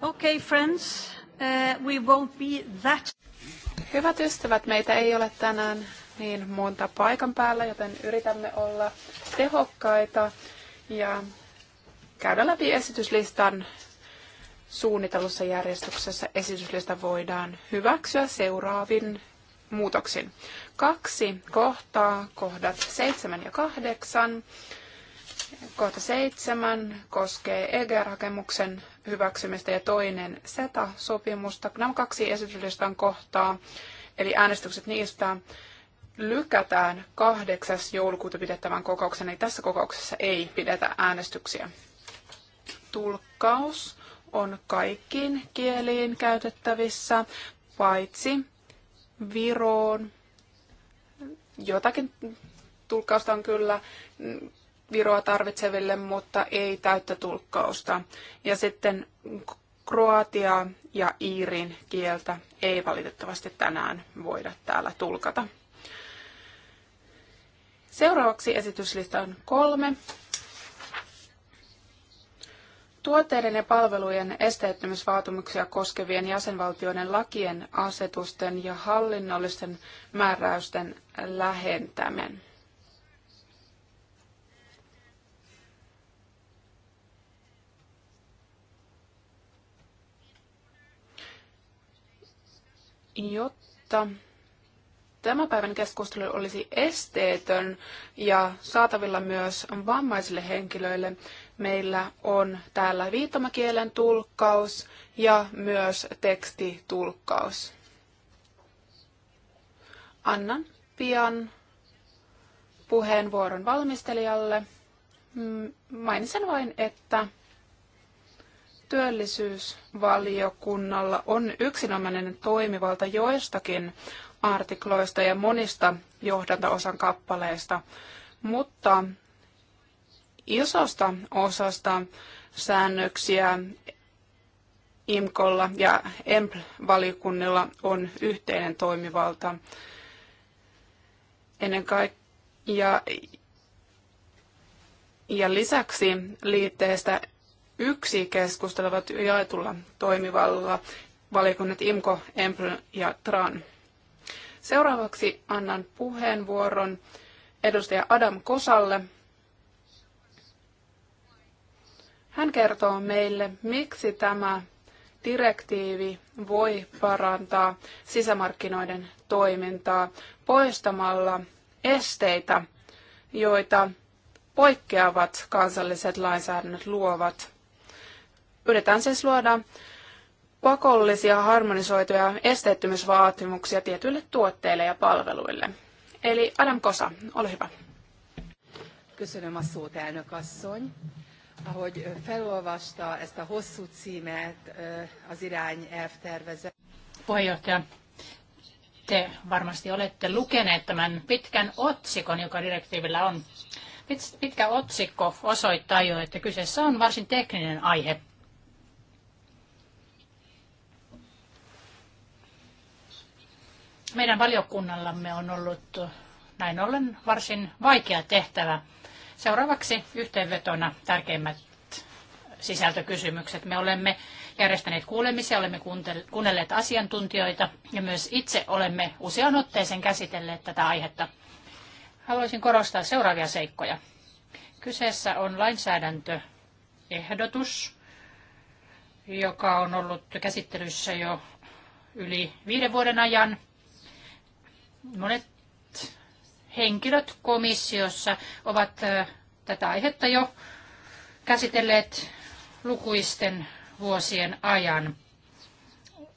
Okay, friends, uh, we won't be that... Hyvät ystävät, meitä ei ole tänään niin monta paikan päällä, joten yritämme olla tehokkaita ja käydä läpi esityslistan suunnitelussa järjestyksessä. Esityslista voidaan hyväksyä seuraavin muutoksin. Kaksi kohtaa, kohdat 7 ja 8 Kohta seitsemän koskee EGR-hakemuksen hyväksymistä ja toinen SETA-sopimusta. Nämä kaksi esitystä kohtaa, eli äänestykset niistä, lykätään 8. joulukuuta pidettävän kokouksen, eli tässä kokouksessa ei pidetä äänestyksiä. Tulkkaus on kaikkiin kieliin käytettävissä, paitsi Viroon. Jotakin tulkkausta on kyllä viroa tarvitseville, mutta ei täyttä tulkkausta. Ja sitten Kroatia ja iirin kieltä ei valitettavasti tänään voida täällä tulkata. Seuraavaksi esityslista on kolme. Tuotteiden ja palvelujen esteettömyysvaatimuksia koskevien jäsenvaltioiden lakien, asetusten ja hallinnollisten määräysten lähentäminen. jotta tämä päivän keskustelu olisi esteetön ja saatavilla myös vammaisille henkilöille. Meillä on täällä viittomakielen tulkkaus ja myös tekstitulkkaus. Annan pian puheenvuoron valmistelijalle. Mainitsen vain, että työllisyysvaliokunnalla on yksinomainen toimivalta joistakin artikloista ja monista johdantaosan kappaleista, mutta isosta osasta säännöksiä IMKOlla ja EMPL-valiokunnilla on yhteinen toimivalta. Ennen kaikkea ja, ja lisäksi liitteestä yksi keskustelevat jaetulla toimivallalla valiokunnat IMKO, EMPL ja TRAN. Seuraavaksi annan puheenvuoron edustaja Adam Kosalle. Hän kertoo meille, miksi tämä direktiivi voi parantaa sisämarkkinoiden toimintaa poistamalla esteitä, joita poikkeavat kansalliset lainsäädännöt luovat yritetään siis luoda pakollisia harmonisoituja esteettömyysvaatimuksia tietyille tuotteille ja palveluille. Eli Adam Kosa, ole hyvä. Köszönöm a szót, elnök asszony. Ahogy felolvasta ezt a hosszú címet az irány elvtervezet. Puheenjohtaja, te varmasti olette lukeneet tämän pitkän otsikon, joka direktiivillä on. Pitkä otsikko osoittaa jo, että kyseessä on varsin tekninen aihe. Meidän valiokunnallamme on ollut näin ollen varsin vaikea tehtävä. Seuraavaksi yhteenvetona tärkeimmät sisältökysymykset. Me olemme järjestäneet kuulemisia, olemme kuunnelleet asiantuntijoita ja myös itse olemme usean otteeseen käsitelleet tätä aihetta. Haluaisin korostaa seuraavia seikkoja. Kyseessä on lainsäädäntöehdotus, joka on ollut käsittelyssä jo yli viiden vuoden ajan. Monet henkilöt komissiossa ovat tätä aihetta jo käsitelleet lukuisten vuosien ajan.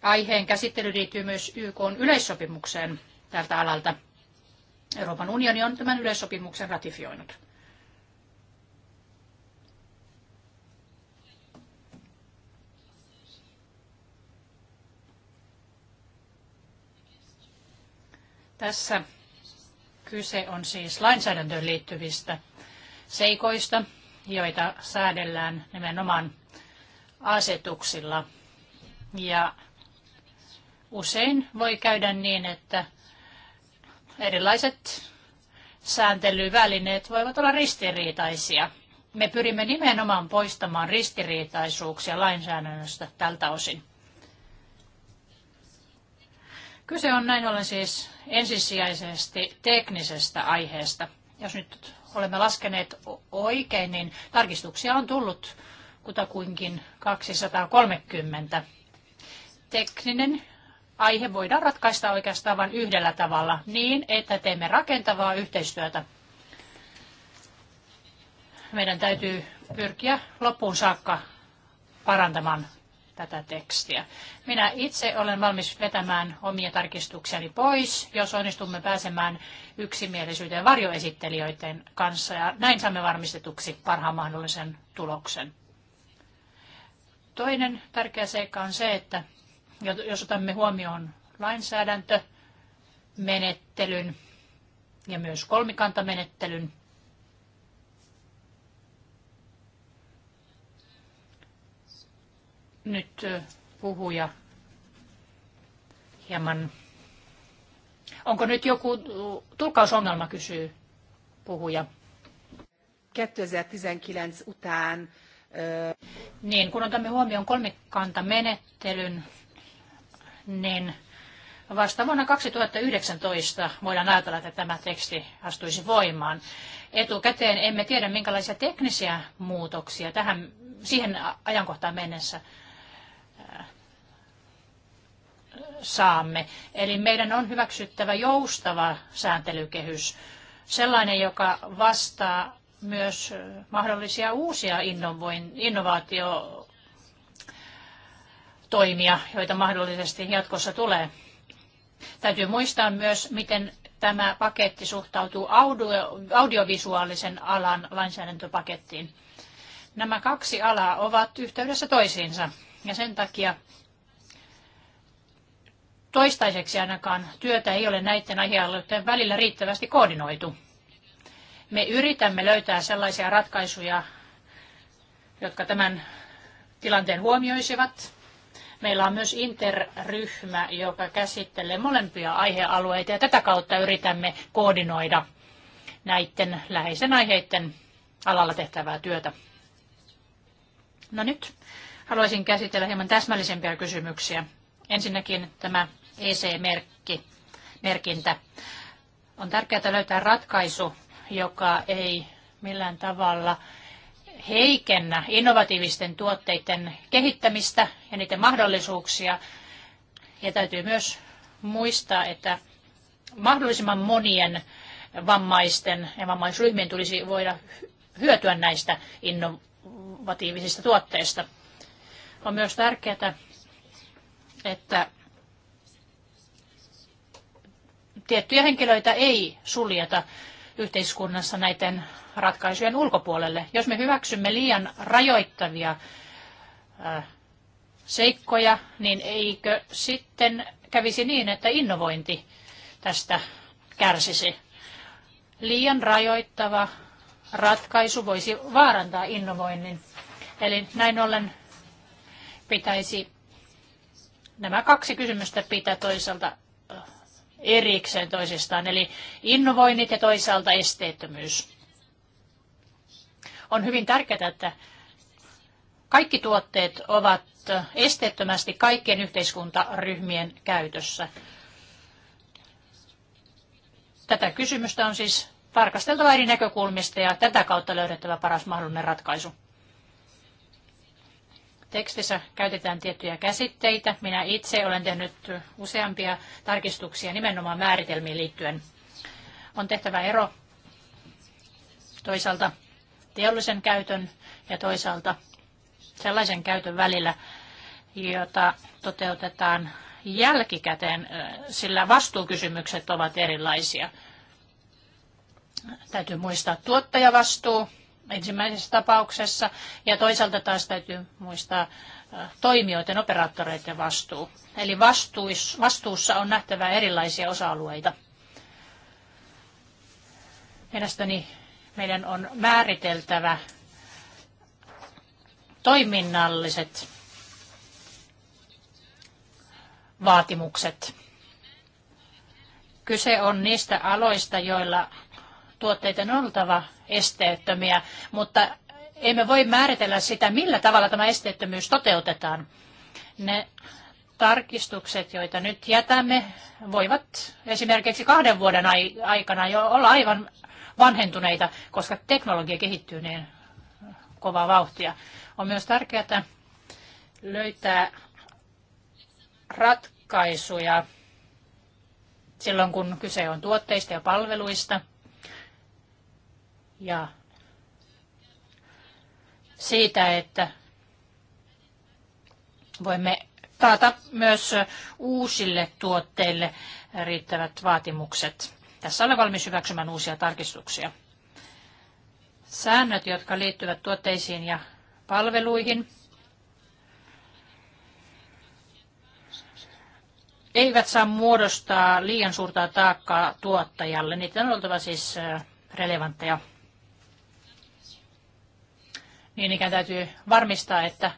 Aiheen käsittely liittyy myös YK yleissopimukseen tältä alalta. Euroopan unioni on tämän yleissopimuksen ratifioinut. Tässä kyse on siis lainsäädäntöön liittyvistä seikoista, joita säädellään nimenomaan asetuksilla. Ja usein voi käydä niin, että erilaiset sääntelyvälineet voivat olla ristiriitaisia. Me pyrimme nimenomaan poistamaan ristiriitaisuuksia lainsäädännöstä tältä osin. Kyse on näin ollen siis ensisijaisesti teknisestä aiheesta. Jos nyt olemme laskeneet oikein, niin tarkistuksia on tullut kutakuinkin 230. Tekninen aihe voidaan ratkaista oikeastaan vain yhdellä tavalla, niin että teemme rakentavaa yhteistyötä. Meidän täytyy pyrkiä loppuun saakka parantamaan tätä tekstiä. Minä itse olen valmis vetämään omia tarkistuksiani pois, jos onnistumme pääsemään yksimielisyyteen varjoesittelijöiden kanssa ja näin saamme varmistetuksi parhaan mahdollisen tuloksen. Toinen tärkeä seikka on se, että jos otamme huomioon lainsäädäntömenettelyn ja myös kolmikantamenettelyn, nyt puhuja hieman... Onko nyt joku tulkausongelma, kysyy puhuja. 2019 után... Ö... Niin, kun otamme huomioon kolmikantamenettelyn, niin vasta vuonna 2019 voidaan ajatella, että tämä teksti astuisi voimaan. Etukäteen emme tiedä, minkälaisia teknisiä muutoksia tähän, siihen ajankohtaan mennessä saamme. Eli meidän on hyväksyttävä joustava sääntelykehys, sellainen, joka vastaa myös mahdollisia uusia innovaatiotoimia, joita mahdollisesti jatkossa tulee. Täytyy muistaa myös, miten tämä paketti suhtautuu audio, audiovisuaalisen alan lainsäädäntöpakettiin. Nämä kaksi alaa ovat yhteydessä toisiinsa ja sen takia toistaiseksi ainakaan työtä ei ole näiden aihealueiden välillä riittävästi koordinoitu. Me yritämme löytää sellaisia ratkaisuja, jotka tämän tilanteen huomioisivat. Meillä on myös interryhmä, joka käsittelee molempia aihealueita ja tätä kautta yritämme koordinoida näiden läheisen aiheiden alalla tehtävää työtä. No nyt haluaisin käsitellä hieman täsmällisempiä kysymyksiä. Ensinnäkin tämä EC-merkki, merkintä. On tärkeää löytää ratkaisu, joka ei millään tavalla heikennä innovatiivisten tuotteiden kehittämistä ja niiden mahdollisuuksia. Ja täytyy myös muistaa, että mahdollisimman monien vammaisten ja vammaisryhmien tulisi voida hyötyä näistä innovatiivisista tuotteista. On myös tärkeää, että tiettyjä henkilöitä ei suljeta yhteiskunnassa näiden ratkaisujen ulkopuolelle. Jos me hyväksymme liian rajoittavia seikkoja, niin eikö sitten kävisi niin, että innovointi tästä kärsisi? Liian rajoittava ratkaisu voisi vaarantaa innovoinnin. Eli näin ollen pitäisi nämä kaksi kysymystä pitää toisaalta erikseen toisistaan, eli innovoinnit ja toisaalta esteettömyys. On hyvin tärkeää, että kaikki tuotteet ovat esteettömästi kaikkien yhteiskuntaryhmien käytössä. Tätä kysymystä on siis tarkasteltava eri näkökulmista ja tätä kautta löydettävä paras mahdollinen ratkaisu tekstissä käytetään tiettyjä käsitteitä. Minä itse olen tehnyt useampia tarkistuksia nimenomaan määritelmiin liittyen. On tehtävä ero toisaalta teollisen käytön ja toisaalta sellaisen käytön välillä, jota toteutetaan jälkikäteen, sillä vastuukysymykset ovat erilaisia. Täytyy muistaa tuottajavastuu, ensimmäisessä tapauksessa. Ja toisaalta taas täytyy muistaa toimijoiden, operaattoreiden vastuu. Eli vastuus, vastuussa on nähtävä erilaisia osa-alueita. Mielestäni meidän on määriteltävä toiminnalliset vaatimukset. Kyse on niistä aloista, joilla tuotteiden on oltava esteettömiä, mutta emme voi määritellä sitä, millä tavalla tämä esteettömyys toteutetaan. Ne tarkistukset, joita nyt jätämme, voivat esimerkiksi kahden vuoden aikana jo olla aivan vanhentuneita, koska teknologia kehittyy niin kovaa vauhtia. On myös tärkeää löytää ratkaisuja silloin, kun kyse on tuotteista ja palveluista ja siitä, että voimme taata myös uusille tuotteille riittävät vaatimukset. Tässä olen valmis hyväksymään uusia tarkistuksia. Säännöt, jotka liittyvät tuotteisiin ja palveluihin, eivät saa muodostaa liian suurta taakkaa tuottajalle. Niitä on oltava siis äh, relevantteja niin ikään täytyy varmistaa, että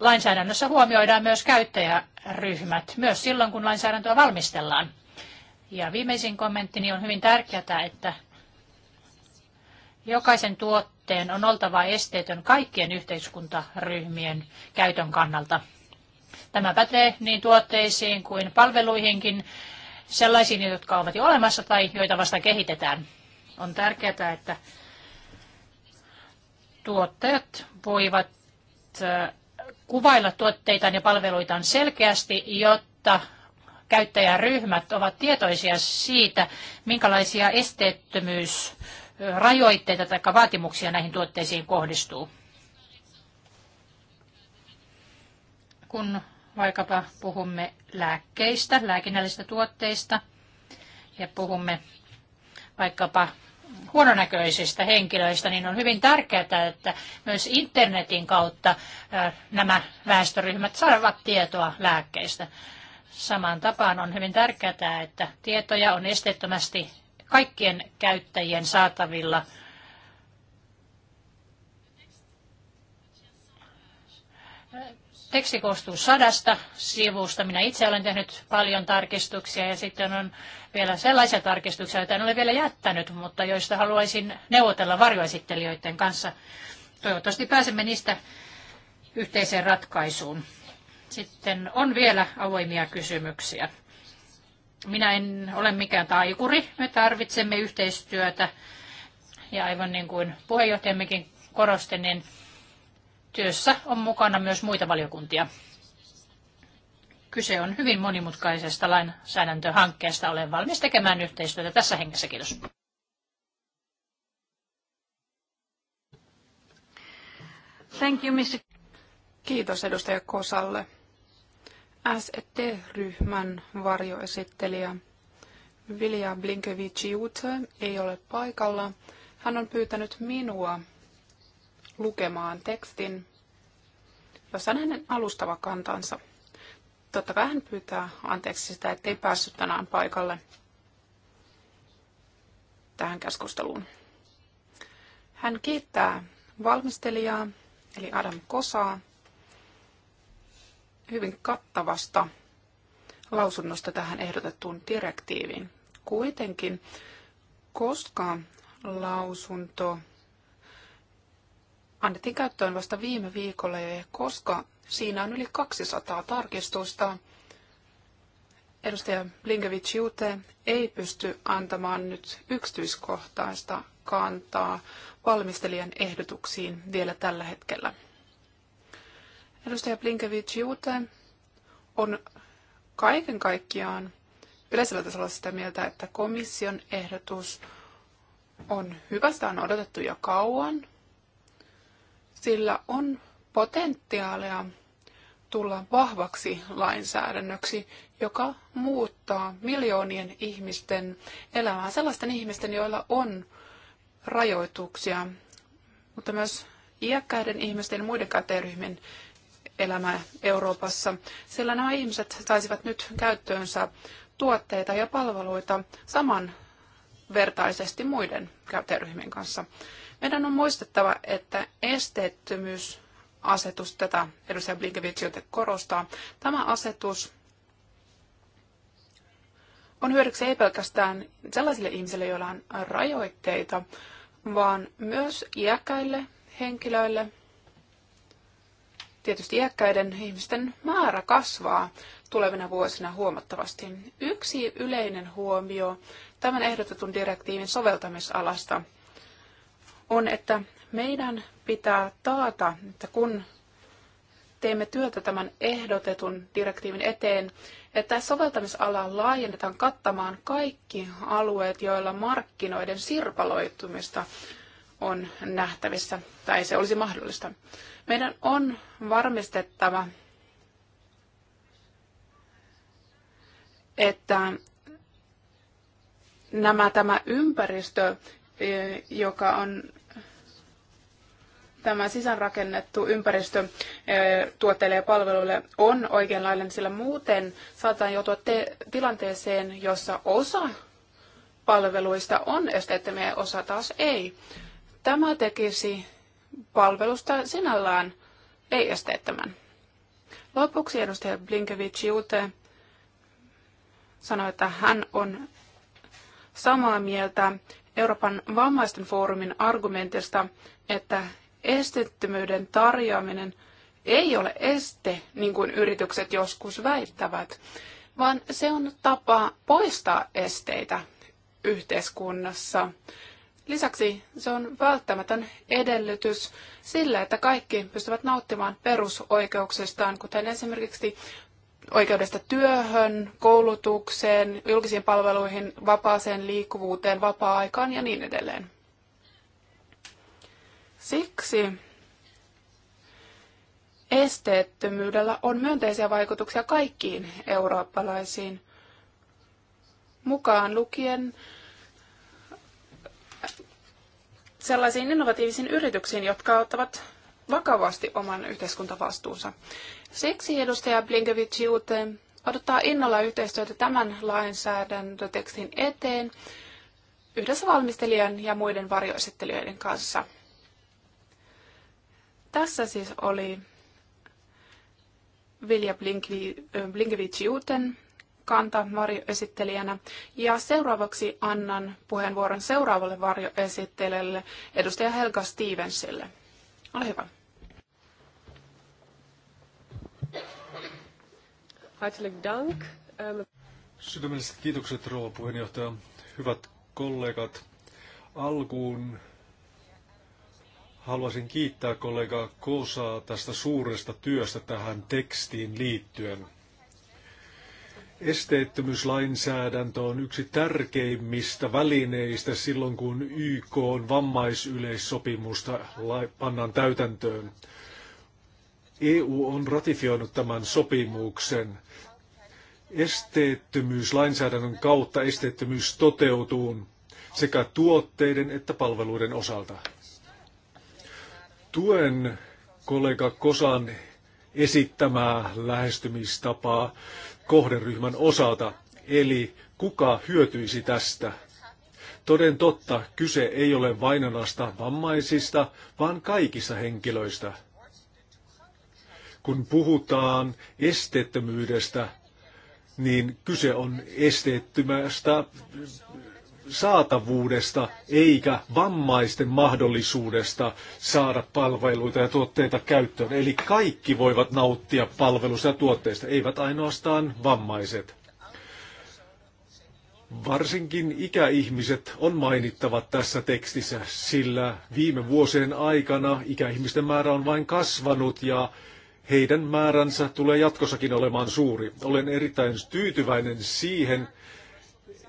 lainsäädännössä huomioidaan myös käyttäjäryhmät, myös silloin kun lainsäädäntöä valmistellaan. Ja viimeisin kommenttini on hyvin tärkeää, että jokaisen tuotteen on oltava esteetön kaikkien yhteiskuntaryhmien käytön kannalta. Tämä pätee niin tuotteisiin kuin palveluihinkin, sellaisiin, jotka ovat jo olemassa tai joita vasta kehitetään. On tärkeää, että tuottajat voivat kuvailla tuotteitaan ja palveluitaan selkeästi, jotta käyttäjäryhmät ovat tietoisia siitä, minkälaisia esteettömyysrajoitteita tai vaatimuksia näihin tuotteisiin kohdistuu. Kun vaikkapa puhumme lääkkeistä, lääkinnällisistä tuotteista ja puhumme vaikkapa huononäköisistä henkilöistä, niin on hyvin tärkeää, että myös internetin kautta äh, nämä väestöryhmät saavat tietoa lääkkeistä. Samaan tapaan on hyvin tärkeää, että tietoja on esteettömästi kaikkien käyttäjien saatavilla. Teksti koostuu sadasta sivusta. Minä itse olen tehnyt paljon tarkistuksia ja sitten on vielä sellaisia tarkistuksia, joita en ole vielä jättänyt, mutta joista haluaisin neuvotella varjoesittelijöiden kanssa. Toivottavasti pääsemme niistä yhteiseen ratkaisuun. Sitten on vielä avoimia kysymyksiä. Minä en ole mikään taikuri. Me tarvitsemme yhteistyötä. Ja aivan niin kuin puheenjohtajammekin korosti, niin työssä on mukana myös muita valiokuntia. Kyse on hyvin monimutkaisesta lainsäädäntöhankkeesta. Olen valmis tekemään yhteistyötä tässä hengessä. Kiitos. Thank you, Mr. Kiitos edustaja Kosalle. SET-ryhmän varjoesittelijä Vilja Blinkevichiute ei ole paikalla. Hän on pyytänyt minua lukemaan tekstin, jossa hänen alustava kantansa. Totta kai hän pyytää anteeksi sitä, ettei päässyt tänään paikalle tähän keskusteluun. Hän kiittää valmistelijaa, eli Adam Kosaa, hyvin kattavasta lausunnosta tähän ehdotettuun direktiiviin. Kuitenkin, koska lausunto annettiin käyttöön vasta viime viikolla ja koska Siinä on yli 200 tarkistusta. Edustaja Blinkevich Jute ei pysty antamaan nyt yksityiskohtaista kantaa valmistelijan ehdotuksiin vielä tällä hetkellä. Edustaja Blinkevich Jute on kaiken kaikkiaan yleisellä tasolla sitä mieltä, että komission ehdotus on hyvästä, on odotettu jo kauan. Sillä on potentiaalia tulla vahvaksi lainsäädännöksi, joka muuttaa miljoonien ihmisten elämää, sellaisten ihmisten, joilla on rajoituksia, mutta myös iäkkäiden ihmisten ja muiden käyttäjäryhmien elämää Euroopassa, sillä nämä ihmiset saisivat nyt käyttöönsä tuotteita ja palveluita samanvertaisesti muiden käyttäjäryhmien kanssa. Meidän on muistettava, että esteettömyys asetus, tätä edustaja Blinkevich korostaa, tämä asetus on hyödyksi ei pelkästään sellaisille ihmisille, joilla on rajoitteita, vaan myös iäkkäille henkilöille. Tietysti iäkkäiden ihmisten määrä kasvaa tulevina vuosina huomattavasti. Yksi yleinen huomio tämän ehdotetun direktiivin soveltamisalasta on, että meidän pitää taata, että kun teemme työtä tämän ehdotetun direktiivin eteen, että soveltamisala laajennetaan kattamaan kaikki alueet, joilla markkinoiden sirpaloitumista on nähtävissä tai se olisi mahdollista. Meidän on varmistettava, että nämä, tämä ympäristö, e, joka on tämä sisäänrakennettu ympäristö eh, tuotteille ja palveluille on oikeanlainen, sillä muuten saatetaan joutua tilanteeseen, jossa osa palveluista on esteettömiä ja osa taas ei. Tämä tekisi palvelusta sinällään ei esteettömän. Lopuksi edustaja Blinkevich Jute sanoi, että hän on samaa mieltä Euroopan vammaisten foorumin argumentista, että esteettömyyden tarjoaminen ei ole este, niin kuin yritykset joskus väittävät, vaan se on tapa poistaa esteitä yhteiskunnassa. Lisäksi se on välttämätön edellytys sille, että kaikki pystyvät nauttimaan perusoikeuksistaan, kuten esimerkiksi oikeudesta työhön, koulutukseen, julkisiin palveluihin, vapaaseen liikkuvuuteen, vapaa-aikaan ja niin edelleen. Siksi esteettömyydellä on myönteisiä vaikutuksia kaikkiin eurooppalaisiin, mukaan lukien sellaisiin innovatiivisiin yrityksiin, jotka ottavat vakavasti oman yhteiskuntavastuunsa. Siksi edustaja Blinkevich Jute odottaa innolla yhteistyötä tämän lainsäädäntötekstin eteen yhdessä valmistelijan ja muiden varjoesittelijöiden kanssa. Tässä siis oli Vilja Blinkevici Uten kanta varjoesittelijänä. Ja seuraavaksi annan puheenvuoron seuraavalle varjoesittelijälle, edustaja Helga Stevensille. Ole hyvä. Hartelijk dank. Ehm, Sydämelliset kiitokset, rouva puheenjohtaja. Hyvät kollegat, alkuun Haluaisin kiittää kollega Kosaa tästä suuresta työstä tähän tekstiin liittyen. Esteettömyyslainsäädäntö on yksi tärkeimmistä välineistä silloin, kun YK on vammaisyleissopimusta pannaan täytäntöön. EU on ratifioinut tämän sopimuksen. Esteettömyyslainsäädännön kautta esteettömyys toteutuu sekä tuotteiden että palveluiden osalta. Tuen kollega Kosan esittämää lähestymistapaa kohderyhmän osalta, eli kuka hyötyisi tästä. Toden totta, kyse ei ole vainonasta vammaisista, vaan kaikista henkilöistä. Kun puhutaan esteettömyydestä, niin kyse on esteettömästä saatavuudesta eikä vammaisten mahdollisuudesta saada palveluita ja tuotteita käyttöön. Eli kaikki voivat nauttia palveluista ja tuotteista, eivät ainoastaan vammaiset. Varsinkin ikäihmiset on mainittava tässä tekstissä, sillä viime vuosien aikana ikäihmisten määrä on vain kasvanut ja heidän määränsä tulee jatkossakin olemaan suuri. Olen erittäin tyytyväinen siihen,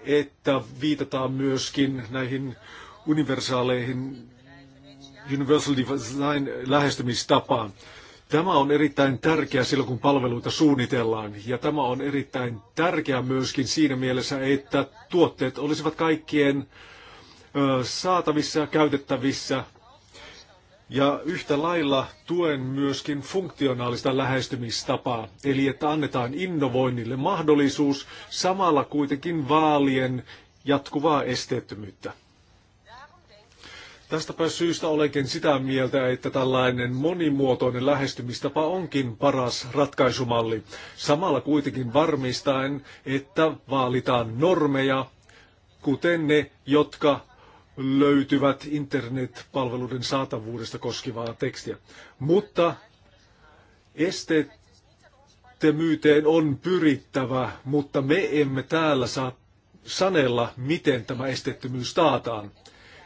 että viitataan myöskin näihin universaaleihin universal design lähestymistapaan. Tämä on erittäin tärkeää silloin, kun palveluita suunnitellaan, ja tämä on erittäin tärkeää myöskin siinä mielessä, että tuotteet olisivat kaikkien saatavissa ja käytettävissä ja yhtä lailla tuen myöskin funktionaalista lähestymistapaa, eli että annetaan innovoinnille mahdollisuus samalla kuitenkin vaalien jatkuvaa esteettömyyttä. Tästäpä syystä olenkin sitä mieltä, että tällainen monimuotoinen lähestymistapa onkin paras ratkaisumalli, samalla kuitenkin varmistaen, että vaalitaan normeja, kuten ne, jotka löytyvät internetpalveluiden saatavuudesta koskevaa tekstiä. Mutta esteettömyyteen on pyrittävä, mutta me emme täällä saa sanella, miten tämä esteettömyys taataan.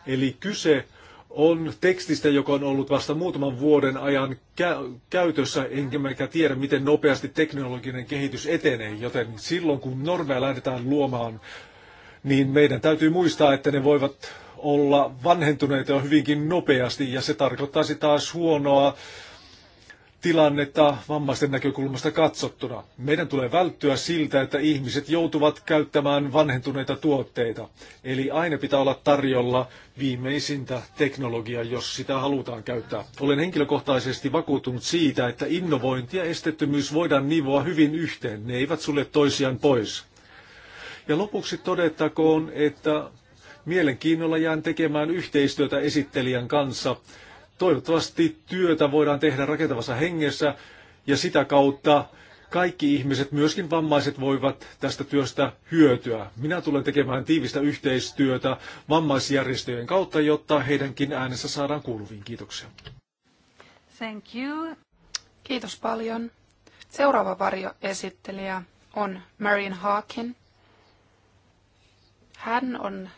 Eli kyse on tekstistä, joka on ollut vasta muutaman vuoden ajan kä- käytössä, enkä tiedä, miten nopeasti teknologinen kehitys etenee, joten silloin kun normeja lähdetään luomaan, niin meidän täytyy muistaa, että ne voivat olla vanhentuneita jo hyvinkin nopeasti ja se tarkoittaisi taas huonoa tilannetta vammaisten näkökulmasta katsottuna. Meidän tulee välttyä siltä, että ihmiset joutuvat käyttämään vanhentuneita tuotteita. Eli aina pitää olla tarjolla viimeisintä teknologiaa, jos sitä halutaan käyttää. Olen henkilökohtaisesti vakuutunut siitä, että innovointi ja estettömyys voidaan nivoa hyvin yhteen. Ne eivät sulle toisiaan pois. Ja lopuksi todettakoon, että Mielenkiinnolla jään tekemään yhteistyötä esittelijän kanssa. Toivottavasti työtä voidaan tehdä rakentavassa hengessä ja sitä kautta kaikki ihmiset, myöskin vammaiset, voivat tästä työstä hyötyä. Minä tulen tekemään tiivistä yhteistyötä vammaisjärjestöjen kautta, jotta heidänkin äänensä saadaan kuuluviin. Kiitoksia. Thank you. Kiitos paljon. Seuraava varjoesittelijä on Marian Harkin. Hän on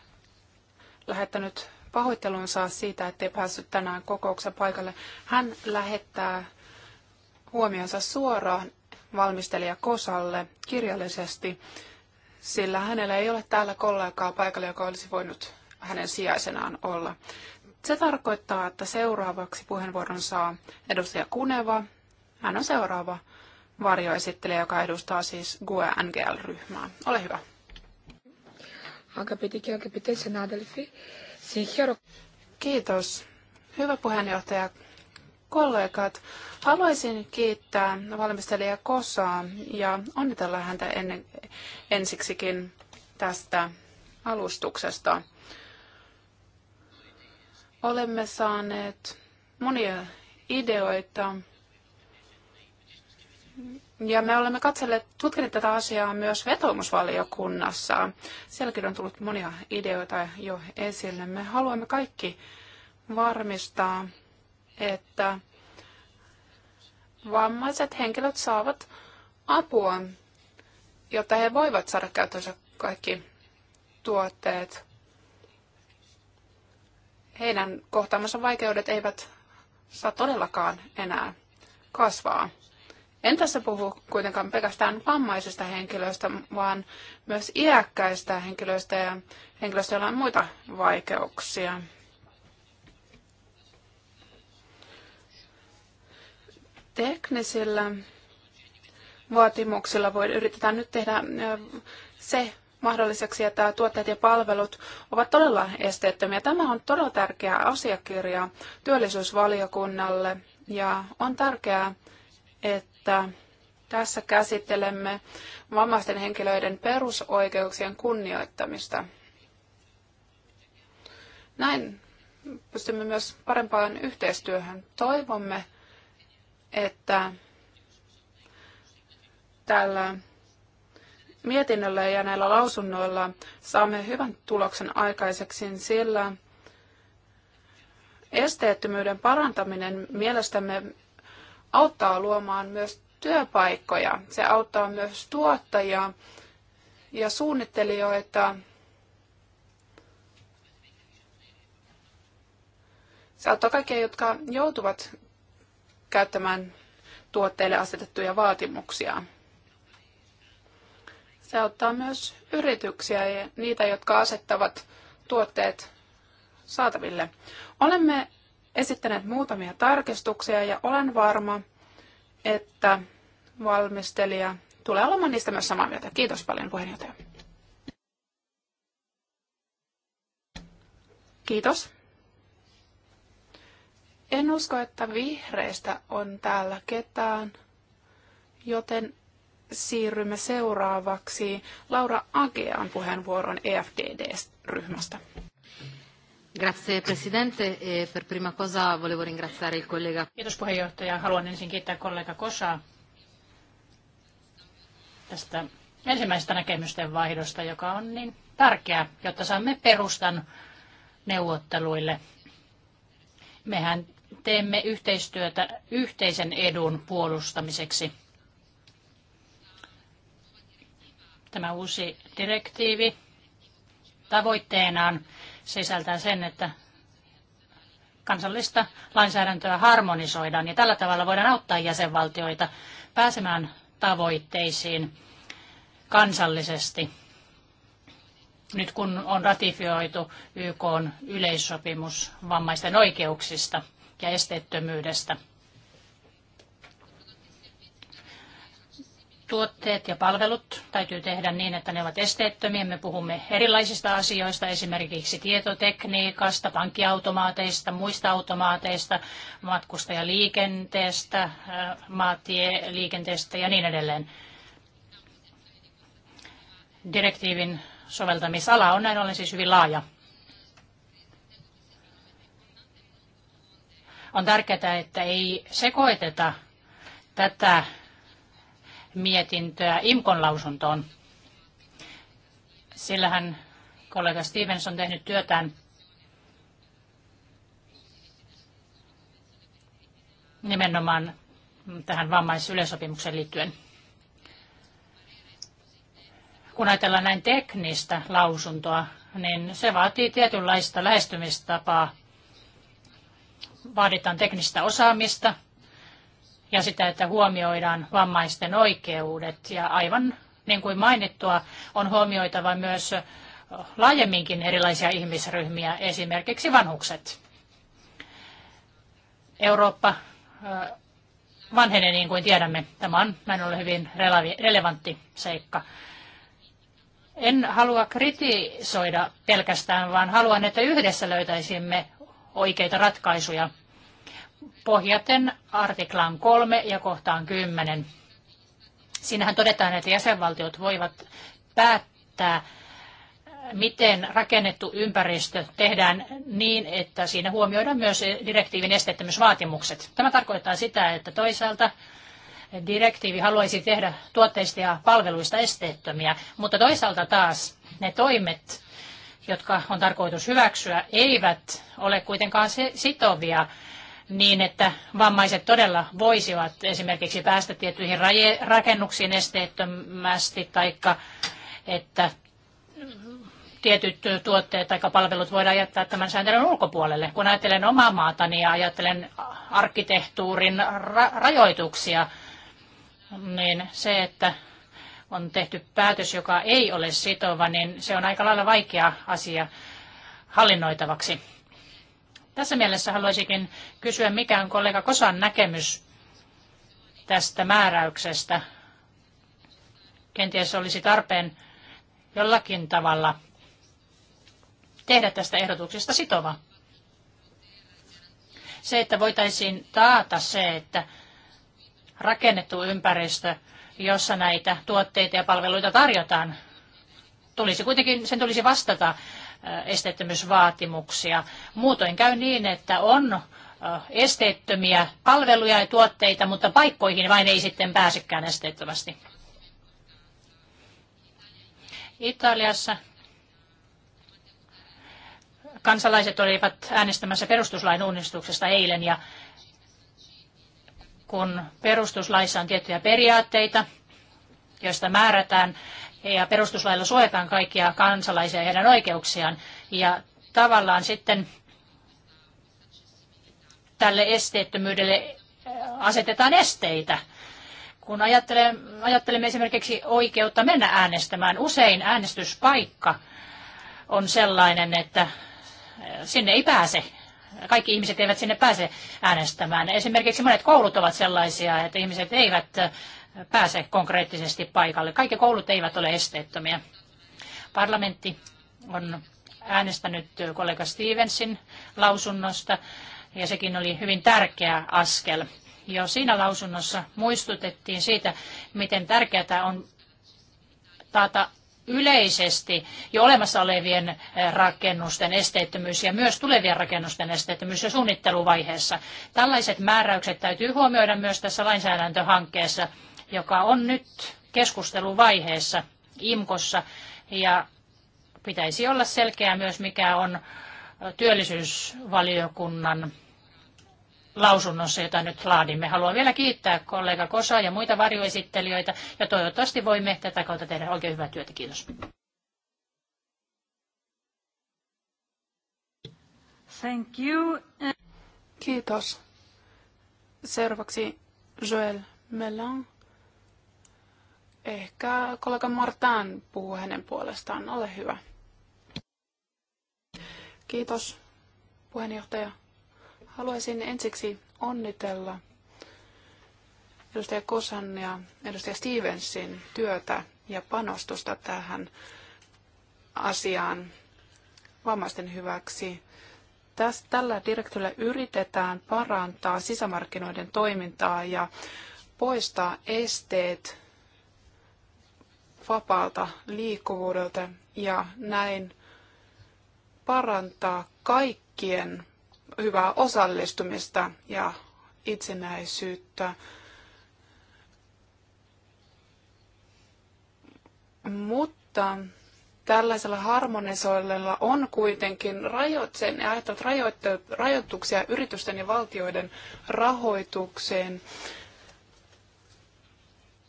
lähettänyt pahoittelunsa siitä, ettei päässyt tänään kokouksen paikalle. Hän lähettää huomionsa suoraan valmistelija Kosalle kirjallisesti, sillä hänellä ei ole täällä kollegaa paikalla, joka olisi voinut hänen sijaisenaan olla. Se tarkoittaa, että seuraavaksi puheenvuoron saa edustaja Kuneva. Hän on seuraava varjoesittelijä, joka edustaa siis GUE-NGL-ryhmää. Ole hyvä. Αγαπητοί και αγαπητέ συνάδελφοι, Kiitos. Hyvä puheenjohtaja, kollegat. Haluaisin kiittää valmistelija Kosaa ja onnitella häntä en, ensiksikin tästä alustuksesta. Olemme saaneet monia ideoita ja me olemme katselleet, tutkineet tätä asiaa myös vetoomusvaliokunnassa. Sielläkin on tullut monia ideoita jo esille. Me haluamme kaikki varmistaa, että vammaiset henkilöt saavat apua, jotta he voivat saada käyttöönsä kaikki tuotteet. Heidän kohtaamansa vaikeudet eivät saa todellakaan enää kasvaa. En tässä puhu kuitenkaan pelkästään vammaisista henkilöistä, vaan myös iäkkäistä henkilöistä ja henkilöistä, joilla on muita vaikeuksia. Teknisillä vaatimuksilla voi, yritetään nyt tehdä se mahdolliseksi, että tuotteet ja palvelut ovat todella esteettömiä. Tämä on todella tärkeä asiakirja työllisyysvaliokunnalle ja on tärkeää, että että tässä käsittelemme vammaisten henkilöiden perusoikeuksien kunnioittamista. Näin pystymme myös parempaan yhteistyöhön. Toivomme, että tällä mietinnöllä ja näillä lausunnoilla saamme hyvän tuloksen aikaiseksi, sillä esteettömyyden parantaminen mielestämme auttaa luomaan myös työpaikkoja. Se auttaa myös tuottajia ja suunnittelijoita. Se auttaa kaikkia, jotka joutuvat käyttämään tuotteille asetettuja vaatimuksia. Se auttaa myös yrityksiä ja niitä, jotka asettavat tuotteet saataville. Olemme esittäneet muutamia tarkistuksia ja olen varma, että valmistelija tulee olemaan niistä myös samaa mieltä. Kiitos paljon puheenjohtaja. Kiitos. En usko, että vihreistä on täällä ketään, joten siirrymme seuraavaksi Laura Agean puheenvuoron EFDD-ryhmästä. Grazie Presidente. E per prima cosa volevo ringraziare il collega. Kiitos puheenjohtaja. Haluan ensin kiittää kollega Kosaa tästä ensimmäisestä näkemysten vaihdosta, joka on niin tärkeä, jotta saamme perustan neuvotteluille. Mehän teemme yhteistyötä yhteisen edun puolustamiseksi. Tämä uusi direktiivi tavoitteenaan sisältää sen, että kansallista lainsäädäntöä harmonisoidaan ja tällä tavalla voidaan auttaa jäsenvaltioita pääsemään tavoitteisiin kansallisesti. Nyt kun on ratifioitu YK yleissopimus vammaisten oikeuksista ja esteettömyydestä – tuotteet ja palvelut täytyy tehdä niin, että ne ovat esteettömiä. Me puhumme erilaisista asioista, esimerkiksi tietotekniikasta, pankkiautomaateista, muista automaateista, matkustajaliikenteestä, äh, maatieliikenteestä ja niin edelleen. Direktiivin soveltamisala on näin ollen siis hyvin laaja. On tärkeää, että ei sekoiteta tätä mietintöä IMKON lausuntoon. Sillähän kollega Stevens on tehnyt työtään nimenomaan tähän vammaisyleisopimukseen liittyen. Kun ajatellaan näin teknistä lausuntoa, niin se vaatii tietynlaista lähestymistapaa. Vaaditaan teknistä osaamista, ja sitä, että huomioidaan vammaisten oikeudet. Ja aivan niin kuin mainittua, on huomioitava myös laajemminkin erilaisia ihmisryhmiä, esimerkiksi vanhukset. Eurooppa vanhenee niin kuin tiedämme. Tämä on näin ollen hyvin relevantti seikka. En halua kritisoida pelkästään, vaan haluan, että yhdessä löytäisimme oikeita ratkaisuja pohjaten artiklaan 3 ja kohtaan 10. Siinähän todetaan, että jäsenvaltiot voivat päättää, miten rakennettu ympäristö tehdään niin, että siinä huomioidaan myös direktiivin esteettömyysvaatimukset. Tämä tarkoittaa sitä, että toisaalta direktiivi haluaisi tehdä tuotteista ja palveluista esteettömiä, mutta toisaalta taas ne toimet, jotka on tarkoitus hyväksyä, eivät ole kuitenkaan sitovia niin, että vammaiset todella voisivat esimerkiksi päästä tiettyihin rakennuksiin esteettömästi tai että tietyt tuotteet tai palvelut voidaan jättää tämän sääntelyn ulkopuolelle. Kun ajattelen omaa maatani niin ja ajattelen arkkitehtuurin ra- rajoituksia, niin se, että on tehty päätös, joka ei ole sitova, niin se on aika lailla vaikea asia hallinnoitavaksi. Tässä mielessä haluaisinkin kysyä, mikä on kollega Kosan näkemys tästä määräyksestä. Kenties olisi tarpeen jollakin tavalla tehdä tästä ehdotuksesta sitova. Se, että voitaisiin taata se, että rakennettu ympäristö, jossa näitä tuotteita ja palveluita tarjotaan, tulisi kuitenkin, sen tulisi vastata esteettömyysvaatimuksia. Muutoin käy niin, että on esteettömiä palveluja ja tuotteita, mutta paikkoihin vain ei sitten pääsekään esteettömästi. Italiassa kansalaiset olivat äänestämässä perustuslain uudistuksesta eilen ja kun perustuslaissa on tiettyjä periaatteita, joista määrätään ja perustuslailla suojataan kaikkia kansalaisia ja heidän oikeuksiaan. Ja tavallaan sitten tälle esteettömyydelle äh, asetetaan esteitä. Kun ajattelemme esimerkiksi oikeutta mennä äänestämään, usein äänestyspaikka on sellainen, että äh, sinne ei pääse. Kaikki ihmiset eivät sinne pääse äänestämään. Esimerkiksi monet koulut ovat sellaisia, että ihmiset eivät äh, pääse konkreettisesti paikalle. Kaikki koulut eivät ole esteettömiä. Parlamentti on äänestänyt kollega Stevensin lausunnosta ja sekin oli hyvin tärkeä askel. Jo siinä lausunnossa muistutettiin siitä, miten tärkeää on taata yleisesti jo olemassa olevien eh, rakennusten esteettömyys ja myös tulevien rakennusten esteettömyys jo suunnitteluvaiheessa. Tällaiset määräykset täytyy huomioida myös tässä lainsäädäntöhankkeessa joka on nyt keskusteluvaiheessa IMKossa ja pitäisi olla selkeää myös, mikä on työllisyysvaliokunnan lausunnossa, jota nyt laadimme. Haluan vielä kiittää kollega Kosa ja muita varjoesittelijöitä ja toivottavasti voimme tätä kautta tehdä oikein hyvää työtä. Kiitos. Thank you. Kiitos. Seuraavaksi Joel Melan Ehkä kollega Martin puhuu hänen puolestaan. Ole hyvä. Kiitos, puheenjohtaja. Haluaisin ensiksi onnitella edustaja Kosan ja edustaja Stevensin työtä ja panostusta tähän asiaan vammaisten hyväksi. Tässä tällä direktiivillä yritetään parantaa sisämarkkinoiden toimintaa ja poistaa esteet vapaalta liikkuvuudelta ja näin parantaa kaikkien hyvää osallistumista ja itsenäisyyttä. Mutta tällaisella harmonisoilla on kuitenkin rajoit, sen aiheuttavat rajoituksia yritysten ja valtioiden rahoitukseen.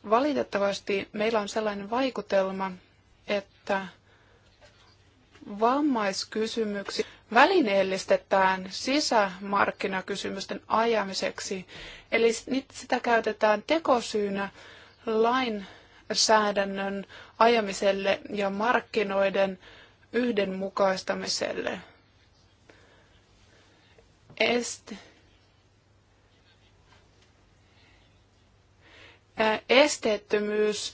Valitettavasti meillä on sellainen vaikutelma, että vammaiskysymyksiä välineellistetään sisämarkkinakysymysten ajamiseksi. Eli sitä käytetään tekosyynä lainsäädännön ajamiselle ja markkinoiden yhdenmukaistamiselle. Este esteettömyys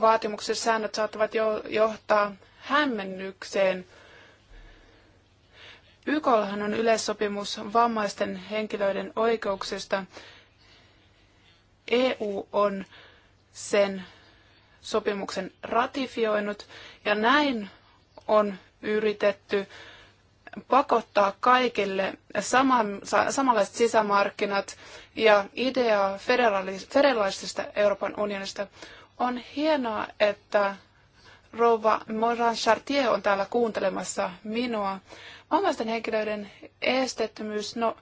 vaatimuksessa säännöt saattavat johtaa hämmennykseen. YKllahan on yleissopimus vammaisten henkilöiden oikeuksista. EU on sen sopimuksen ratifioinut ja näin on yritetty pakottaa kaikille saman, samanlaiset sisämarkkinat ja idea federalistisesta Euroopan unionista. On hienoa, että rouva Moran Chartier on täällä kuuntelemassa minua. Vammaisten henkilöiden esteettömyys, no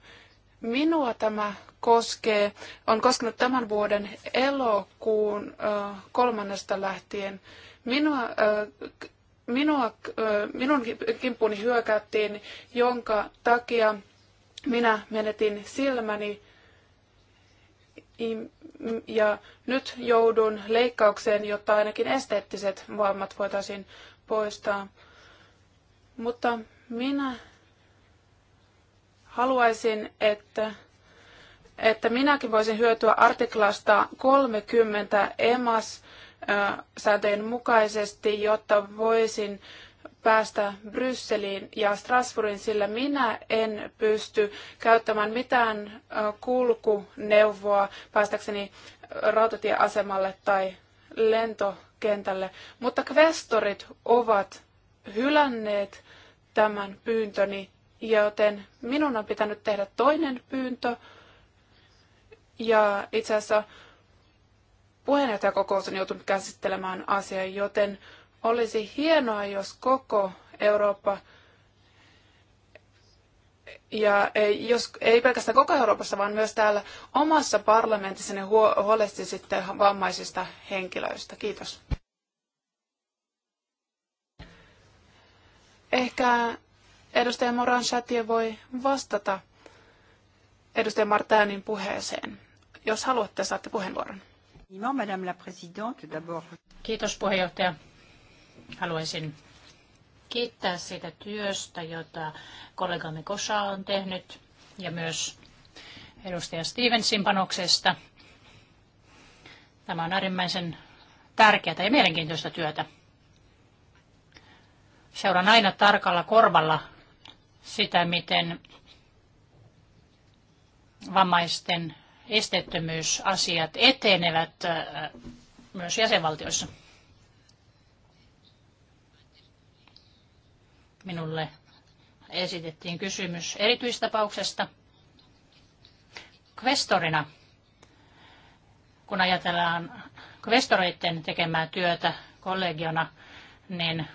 minua tämä koskee, on koskenut tämän vuoden elokuun kolmannesta lähtien. Minua minua, minun kimppuuni hyökättiin, jonka takia minä menetin silmäni ja nyt joudun leikkaukseen, jotta ainakin esteettiset vammat voitaisiin poistaa. Mutta minä haluaisin, että, että minäkin voisin hyötyä artiklasta 30 EMAS sääntöjen mukaisesti, jotta voisin päästä Brysseliin ja Strasbourgin, sillä minä en pysty käyttämään mitään kulkuneuvoa päästäkseni rautatieasemalle tai lentokentälle. Mutta kvestorit ovat hylänneet tämän pyyntöni, joten minun on pitänyt tehdä toinen pyyntö. Ja itse asiassa puheenjohtajakokous on joutunut käsittelemään asiaa, joten olisi hienoa, jos koko Eurooppa ja ei, jos, ei pelkästään koko Euroopassa, vaan myös täällä omassa parlamentissa ne huolehti sitten vammaisista henkilöistä. Kiitos. Ehkä edustaja Moran Chatie voi vastata edustaja Martäänin puheeseen. Jos haluatte, saatte puheenvuoron. Kiitos puheenjohtaja. Haluaisin kiittää siitä työstä, jota kollegamme Kosa on tehnyt ja myös edustaja Stevensin panoksesta. Tämä on äärimmäisen tärkeää ja mielenkiintoista työtä. Seuraan aina tarkalla korvalla sitä, miten vammaisten esteettömyysasiat etenevät äh, myös jäsenvaltioissa. Minulle esitettiin kysymys erityistapauksesta. Kvestorina, kun ajatellaan kvestoreiden tekemää työtä kollegiona, niin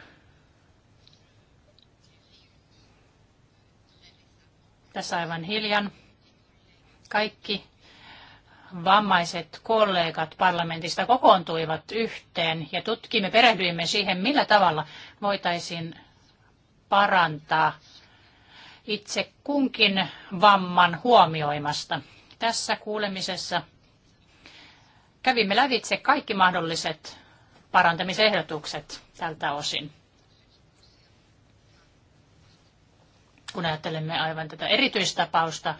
tässä aivan hiljan kaikki vammaiset kollegat parlamentista kokoontuivat yhteen ja tutkimme, perehdyimme siihen, millä tavalla voitaisiin parantaa itse kunkin vamman huomioimasta. Tässä kuulemisessa kävimme lävitse kaikki mahdolliset parantamisehdotukset tältä osin. Kun ajattelemme aivan tätä erityistapausta,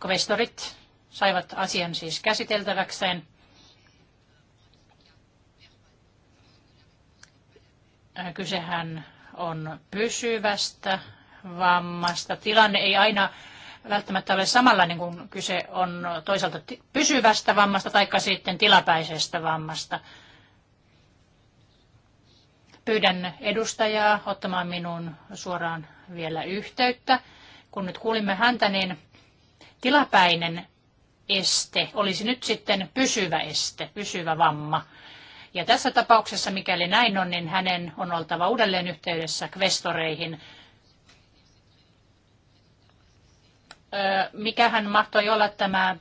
kvestorit saivat asian siis käsiteltäväkseen. Äh, kysehän on pysyvästä vammasta. Tilanne ei aina välttämättä ole samanlainen, kuin kyse on toisaalta pysyvästä vammasta tai sitten tilapäisestä vammasta. Pyydän edustajaa ottamaan minuun suoraan vielä yhteyttä. Kun nyt kuulimme häntä, niin tilapäinen este olisi nyt sitten pysyvä este, pysyvä vamma. Ja tässä tapauksessa, mikäli näin on, niin hänen on oltava uudelleen yhteydessä kvestoreihin. hän mahtoi olla tämä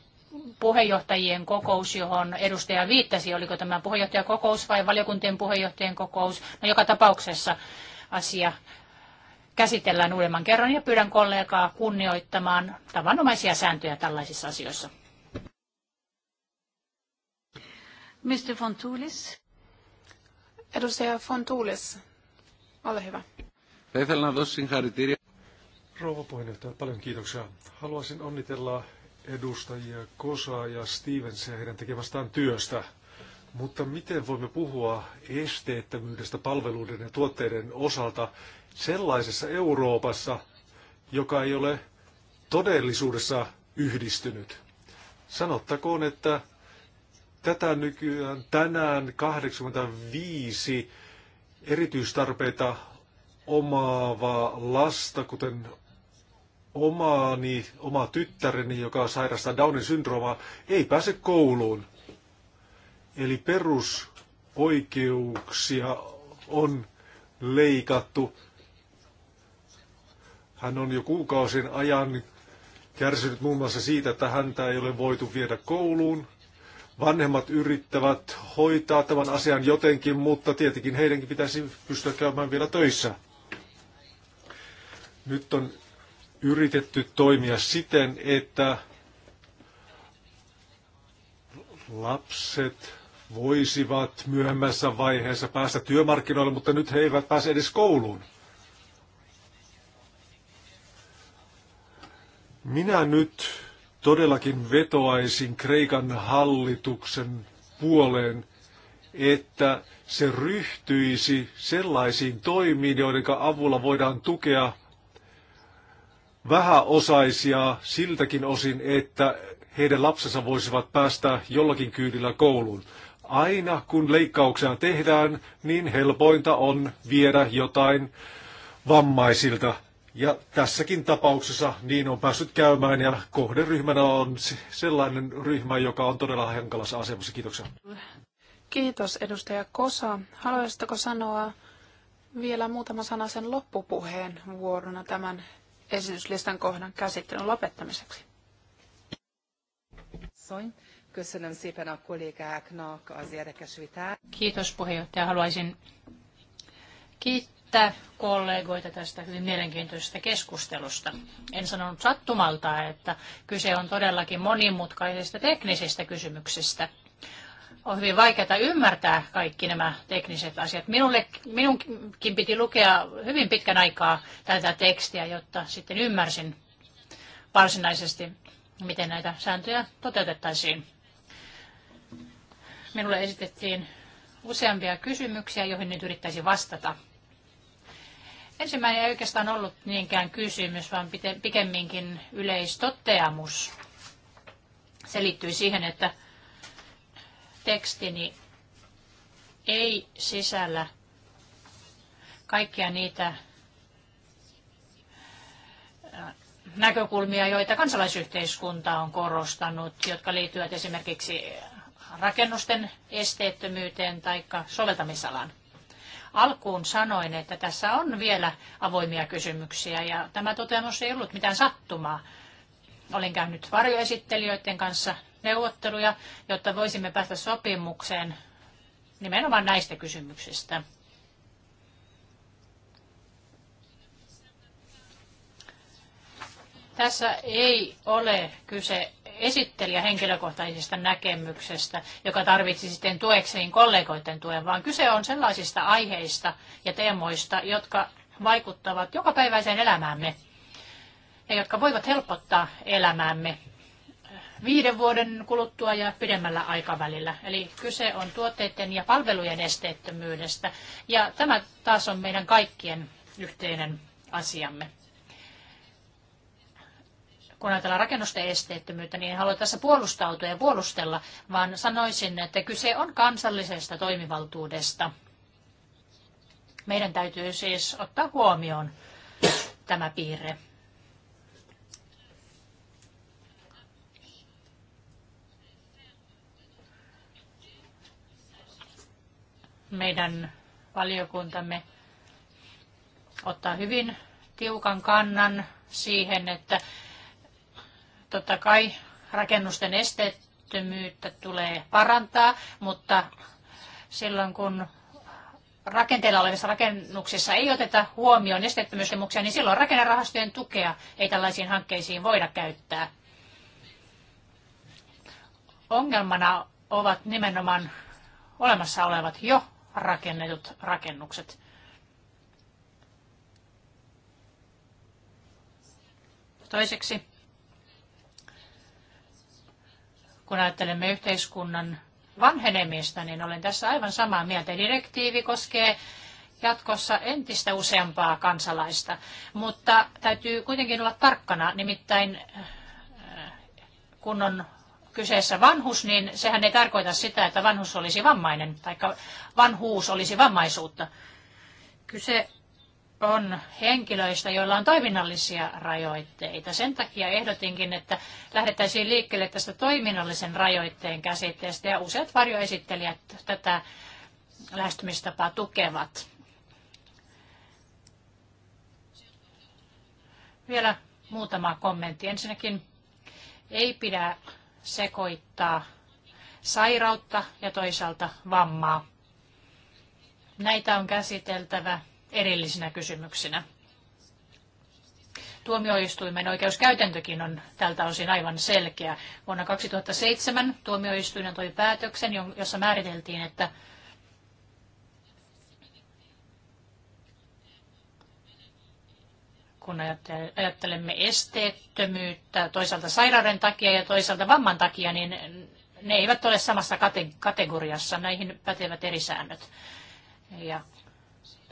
puheenjohtajien kokous, johon edustaja viittasi, oliko tämä puheenjohtajakokous vai valiokuntien puheenjohtajien kokous. No joka tapauksessa asia käsitellään uudemman kerran ja pyydän kollegaa kunnioittamaan tavanomaisia sääntöjä tällaisissa asioissa. Mr. Fontoulis. Edustaja Fontoulis, ole hyvä. Rouva puheenjohtaja, paljon kiitoksia. Haluaisin onnitella edustajia Kosaa ja Stevensia heidän tekemästään työstä. Mutta miten voimme puhua esteettömyydestä palveluiden ja tuotteiden osalta sellaisessa Euroopassa, joka ei ole todellisuudessa yhdistynyt? Sanottakoon, että tätä nykyään tänään 85 erityistarpeita omaavaa lasta, kuten omaani, oma tyttäreni, joka sairastaa Downin syndroomaa, ei pääse kouluun. Eli perusoikeuksia on leikattu. Hän on jo kuukausin ajan kärsinyt muun muassa siitä, että häntä ei ole voitu viedä kouluun. Vanhemmat yrittävät hoitaa tämän asian jotenkin, mutta tietenkin heidänkin pitäisi pystyä käymään vielä töissä. Nyt on yritetty toimia siten, että lapset voisivat myöhemmässä vaiheessa päästä työmarkkinoille, mutta nyt he eivät pääse edes kouluun. Minä nyt todellakin vetoaisin Kreikan hallituksen puoleen, että se ryhtyisi sellaisiin toimiin, joiden avulla voidaan tukea vähäosaisia siltäkin osin, että heidän lapsensa voisivat päästä jollakin kyydillä kouluun. Aina kun leikkauksia tehdään, niin helpointa on viedä jotain vammaisilta ja tässäkin tapauksessa niin on päässyt käymään ja kohderyhmänä on sellainen ryhmä, joka on todella hankalassa asemassa. Kiitoksia. Kiitos edustaja Kosa. Haluaisitko sanoa vielä muutama sana sen loppupuheen vuorona tämän esityslistan kohdan käsittelyn lopettamiseksi? Soin. Kiitos puheenjohtaja. Haluaisin kiittää kiittää kollegoita tästä hyvin mielenkiintoisesta keskustelusta. En sanonut sattumalta, että kyse on todellakin monimutkaisista teknisistä kysymyksistä. On hyvin vaikeaa ymmärtää kaikki nämä tekniset asiat. Minulle, minunkin piti lukea hyvin pitkän aikaa tätä tekstiä, jotta sitten ymmärsin varsinaisesti, miten näitä sääntöjä toteutettaisiin. Minulle esitettiin useampia kysymyksiä, joihin nyt yrittäisin vastata. Ensimmäinen ei oikeastaan ollut niinkään kysymys, vaan pikemminkin yleistotteamus. Se liittyy siihen, että tekstini ei sisällä kaikkia niitä äh, näkökulmia, joita kansalaisyhteiskunta on korostanut, jotka liittyvät esimerkiksi rakennusten esteettömyyteen tai soveltamisalaan alkuun sanoin, että tässä on vielä avoimia kysymyksiä ja tämä toteamus ei ollut mitään sattumaa. Olen käynyt varjoesittelijöiden kanssa neuvotteluja, jotta voisimme päästä sopimukseen nimenomaan näistä kysymyksistä. Tässä ei ole kyse esittelijä henkilökohtaisesta näkemyksestä, joka tarvitsi sitten tuekseen kollegoiden tuen, vaan kyse on sellaisista aiheista ja teemoista, jotka vaikuttavat jokapäiväiseen elämäämme ja jotka voivat helpottaa elämäämme viiden vuoden kuluttua ja pidemmällä aikavälillä. Eli kyse on tuotteiden ja palvelujen esteettömyydestä. Ja tämä taas on meidän kaikkien yhteinen asiamme kun ajatellaan rakennusten esteettömyyttä, niin en halua tässä puolustautua ja puolustella, vaan sanoisin, että kyse on kansallisesta toimivaltuudesta. Meidän täytyy siis ottaa huomioon tämä piirre. Meidän valiokuntamme ottaa hyvin tiukan kannan siihen, että Totta kai rakennusten esteettömyyttä tulee parantaa, mutta silloin kun rakenteilla olevissa rakennuksissa ei oteta huomioon esteettömyystemuksia, niin silloin rakennerahastojen tukea ei tällaisiin hankkeisiin voida käyttää. Ongelmana ovat nimenomaan olemassa olevat jo rakennetut rakennukset. Toiseksi kun ajattelemme yhteiskunnan vanhenemista, niin olen tässä aivan samaa mieltä. Direktiivi koskee jatkossa entistä useampaa kansalaista, mutta täytyy kuitenkin olla tarkkana, nimittäin äh, kun on kyseessä vanhus, niin sehän ei tarkoita sitä, että vanhus olisi vammainen tai vanhuus olisi vammaisuutta. Kyse on henkilöistä, joilla on toiminnallisia rajoitteita. Sen takia ehdotinkin, että lähdettäisiin liikkeelle tästä toiminnallisen rajoitteen käsitteestä ja useat varjoesittelijät tätä lähestymistapaa tukevat. Vielä muutama kommentti. Ensinnäkin ei pidä sekoittaa sairautta ja toisaalta vammaa. Näitä on käsiteltävä erillisinä kysymyksinä. Tuomioistuimen oikeuskäytäntökin on tältä osin aivan selkeä. Vuonna 2007 tuomioistuin antoi päätöksen, jossa määriteltiin, että kun ajattelemme esteettömyyttä toisaalta sairauden takia ja toisaalta vamman takia, niin ne eivät ole samassa kategoriassa. Näihin pätevät eri säännöt. Ja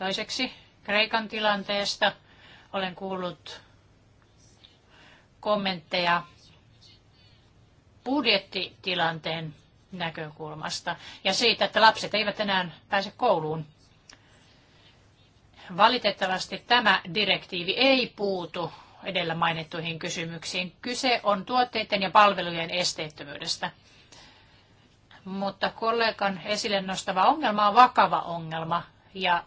Toiseksi Kreikan tilanteesta olen kuullut kommentteja budjettitilanteen näkökulmasta ja siitä, että lapset eivät enää pääse kouluun. Valitettavasti tämä direktiivi ei puutu edellä mainittuihin kysymyksiin. Kyse on tuotteiden ja palvelujen esteettömyydestä. Mutta kollegan esille nostava ongelma on vakava ongelma ja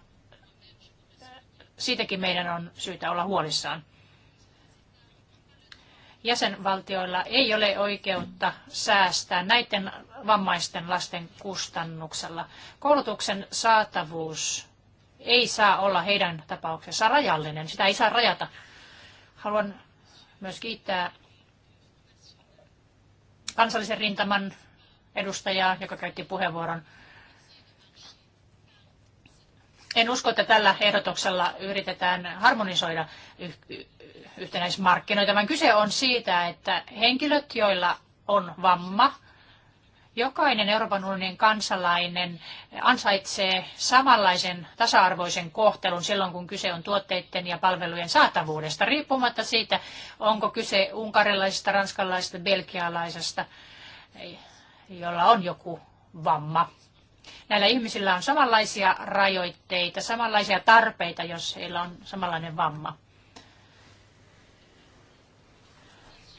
siitäkin meidän on syytä olla huolissaan. Jäsenvaltioilla ei ole oikeutta säästää näiden vammaisten lasten kustannuksella. Koulutuksen saatavuus ei saa olla heidän tapauksessaan rajallinen. Sitä ei saa rajata. Haluan myös kiittää kansallisen rintaman edustajaa, joka käytti puheenvuoron. En usko, että tällä ehdotuksella yritetään harmonisoida yhtenäismarkkinoita, vaan kyse on siitä, että henkilöt, joilla on vamma, jokainen Euroopan unionin kansalainen ansaitsee samanlaisen tasa-arvoisen kohtelun silloin, kun kyse on tuotteiden ja palvelujen saatavuudesta, riippumatta siitä, onko kyse unkarilaisesta, ranskalaisesta, belgialaisesta, jolla on joku vamma. Näillä ihmisillä on samanlaisia rajoitteita, samanlaisia tarpeita, jos heillä on samanlainen vamma.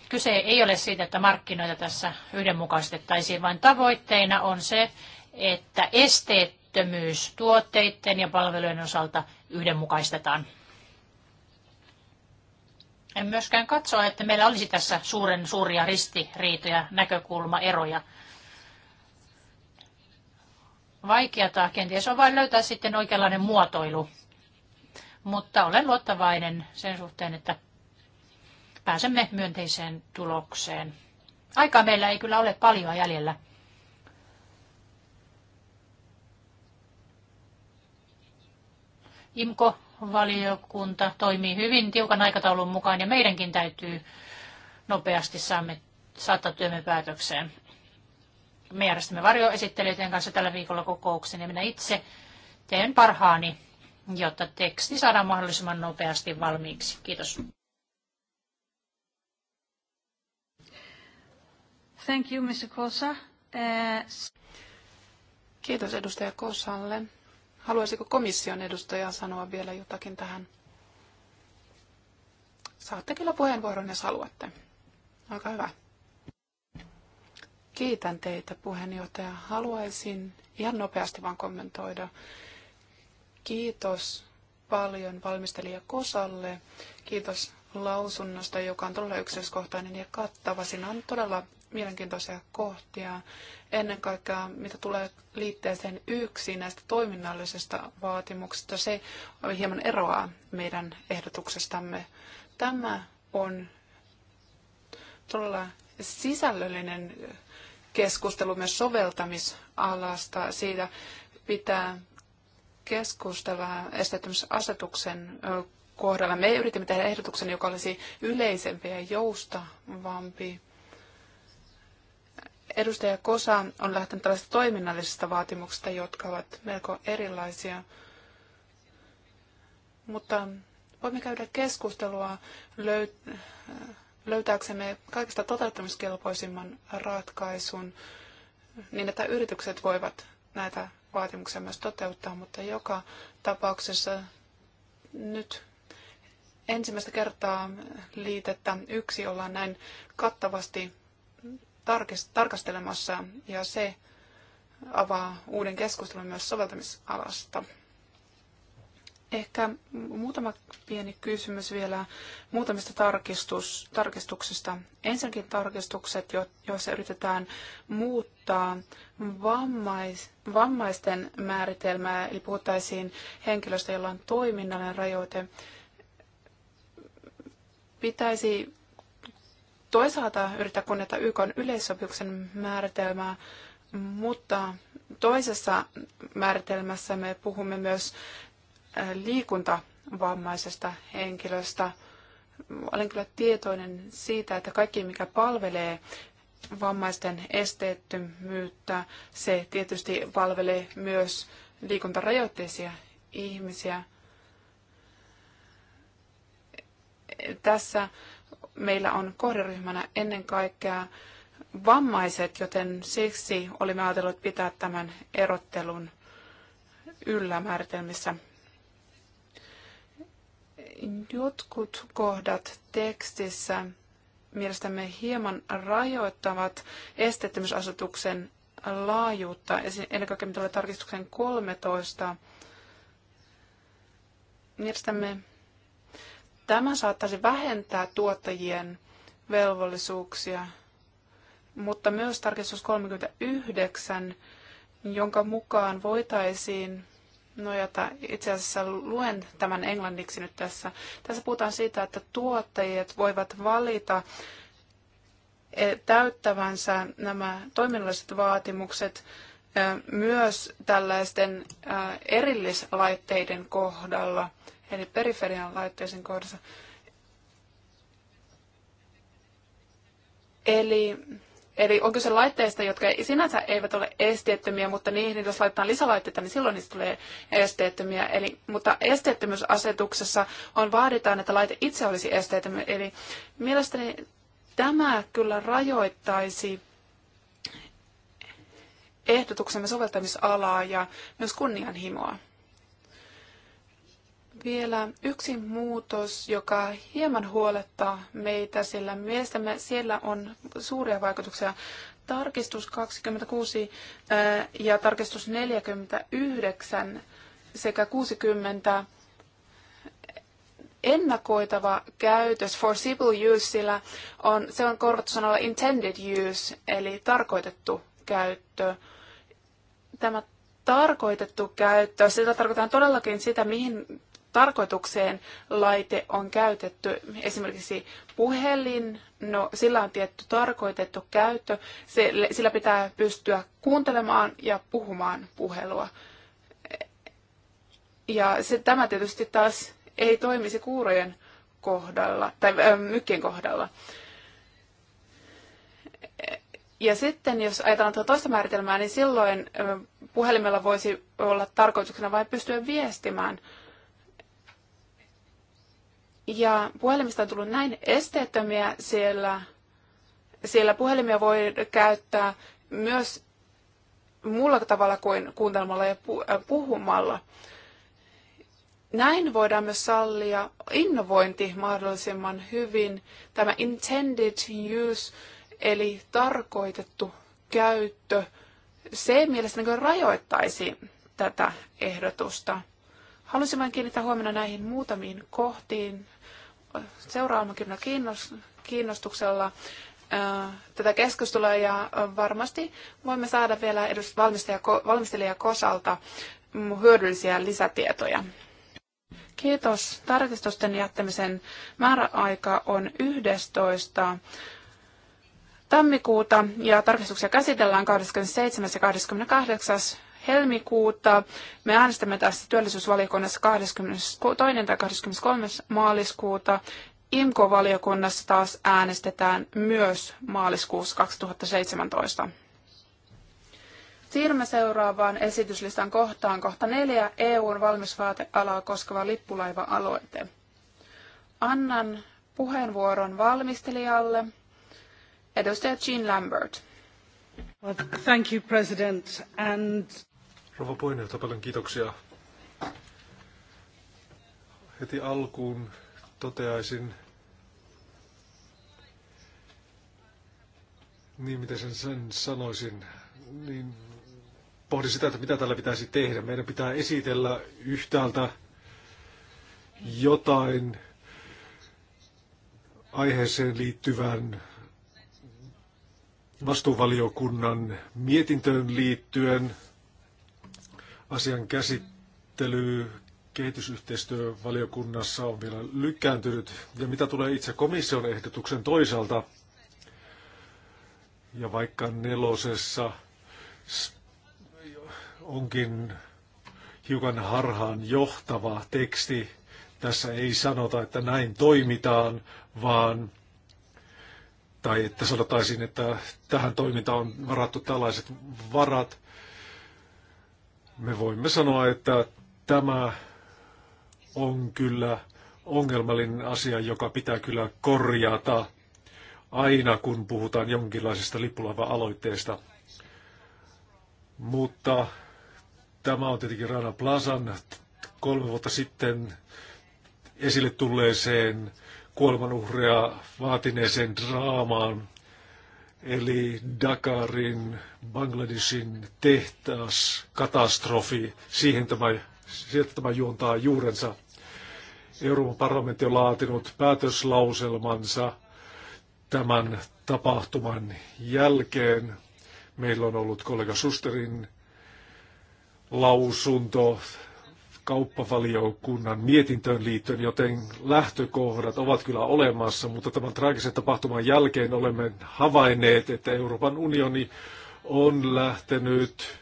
Kyse ei ole siitä, että markkinoita tässä yhdenmukaistettaisiin, vaan tavoitteena on se, että esteettömyys tuotteiden ja palvelujen osalta yhdenmukaistetaan. En myöskään katso, että meillä olisi tässä suuren suuria ristiriitoja, näkökulmaeroja – vaikeata. Kenties on vain löytää sitten oikeanlainen muotoilu. Mutta olen luottavainen sen suhteen, että pääsemme myönteiseen tulokseen. Aikaa meillä ei kyllä ole paljon jäljellä. IMKO-valiokunta toimii hyvin tiukan aikataulun mukaan ja meidänkin täytyy nopeasti saamme saattaa työmme päätökseen. Me järjestämme varjoesittelijöiden kanssa tällä viikolla kokouksen ja minä itse teen parhaani, jotta teksti saadaan mahdollisimman nopeasti valmiiksi. Kiitos. Thank you, Mr. Kosa. Eh, Kiitos edustaja Kosalle. Haluaisiko komission edustaja sanoa vielä jotakin tähän? Saatte kyllä puheenvuoron, jos haluatte. Olkaa hyvä. Kiitän teitä, puheenjohtaja. Haluaisin ihan nopeasti vaan kommentoida. Kiitos paljon valmistelija Kosalle. Kiitos lausunnosta, joka on todella yksityiskohtainen ja kattava. Siinä on todella mielenkiintoisia kohtia. Ennen kaikkea, mitä tulee liitteeseen yksi näistä toiminnallisista vaatimuksista, se hieman eroaa meidän ehdotuksestamme. Tämä on todella sisällöllinen keskustelu myös soveltamisalasta. Siitä pitää keskustella esteettömyysasetuksen kohdalla. Me yritimme tehdä ehdotuksen, joka olisi yleisempi ja joustavampi. Edustaja Kosa on lähtenyt tällaisista toiminnallisista vaatimuksista, jotka ovat melko erilaisia. Mutta voimme käydä keskustelua löytää löytääksemme kaikista toteuttamiskelpoisimman ratkaisun niin, että yritykset voivat näitä vaatimuksia myös toteuttaa, mutta joka tapauksessa nyt ensimmäistä kertaa liitettä yksi ollaan näin kattavasti tarkastelemassa ja se avaa uuden keskustelun myös soveltamisalasta. Ehkä muutama pieni kysymys vielä muutamista tarkistus, tarkistuksista. Ensinnäkin tarkistukset, joissa yritetään muuttaa vammais, vammaisten määritelmää, eli puhuttaisiin henkilöstä, jolla on toiminnallinen rajoite. Pitäisi toisaalta yrittää kunnioittaa YK yleissopimuksen määritelmää, mutta toisessa määritelmässä me puhumme myös liikuntavammaisesta henkilöstä. Olen kyllä tietoinen siitä, että kaikki mikä palvelee vammaisten esteettömyyttä, se tietysti palvelee myös liikuntarajoitteisia ihmisiä. Tässä meillä on kohderyhmänä ennen kaikkea vammaiset, joten siksi olimme ajatelleet pitää tämän erottelun yllä määritelmissä. Jotkut kohdat tekstissä mielestämme hieman rajoittavat esteettömyysasetuksen laajuutta, ennen kaikkea mitä tulee tarkistuksen 13. Mielestämme tämä saattaisi vähentää tuottajien velvollisuuksia, mutta myös tarkistus 39, jonka mukaan voitaisiin nojata. Itse asiassa luen tämän englanniksi nyt tässä. Tässä puhutaan siitä, että tuottajat voivat valita eh, täyttävänsä nämä toiminnalliset vaatimukset eh, myös tällaisten eh, erillislaitteiden kohdalla, eli periferian laitteisen kohdassa. Eli Eli on kyse laitteista, jotka sinänsä eivät ole esteettömiä, mutta niihin, jos laitetaan lisälaitteita, niin silloin niistä tulee esteettömiä. Eli, mutta esteettömyysasetuksessa on vaaditaan, että laite itse olisi esteetön. Eli mielestäni tämä kyllä rajoittaisi ehdotuksemme soveltamisalaa ja myös kunnianhimoa vielä yksi muutos, joka hieman huolettaa meitä, sillä mielestämme siellä on suuria vaikutuksia. Tarkistus 26 äh, ja tarkistus 49 sekä 60 ennakoitava käytös, foreseeable use, sillä on, se on korvattu sanalla intended use, eli tarkoitettu käyttö. Tämä tarkoitettu käyttö, sitä tarkoitetaan todellakin sitä, mihin tarkoitukseen laite on käytetty. Esimerkiksi puhelin, no sillä on tietty tarkoitettu käyttö, sillä pitää pystyä kuuntelemaan ja puhumaan puhelua. Ja se, tämä tietysti taas ei toimisi kuurojen kohdalla tai äh, mykkien kohdalla. Ja sitten, jos ajatellaan tuota toista määritelmää, niin silloin puhelimella voisi olla tarkoituksena vain pystyä viestimään ja puhelimista on tullut näin esteettömiä, siellä, siellä puhelimia voi käyttää myös muulla tavalla kuin kuuntelmalla ja äh, puhumalla. Näin voidaan myös sallia innovointi mahdollisimman hyvin. Tämä intended use, eli tarkoitettu käyttö, se mielestäni rajoittaisi tätä ehdotusta. Halusin vain kiinnittää huomenna näihin muutamiin kohtiin, seuraamme kiinnostuksella tätä keskustelua ja varmasti voimme saada vielä valmistelija Kosalta hyödyllisiä lisätietoja. Kiitos. Tarkistusten jättämisen määräaika on 11. tammikuuta ja tarkistuksia käsitellään 27. ja 28 helmikuuta. Me äänestämme tässä työllisyysvaliokunnassa 22. tai 23. maaliskuuta. IMKO-valiokunnassa taas äänestetään myös maaliskuussa 2017. Siirrymme seuraavaan esityslistan kohtaan, kohta neljä, EUn valmisvaatealaa koskeva lippulaiva-aloite. Annan puheenvuoron valmistelijalle, edustaja Jean Lambert. Well, thank you, President. And... Rova puheenjohtaja, paljon kiitoksia. Heti alkuun toteaisin, niin miten sen, sen sanoisin, niin pohdin sitä, että mitä tällä pitäisi tehdä. Meidän pitää esitellä yhtäältä jotain aiheeseen liittyvän vastuuvaliokunnan mietintöön liittyen, asian käsittely kehitysyhteistyövaliokunnassa on vielä lykkääntynyt. Ja mitä tulee itse komission ehdotuksen toisaalta, ja vaikka nelosessa onkin hiukan harhaan johtava teksti, tässä ei sanota, että näin toimitaan, vaan tai että sanotaisiin, että tähän toimintaan on varattu tällaiset varat, me voimme sanoa, että tämä on kyllä ongelmallinen asia, joka pitää kyllä korjata aina, kun puhutaan jonkinlaisesta lippulaiva-aloitteesta. Mutta tämä on tietenkin Rana Plazan kolme vuotta sitten esille tulleeseen kuolemanuhreja vaatineeseen draamaan eli Dakarin, Bangladeshin tehtaas, katastrofi, siihen tämä, sieltä tämä juontaa juurensa. Euroopan parlamentti on laatinut päätöslauselmansa tämän tapahtuman jälkeen. Meillä on ollut kollega Susterin lausunto kauppavaliokunnan mietintöön liittyen, joten lähtökohdat ovat kyllä olemassa, mutta tämän traagisen tapahtuman jälkeen olemme havainneet, että Euroopan unioni on lähtenyt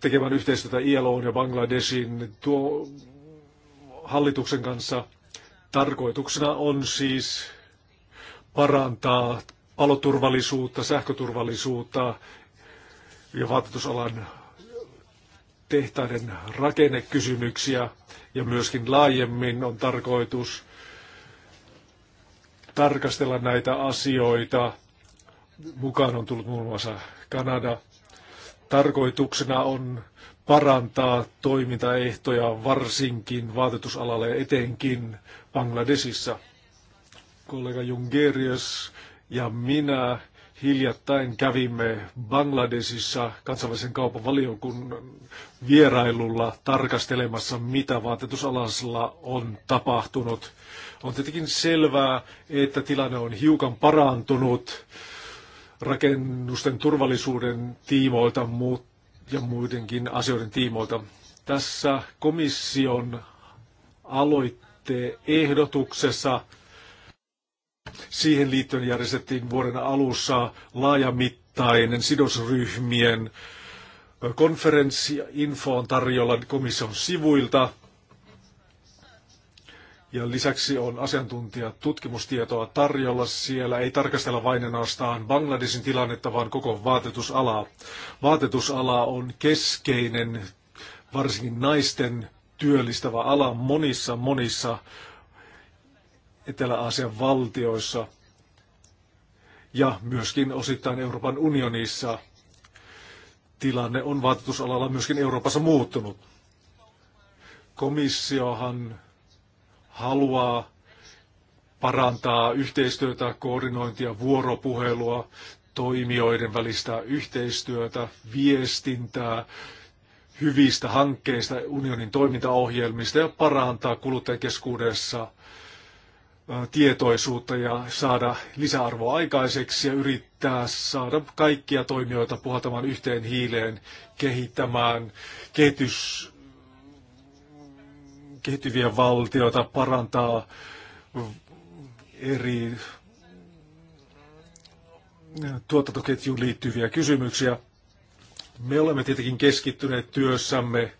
tekemään yhteistyötä ILOon ja Bangladesin tuo hallituksen kanssa. Tarkoituksena on siis parantaa paloturvallisuutta, sähköturvallisuutta ja vaatetusalan tehtaiden rakennekysymyksiä ja myöskin laajemmin on tarkoitus tarkastella näitä asioita. Mukaan on tullut muun muassa Kanada. Tarkoituksena on parantaa toimintaehtoja varsinkin vaatetusalalle etenkin Bangladesissa. Kollega Jungerius ja minä Hiljattain kävimme Bangladesissa kansainvälisen kaupan valiokunnan vierailulla tarkastelemassa, mitä vaatetusalasla on tapahtunut. On tietenkin selvää, että tilanne on hiukan parantunut rakennusten turvallisuuden tiimoilta ja muidenkin asioiden tiimoilta. Tässä komission aloitteen ehdotuksessa Siihen liittyen järjestettiin vuoden alussa laajamittainen sidosryhmien konferenssi. Info on tarjolla komission sivuilta. Ja lisäksi on tutkimustietoa tarjolla. Siellä ei tarkastella vain ainoastaan Bangladesin tilannetta, vaan koko vaatetusalaa. Vaatetusala on keskeinen, varsinkin naisten työllistävä ala monissa monissa Etelä-Aasian valtioissa ja myöskin osittain Euroopan unionissa. Tilanne on vaatetusalalla myöskin Euroopassa muuttunut. Komissiohan haluaa parantaa yhteistyötä, koordinointia, vuoropuhelua, toimijoiden välistä yhteistyötä, viestintää, hyvistä hankkeista, unionin toimintaohjelmista ja parantaa kuluttajakeskuudessa tietoisuutta ja saada lisäarvoa aikaiseksi ja yrittää saada kaikkia toimijoita puhaltamaan yhteen hiileen, kehittämään kehitys, kehittyviä valtioita, parantaa eri tuotantoketjuun liittyviä kysymyksiä. Me olemme tietenkin keskittyneet työssämme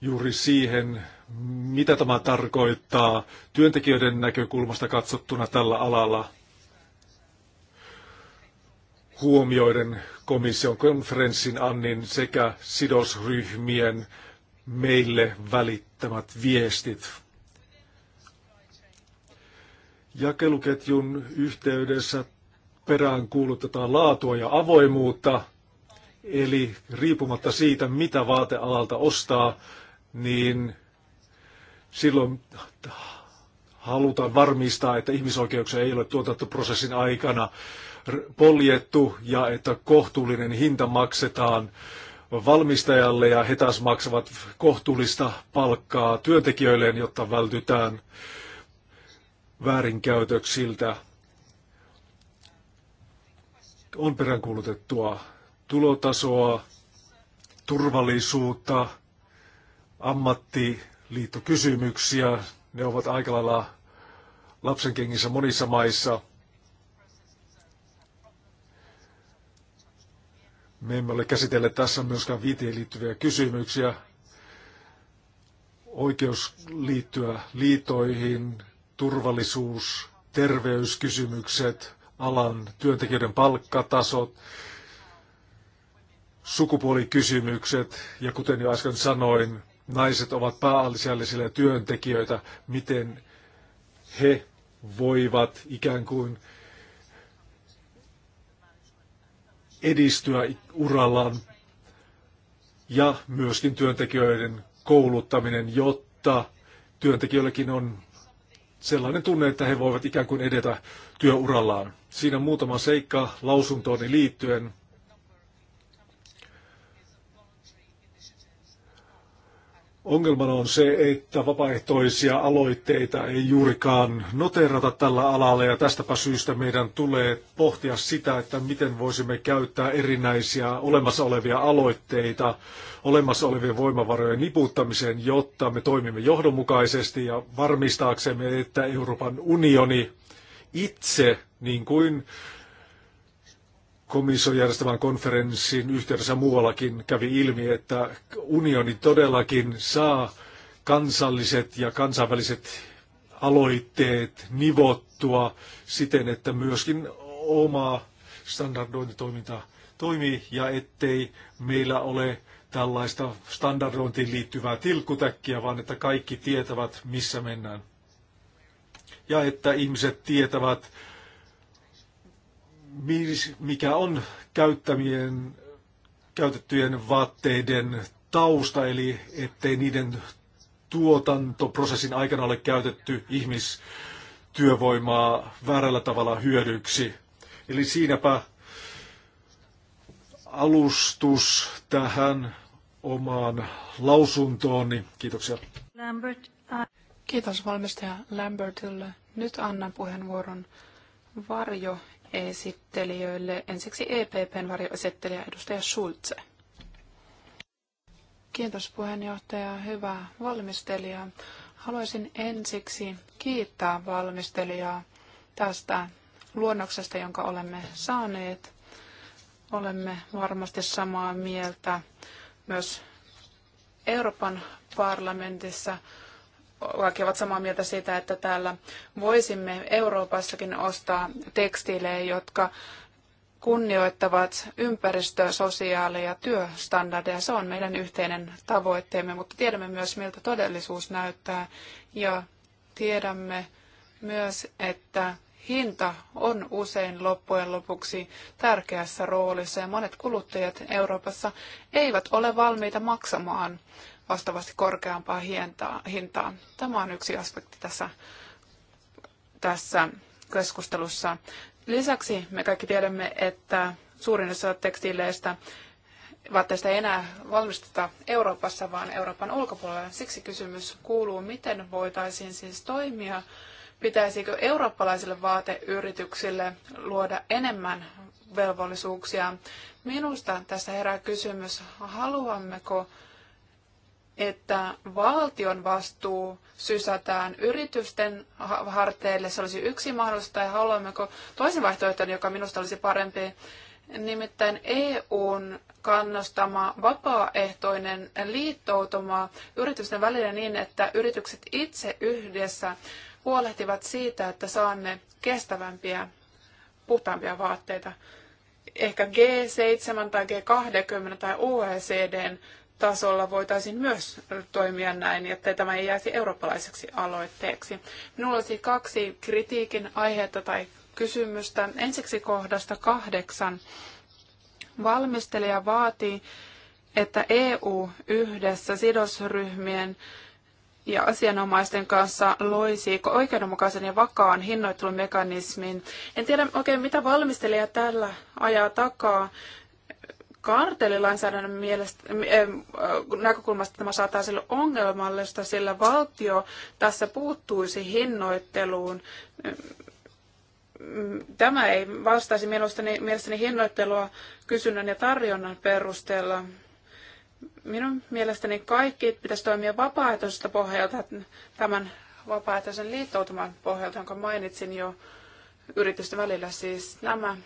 juuri siihen, mitä tämä tarkoittaa työntekijöiden näkökulmasta katsottuna tällä alalla huomioiden komission konferenssin annin sekä sidosryhmien meille välittämät viestit. Jakeluketjun yhteydessä perään kuulutetaan laatua ja avoimuutta, eli riippumatta siitä, mitä vaatealalta ostaa, niin silloin halutaan varmistaa, että ihmisoikeuksia ei ole tuotantoprosessin aikana poljettu ja että kohtuullinen hinta maksetaan valmistajalle ja he taas maksavat kohtuullista palkkaa työntekijöilleen, jotta vältytään väärinkäytöksiltä. On peräänkuulutettua tulotasoa, turvallisuutta, ammatti liittokysymyksiä. Ne ovat aika lailla lapsenkengissä monissa maissa. Me emme ole käsitelleet tässä myöskään viiteen liittyviä kysymyksiä. Oikeus liittyä liitoihin, turvallisuus, terveyskysymykset, alan työntekijöiden palkkatasot, sukupuolikysymykset ja kuten jo äsken sanoin, naiset ovat pääasiallisia työntekijöitä, miten he voivat ikään kuin edistyä urallaan ja myöskin työntekijöiden kouluttaminen, jotta työntekijöilläkin on sellainen tunne, että he voivat ikään kuin edetä työurallaan. Siinä muutama seikka lausuntooni liittyen. Ongelmana on se, että vapaaehtoisia aloitteita ei juurikaan noterata tällä alalla ja tästäpä syystä meidän tulee pohtia sitä, että miten voisimme käyttää erinäisiä olemassa olevia aloitteita olemassa olevien voimavarojen niputtamiseen, jotta me toimimme johdonmukaisesti ja varmistaaksemme, että Euroopan unioni itse, niin kuin komission järjestämän konferenssin yhteydessä muuallakin kävi ilmi, että unioni todellakin saa kansalliset ja kansainväliset aloitteet nivottua siten, että myöskin oma standardointitoiminta toimii ja ettei meillä ole tällaista standardointiin liittyvää tilkkutäkkiä, vaan että kaikki tietävät, missä mennään. Ja että ihmiset tietävät, mikä on käyttämien, käytettyjen vaatteiden tausta, eli ettei niiden tuotantoprosessin aikana ole käytetty ihmistyövoimaa väärällä tavalla hyödyksi. Eli siinäpä alustus tähän omaan lausuntooni. Kiitoksia. Lambert, uh, Kiitos valmistaja Lambertille. Nyt annan puheenvuoron varjo esittelijöille. Ensiksi EPPn varjoesittelijä edustaja Schulze. Kiitos puheenjohtaja, hyvä valmistelija. Haluaisin ensiksi kiittää valmistelijaa tästä luonnoksesta, jonka olemme saaneet. Olemme varmasti samaa mieltä myös Euroopan parlamentissa kaikki ovat samaa mieltä siitä, että täällä voisimme Euroopassakin ostaa tekstiilejä, jotka kunnioittavat ympäristö-, sosiaali- ja työstandardeja. Se on meidän yhteinen tavoitteemme, mutta tiedämme myös, miltä todellisuus näyttää ja tiedämme myös, että hinta on usein loppujen lopuksi tärkeässä roolissa ja monet kuluttajat Euroopassa eivät ole valmiita maksamaan vastaavasti korkeampaa hintaa. Tämä on yksi aspekti tässä, tässä keskustelussa. Lisäksi me kaikki tiedämme, että suurin osa tekstiileistä vaatteista ei enää valmisteta Euroopassa, vaan Euroopan ulkopuolella. Siksi kysymys kuuluu, miten voitaisiin siis toimia pitäisikö eurooppalaisille vaateyrityksille luoda enemmän velvollisuuksia. Minusta tässä herää kysymys, haluammeko että valtion vastuu sysätään yritysten harteille. Se olisi yksi mahdollista, tai haluammeko toisen vaihtoehton, joka minusta olisi parempi, nimittäin EUn kannustama vapaaehtoinen liittoutuma yritysten välillä niin, että yritykset itse yhdessä huolehtivat siitä, että saamme kestävämpiä, puhtaampia vaatteita. Ehkä G7 tai G20 tai OECDn tasolla voitaisiin myös toimia näin, jotta tämä ei jäisi eurooppalaiseksi aloitteeksi. Minulla olisi kaksi kritiikin aihetta tai kysymystä. Ensiksi kohdasta kahdeksan. Valmistelija vaatii, että EU yhdessä sidosryhmien ja asianomaisten kanssa loisi oikeudenmukaisen ja vakaan hinnoittelumekanismin. En tiedä oikein, mitä valmistelija tällä ajaa takaa kartellilainsäädännön mielestä, eh, äh, näkökulmasta tämä saattaa sille ongelmallista, sillä valtio tässä puuttuisi hinnoitteluun. Mm, mm, tämä ei vastaisi mielestäni, mielestäni hinnoittelua kysynnän ja tarjonnan perusteella. Minun mielestäni kaikki pitäisi toimia vapaaehtoisesta pohjalta, tämän vapaaehtoisen liittoutuman pohjalta, jonka mainitsin jo yritysten välillä. Siis nämä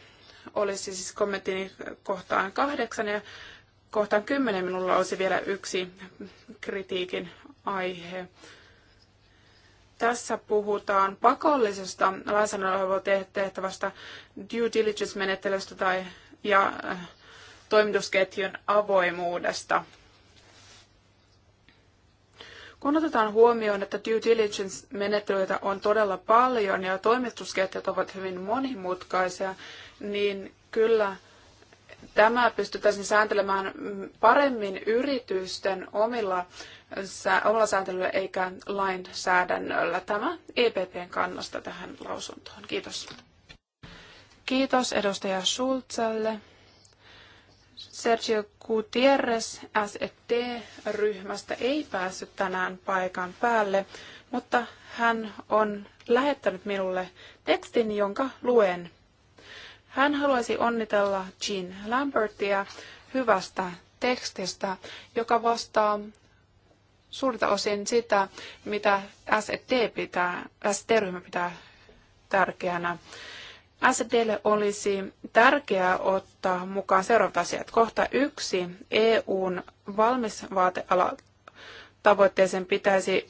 olisi siis kommenttini kohtaan kahdeksan ja kohtaan kymmenen minulla olisi vielä yksi kritiikin aihe. Tässä puhutaan pakollisesta lainsäädännöllä due diligence-menettelystä tai, ja äh, toimitusketjun avoimuudesta. Kun otetaan huomioon, että due diligence-menettelyitä on todella paljon ja toimitusketjut ovat hyvin monimutkaisia, niin kyllä tämä pystyttäisiin sääntelemään paremmin yritysten omilla, omalla sääntelyllä eikä lainsäädännöllä. Tämä EPPn kannasta tähän lausuntoon. Kiitos. Kiitos edustaja Schulzelle. Sergio Gutierrez SET-ryhmästä ei päässyt tänään paikan päälle, mutta hän on lähettänyt minulle tekstin, jonka luen hän haluaisi onnitella Jean Lambertia hyvästä tekstistä, joka vastaa suurta osin sitä, mitä SD pitää, ryhmä pitää tärkeänä. SDlle olisi tärkeää ottaa mukaan seuraavat asiat. Kohta yksi EUn valmisvaateala tavoitteeseen pitäisi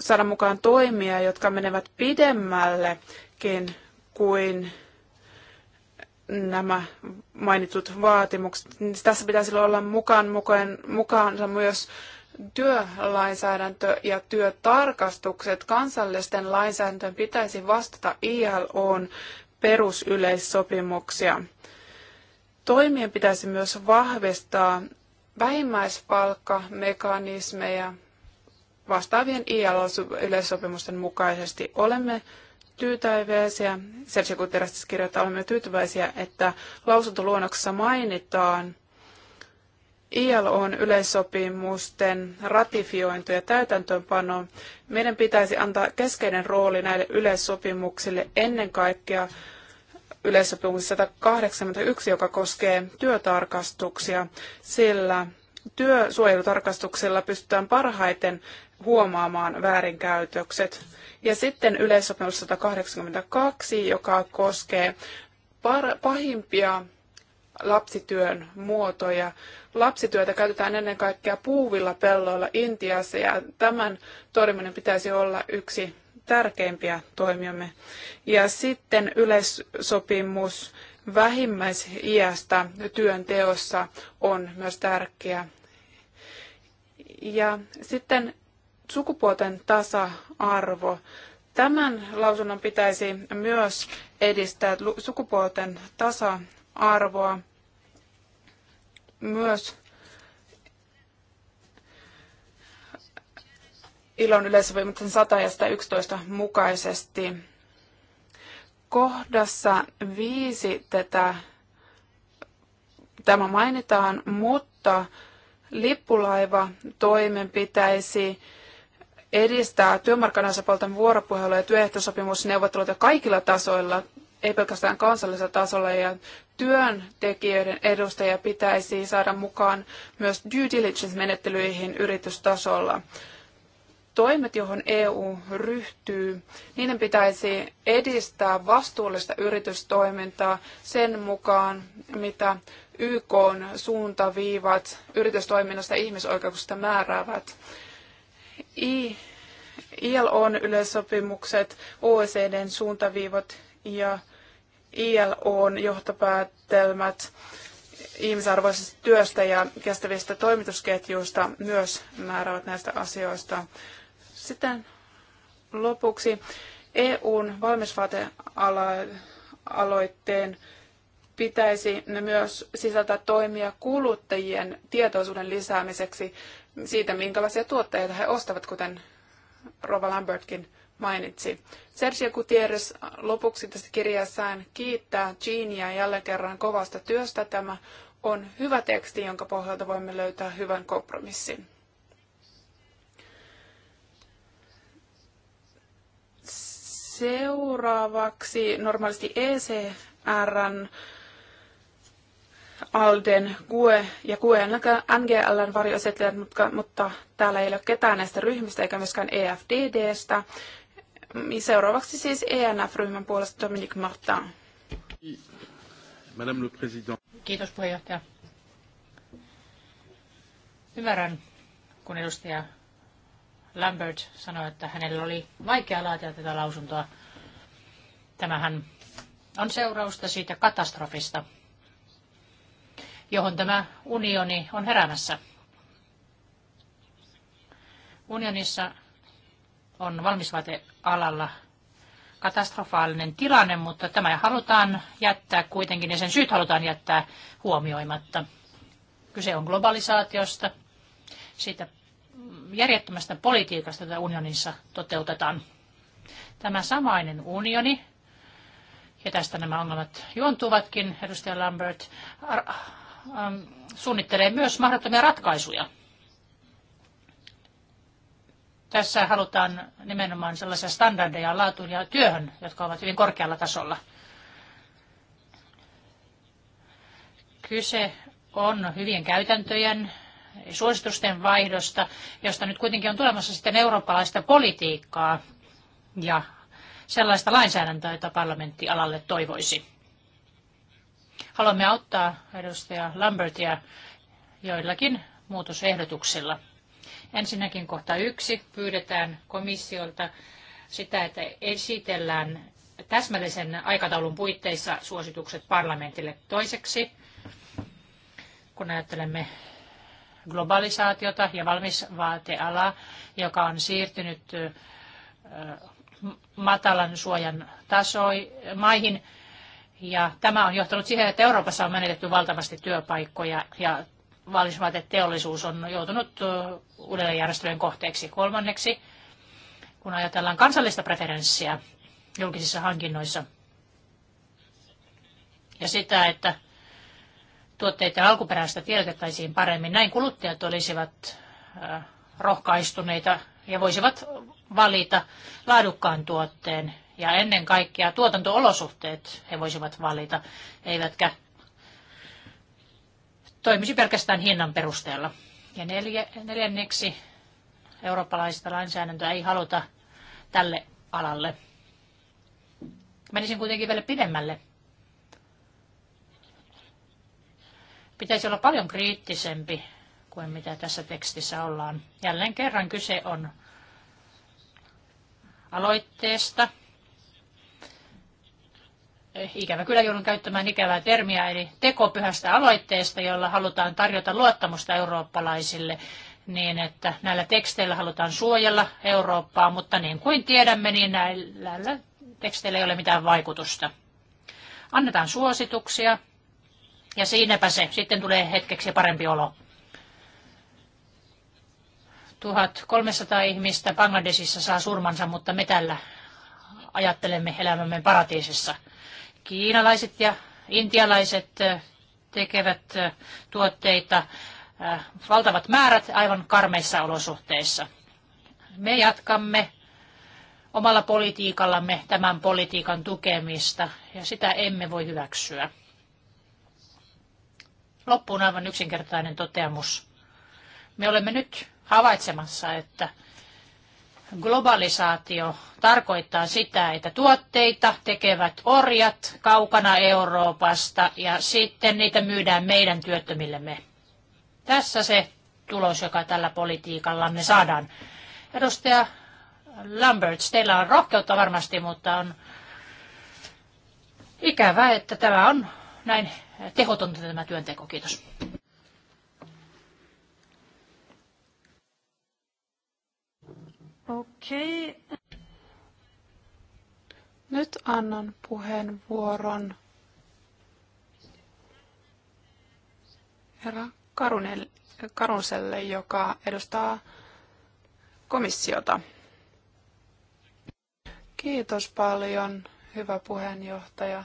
saada mukaan toimia, jotka menevät pidemmällekin kuin nämä mainitut vaatimukset. Tässä pitäisi olla mukaan, mukaan, mukaansa myös työlainsäädäntö ja työtarkastukset. Kansallisten lainsäädäntöön pitäisi vastata ILOn perusyleissopimuksia. Toimien pitäisi myös vahvistaa vähimmäispalkkamekanismeja vastaavien ILO-yleissopimusten mukaisesti. Olemme tyytyväisiä, Sergio Guterres kirjoittaa, olemme tyytyväisiä, että lausuntoluonnoksessa mainitaan ILOn yleissopimusten ratifiointi ja täytäntöönpano. Meidän pitäisi antaa keskeinen rooli näille yleissopimuksille ennen kaikkea yleissopimus 181, joka koskee työtarkastuksia, sillä työsuojelutarkastuksella pystytään parhaiten huomaamaan väärinkäytökset. Ja sitten yleissopimus 182, joka koskee pahimpia lapsityön muotoja. Lapsityötä käytetään ennen kaikkea puuvilla pelloilla Intiassa ja tämän torjuminen pitäisi olla yksi tärkeimpiä toimiamme. Ja sitten yleissopimus vähimmäisiästä työnteossa on myös tärkeä. Ja sitten sukupuolten tasa-arvo. Tämän lausunnon pitäisi myös edistää sukupuolten tasa-arvoa myös ilon yleissopimuksen 100 111 mukaisesti. Kohdassa viisi tätä, tämä mainitaan, mutta lippulaiva toimen pitäisi edistää työmarkkinaosapuolten vuoropuhelua ja työehtosopimusneuvotteluita kaikilla tasoilla, ei pelkästään kansallisella tasolla, ja työntekijöiden edustajia pitäisi saada mukaan myös due diligence-menettelyihin yritystasolla. Toimet, johon EU ryhtyy, niiden pitäisi edistää vastuullista yritystoimintaa sen mukaan, mitä YK suuntaviivat yritystoiminnasta ja ihmisoikeuksista määräävät. I, ILOn yleissopimukset, OECDn suuntaviivot ja ILOn johtopäätelmät ihmisarvoisesta työstä ja kestävistä toimitusketjuista myös määräävät näistä asioista. Sitten lopuksi EUn valmisvaatealoitteen pitäisi myös sisältää toimia kuluttajien tietoisuuden lisäämiseksi siitä, minkälaisia tuotteita he ostavat, kuten Rova Lambertkin mainitsi. Sergio Gutierrez lopuksi tästä kirjassaan kiittää Jeania jälleen kerran kovasta työstä. Tämä on hyvä teksti, jonka pohjalta voimme löytää hyvän kompromissin. Seuraavaksi normaalisti ECRn Alden, kue ja GUE NGLn varjoesittelijät, mutta, mutta täällä ei ole ketään näistä ryhmistä eikä myöskään EFDDstä. Seuraavaksi siis ENF-ryhmän puolesta Dominique Martin. Madame le Président. Kiitos puheenjohtaja. Ymmärrän, kun edustaja Lambert sanoi, että hänellä oli vaikea laatia tätä lausuntoa. Tämähän on seurausta siitä katastrofista, johon tämä unioni on heräämässä. Unionissa on valmisvaatealalla katastrofaalinen tilanne, mutta tämä halutaan jättää kuitenkin ja sen syyt halutaan jättää huomioimatta. Kyse on globalisaatiosta, siitä järjettömästä politiikasta, jota unionissa toteutetaan. Tämä samainen unioni, ja tästä nämä ongelmat juontuvatkin, edustaja Lambert, Ähm, suunnittelee myös mahdottomia ratkaisuja. Tässä halutaan nimenomaan sellaisia standardeja laatuun ja työhön, jotka ovat hyvin korkealla tasolla. Kyse on hyvien käytäntöjen suositusten vaihdosta, josta nyt kuitenkin on tulemassa sitten eurooppalaista politiikkaa ja sellaista lainsäädäntöä, jota parlamentti alalle toivoisi. Haluamme auttaa edustaja Lambertia joillakin muutosehdotuksilla. Ensinnäkin kohta yksi pyydetään komissiolta sitä, että esitellään täsmällisen aikataulun puitteissa suositukset parlamentille. Toiseksi, kun ajattelemme globalisaatiota ja valmisvaatealaa, joka on siirtynyt matalan suojan tasoihin. maihin, ja tämä on johtanut siihen, että Euroopassa on menetetty valtavasti työpaikkoja ja teollisuus on joutunut uudelleenjärjestelyjen kohteeksi. Kolmanneksi, kun ajatellaan kansallista preferenssiä julkisissa hankinnoissa ja sitä, että tuotteiden alkuperäistä tiedotettaisiin paremmin, näin kuluttajat olisivat rohkaistuneita ja voisivat valita laadukkaan tuotteen ja ennen kaikkea tuotantoolosuhteet he voisivat valita, eivätkä toimisi pelkästään hinnan perusteella. Ja neljä, neljänneksi eurooppalaista lainsäädäntöä ei haluta tälle alalle. Menisin kuitenkin vielä pidemmälle. Pitäisi olla paljon kriittisempi kuin mitä tässä tekstissä ollaan. Jälleen kerran kyse on aloitteesta, Eh, ikävä kyllä joudun käyttämään ikävää termiä, eli tekopyhästä aloitteesta, jolla halutaan tarjota luottamusta eurooppalaisille niin, että näillä teksteillä halutaan suojella Eurooppaa, mutta niin kuin tiedämme, niin näillä teksteillä ei ole mitään vaikutusta. Annetaan suosituksia ja siinäpä se. Sitten tulee hetkeksi parempi olo. 1300 ihmistä Bangladesissa saa surmansa, mutta me tällä ajattelemme elämämme paratiisissa – Kiinalaiset ja intialaiset tekevät tuotteita valtavat määrät aivan karmeissa olosuhteissa. Me jatkamme omalla politiikallamme tämän politiikan tukemista ja sitä emme voi hyväksyä. Loppuun aivan yksinkertainen toteamus. Me olemme nyt havaitsemassa, että – globalisaatio tarkoittaa sitä, että tuotteita tekevät orjat kaukana Euroopasta ja sitten niitä myydään meidän työttömillemme. Tässä se tulos, joka tällä politiikallanne saadaan. Edustaja Lamberts, teillä on rohkeutta varmasti, mutta on ikävää, että tämä on näin tehotonta tämä työnteko. Kiitos. Okei. Nyt annan puheenvuoron herra Karunselle, joka edustaa komissiota. Kiitos paljon, hyvä puheenjohtaja.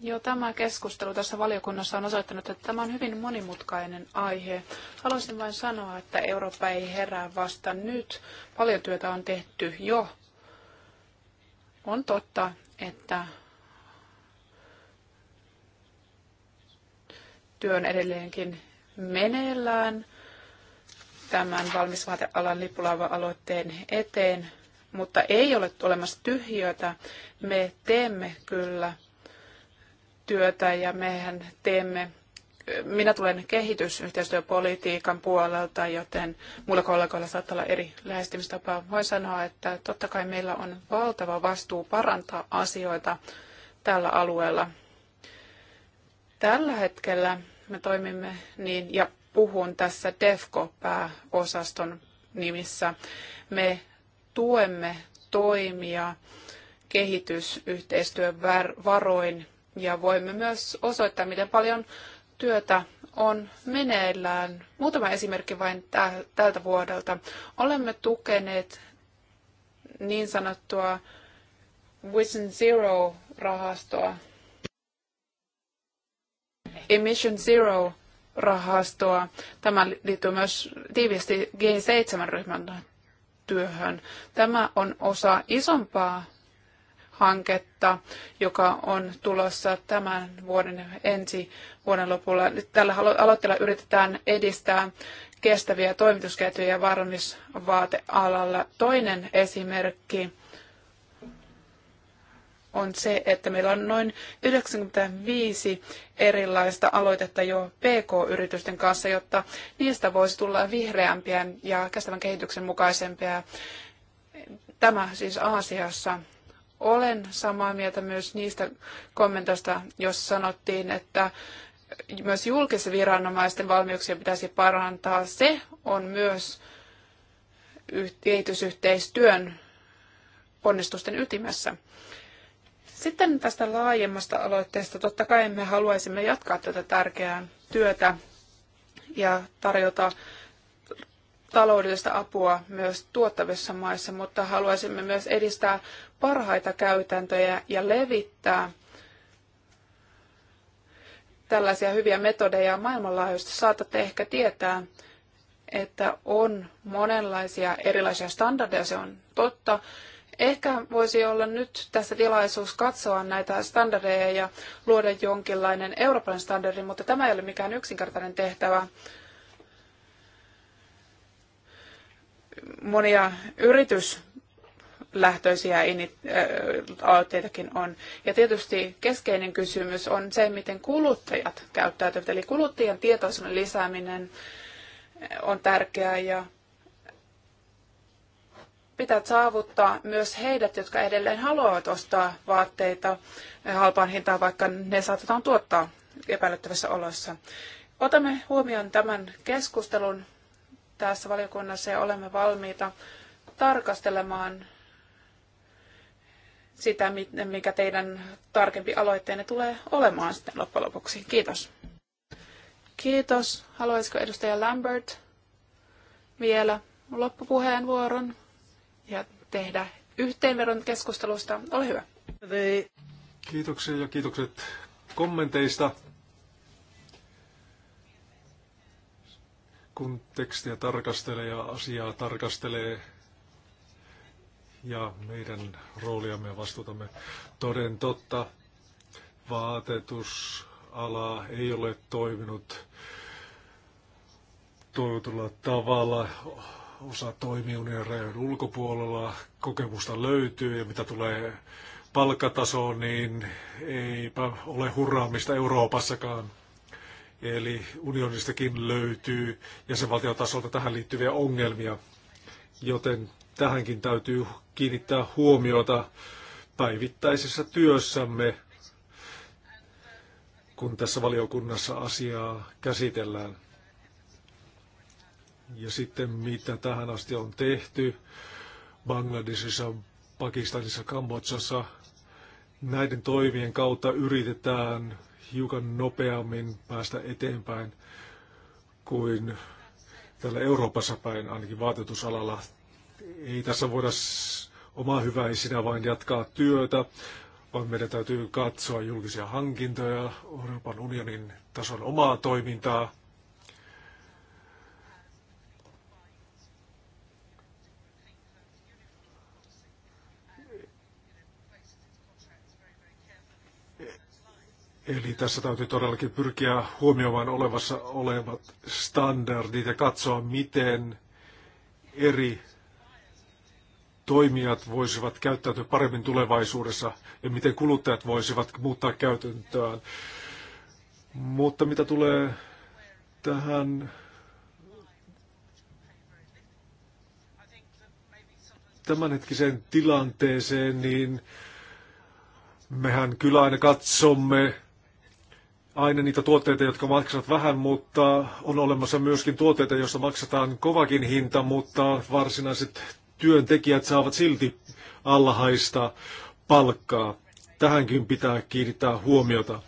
Joo, tämä keskustelu tässä valiokunnassa on osoittanut, että tämä on hyvin monimutkainen aihe. Haluaisin vain sanoa, että Eurooppa ei herää vasta nyt. Paljon työtä on tehty jo. On totta, että työ on edelleenkin meneillään tämän valmisvaatealan lippulaiva-aloitteen eteen, mutta ei ole olemassa tyhjötä. Me teemme kyllä työtä ja mehän teemme minä tulen kehitysyhteistyöpolitiikan puolelta, joten muilla kollegoilla saattaa olla eri lähestymistapa. Voin sanoa, että totta kai meillä on valtava vastuu parantaa asioita tällä alueella. Tällä hetkellä me toimimme niin, ja puhun tässä DEFCO-pääosaston nimissä. Me tuemme toimia kehitysyhteistyön varoin ja voimme myös osoittaa, miten paljon työtä on meneillään. Muutama esimerkki vain tältä vuodelta. Olemme tukeneet niin sanottua Vision Zero-rahastoa, Emission Zero-rahastoa. Tämä liittyy myös tiiviisti G7-ryhmän työhön. Tämä on osa isompaa hanketta, joka on tulossa tämän vuoden ensi vuoden lopulla. Nyt tällä aloitteella yritetään edistää kestäviä toimitusketjuja varmisvaatealalla. Toinen esimerkki on se, että meillä on noin 95 erilaista aloitetta jo PK-yritysten kanssa, jotta niistä voisi tulla vihreämpiä ja kestävän kehityksen mukaisempia. Tämä siis Aasiassa olen samaa mieltä myös niistä kommentoista, jos sanottiin, että myös julkisen viranomaisten valmiuksia pitäisi parantaa. Se on myös kehitysyhteistyön ponnistusten ytimessä. Sitten tästä laajemmasta aloitteesta. Totta kai me haluaisimme jatkaa tätä tärkeää työtä ja tarjota taloudellista apua myös tuottavissa maissa, mutta haluaisimme myös edistää parhaita käytäntöjä ja levittää tällaisia hyviä metodeja maailmanlaajuisesti. Saatatte ehkä tietää, että on monenlaisia erilaisia standardeja, se on totta. Ehkä voisi olla nyt tässä tilaisuus katsoa näitä standardeja ja luoda jonkinlainen eurooppalainen standardi, mutta tämä ei ole mikään yksinkertainen tehtävä. Monia yritys lähtöisiä äh, aloitteitakin on. Ja tietysti keskeinen kysymys on se, miten kuluttajat käyttäytyvät. Eli kuluttajien tietoisuuden lisääminen on tärkeää ja pitää saavuttaa myös heidät, jotka edelleen haluavat ostaa vaatteita halpaan hintaan, vaikka ne saatetaan tuottaa epäilyttävässä olossa. Otamme huomioon tämän keskustelun tässä valiokunnassa ja olemme valmiita tarkastelemaan sitä, mikä teidän tarkempi aloitteenne tulee olemaan sitten loppujen lopuksi. Kiitos. Kiitos. Haluaisiko edustaja Lambert vielä loppupuheenvuoron ja tehdä yhteenvedon keskustelusta? Ole hyvä. Kiitoksia ja kiitokset kommenteista. Kun tekstiä tarkastelee ja asiaa tarkastelee ja meidän rooliamme ja vastuutamme. Toden totta, vaatetusala ei ole toiminut toivotulla tavalla. Osa toimii unionin rajojen ulkopuolella, kokemusta löytyy ja mitä tulee palkkatasoon, niin eipä ole hurraamista Euroopassakaan. Eli unionistakin löytyy jäsenvaltiotasolta tähän liittyviä ongelmia, joten tähänkin täytyy kiinnittää huomiota päivittäisessä työssämme, kun tässä valiokunnassa asiaa käsitellään. Ja sitten mitä tähän asti on tehty Bangladesissa, Pakistanissa, Kambodsassa, näiden toimien kautta yritetään hiukan nopeammin päästä eteenpäin kuin täällä Euroopassa päin, ainakin vaatetusalalla ei tässä voida omaa hyväisinä vain jatkaa työtä, vaan meidän täytyy katsoa julkisia hankintoja, Euroopan unionin tason omaa toimintaa. Eli tässä täytyy todellakin pyrkiä huomioimaan olevassa olevat standardit ja katsoa, miten eri toimijat voisivat käyttäytyä paremmin tulevaisuudessa ja miten kuluttajat voisivat muuttaa käytäntöään. Mutta mitä tulee tähän tämänhetkiseen tilanteeseen, niin mehän kyllä aina katsomme aina niitä tuotteita, jotka maksavat vähän, mutta on olemassa myöskin tuotteita, joissa maksetaan kovakin hinta, mutta varsinaiset työntekijät saavat silti alhaista palkkaa. Tähänkin pitää kiinnittää huomiota.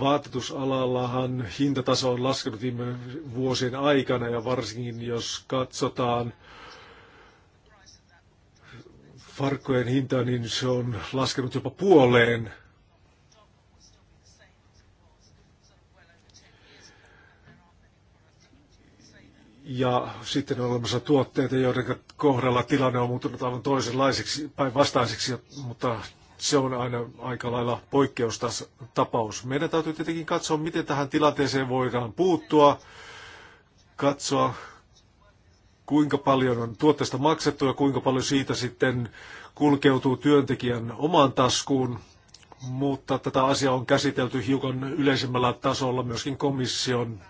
Vaatetusalallahan hintataso on laskenut viime vuosien aikana ja varsinkin jos katsotaan farkkojen hintaa, niin se on laskenut jopa puoleen – Ja sitten on olemassa tuotteita, joiden kohdalla tilanne on muuttunut aivan toisenlaiseksi, päinvastaiseksi, mutta se on aina aika lailla poikkeustapaus. Meidän täytyy tietenkin katsoa, miten tähän tilanteeseen voidaan puuttua, katsoa kuinka paljon on tuotteesta maksettu ja kuinka paljon siitä sitten kulkeutuu työntekijän omaan taskuun. Mutta tätä asiaa on käsitelty hiukan yleisemmällä tasolla myöskin komission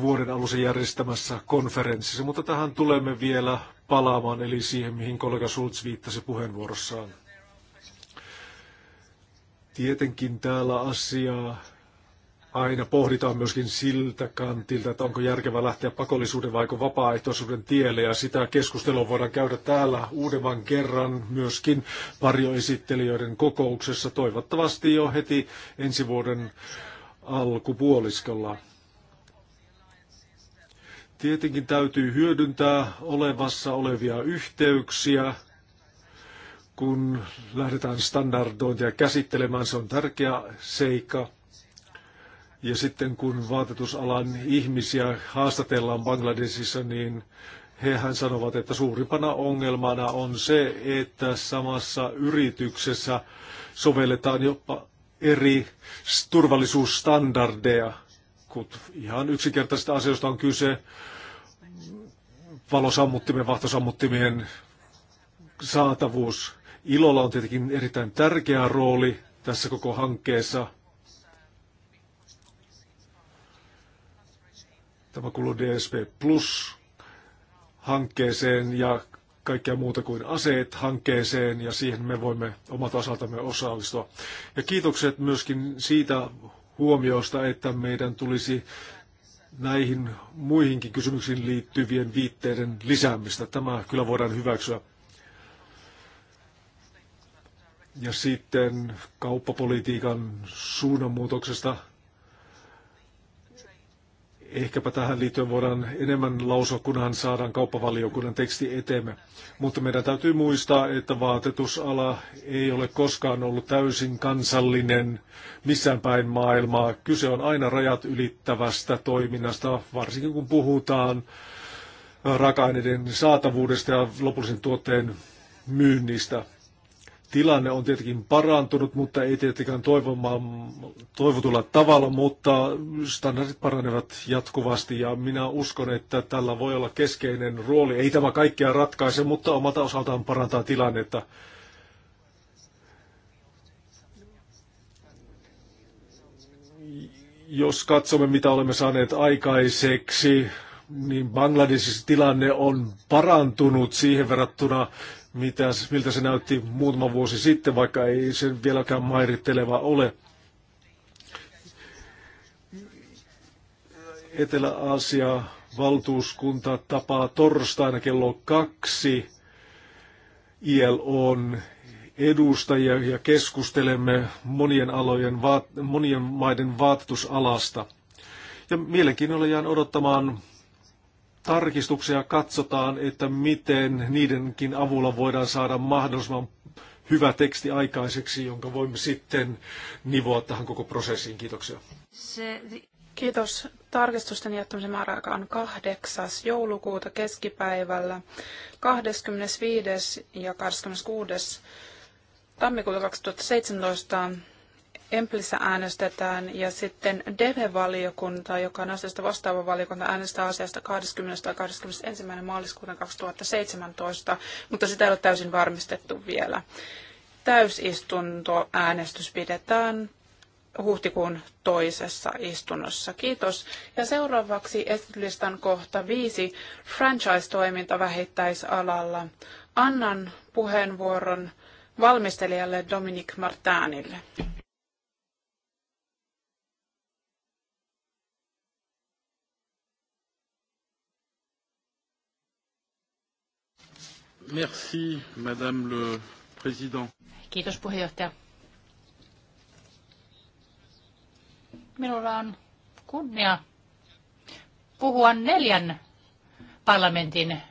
vuoden alussa järjestämässä konferenssissa, mutta tähän tulemme vielä palaamaan, eli siihen, mihin kollega Schulz viittasi puheenvuorossaan. Tietenkin täällä asiaa aina pohditaan myöskin siltä kantilta, että onko järkevää lähteä pakollisuuden vai vapaaehtoisuuden tielle, ja sitä keskustelua voidaan käydä täällä uudemman kerran myöskin varjoesittelijöiden kokouksessa, toivottavasti jo heti ensi vuoden alkupuoliskolla. Tietenkin täytyy hyödyntää olevassa olevia yhteyksiä, kun lähdetään standardointia käsittelemään, se on tärkeä seikka. Ja sitten kun vaatetusalan ihmisiä haastatellaan Bangladesissa, niin hehän sanovat, että suurimpana ongelmana on se, että samassa yrityksessä sovelletaan jopa eri turvallisuusstandardeja potkut. Ihan yksinkertaisista asioista on kyse. Valosammuttimien, vahtosammuttimien saatavuus. Ilolla on tietenkin erittäin tärkeä rooli tässä koko hankkeessa. Tämä kuuluu DSP Plus hankkeeseen ja kaikkea muuta kuin aseet hankkeeseen ja siihen me voimme omalta osaltamme osallistua. Ja kiitokset myöskin siitä huomiosta, että meidän tulisi näihin muihinkin kysymyksiin liittyvien viitteiden lisäämistä. Tämä kyllä voidaan hyväksyä. Ja sitten kauppapolitiikan suunnanmuutoksesta – Ehkäpä tähän liittyen voidaan enemmän lausua, kunhan saadaan kauppavaliokunnan teksti eteemme. Mutta meidän täytyy muistaa, että vaatetusala ei ole koskaan ollut täysin kansallinen missään päin maailmaa. Kyse on aina rajat ylittävästä toiminnasta, varsinkin kun puhutaan raaka-aineiden saatavuudesta ja lopullisen tuotteen myynnistä tilanne on tietenkin parantunut, mutta ei tietenkään toivomaan, toivotulla tavalla, mutta standardit paranevat jatkuvasti ja minä uskon, että tällä voi olla keskeinen rooli. Ei tämä kaikkea ratkaise, mutta omalta osaltaan parantaa tilannetta. Jos katsomme, mitä olemme saaneet aikaiseksi, niin Bangladesissa tilanne on parantunut siihen verrattuna mitä, miltä se näytti muutama vuosi sitten, vaikka ei se vieläkään mairitteleva ole. Etelä-Aasia valtuuskunta tapaa torstaina kello kaksi ILOn edustajia ja keskustelemme monien, alojen, monien maiden vaatetusalasta. Ja mielenkiinnolla jään odottamaan tarkistuksia katsotaan, että miten niidenkin avulla voidaan saada mahdollisimman hyvä teksti aikaiseksi, jonka voimme sitten nivoa tähän koko prosessiin. Kiitoksia. Kiitos. Tarkistusten jättämisen määräaika on 8. joulukuuta keskipäivällä. 25. ja 26. tammikuuta 2017 Emplissä äänestetään ja sitten DEVE-valiokunta, joka on asiasta vastaava valiokunta, äänestää asiasta 20. tai 21. maaliskuuta 2017, mutta sitä ei ole täysin varmistettu vielä. Täysistunto äänestys pidetään huhtikuun toisessa istunnossa. Kiitos. Ja seuraavaksi esityslistan kohta viisi, franchise-toiminta vähittäisalalla. Annan puheenvuoron valmistelijalle Dominic Martinille. Merci, Madame le Président. Kiitos puheenjohtaja. Minulla on kunnia puhua neljän parlamentin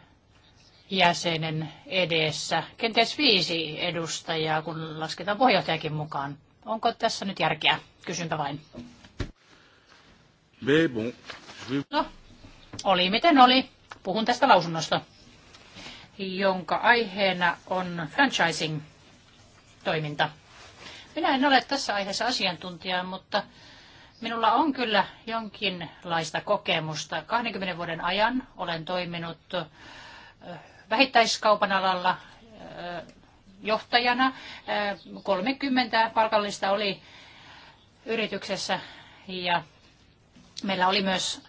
jäsenen edessä. Kenties viisi edustajaa, kun lasketaan puheenjohtajakin mukaan. Onko tässä nyt järkeä? Kysynpä vain. No, oli miten oli. Puhun tästä lausunnosta jonka aiheena on franchising-toiminta. Minä en ole tässä aiheessa asiantuntija, mutta minulla on kyllä jonkinlaista kokemusta. 20 vuoden ajan olen toiminut vähittäiskaupan alalla johtajana. 30 palkallista oli yrityksessä ja meillä oli myös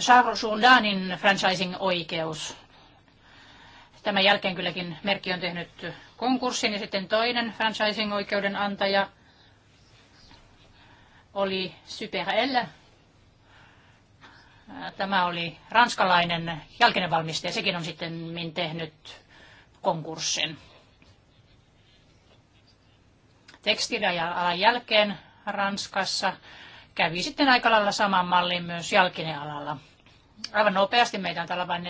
Charles Jourdanin franchising-oikeus Tämän jälkeen kylläkin Merkki on tehnyt konkurssin ja sitten toinen franchising-oikeuden antaja oli super L. Tämä oli ranskalainen jalkinen valmistaja. Sekin on sitten min tehnyt konkurssin. Tekstiilialan jälkeen Ranskassa kävi sitten aika lailla saman mallin myös jälkinen alalla. Aivan nopeasti meitä on täällä vain 4-5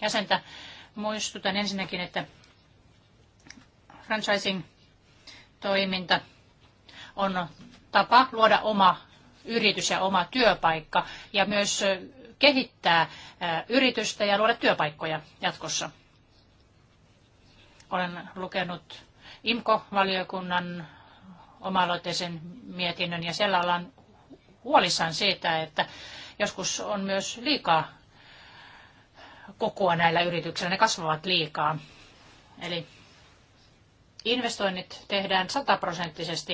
jäsentä Muistutan ensinnäkin, että franchising-toiminta on tapa luoda oma yritys ja oma työpaikka ja myös kehittää yritystä ja luoda työpaikkoja jatkossa. Olen lukenut IMKO-valiokunnan oma mietinnön ja siellä ollaan huolissaan siitä, että joskus on myös liikaa kokoa näillä yrityksillä, ne kasvavat liikaa. Eli investoinnit tehdään sataprosenttisesti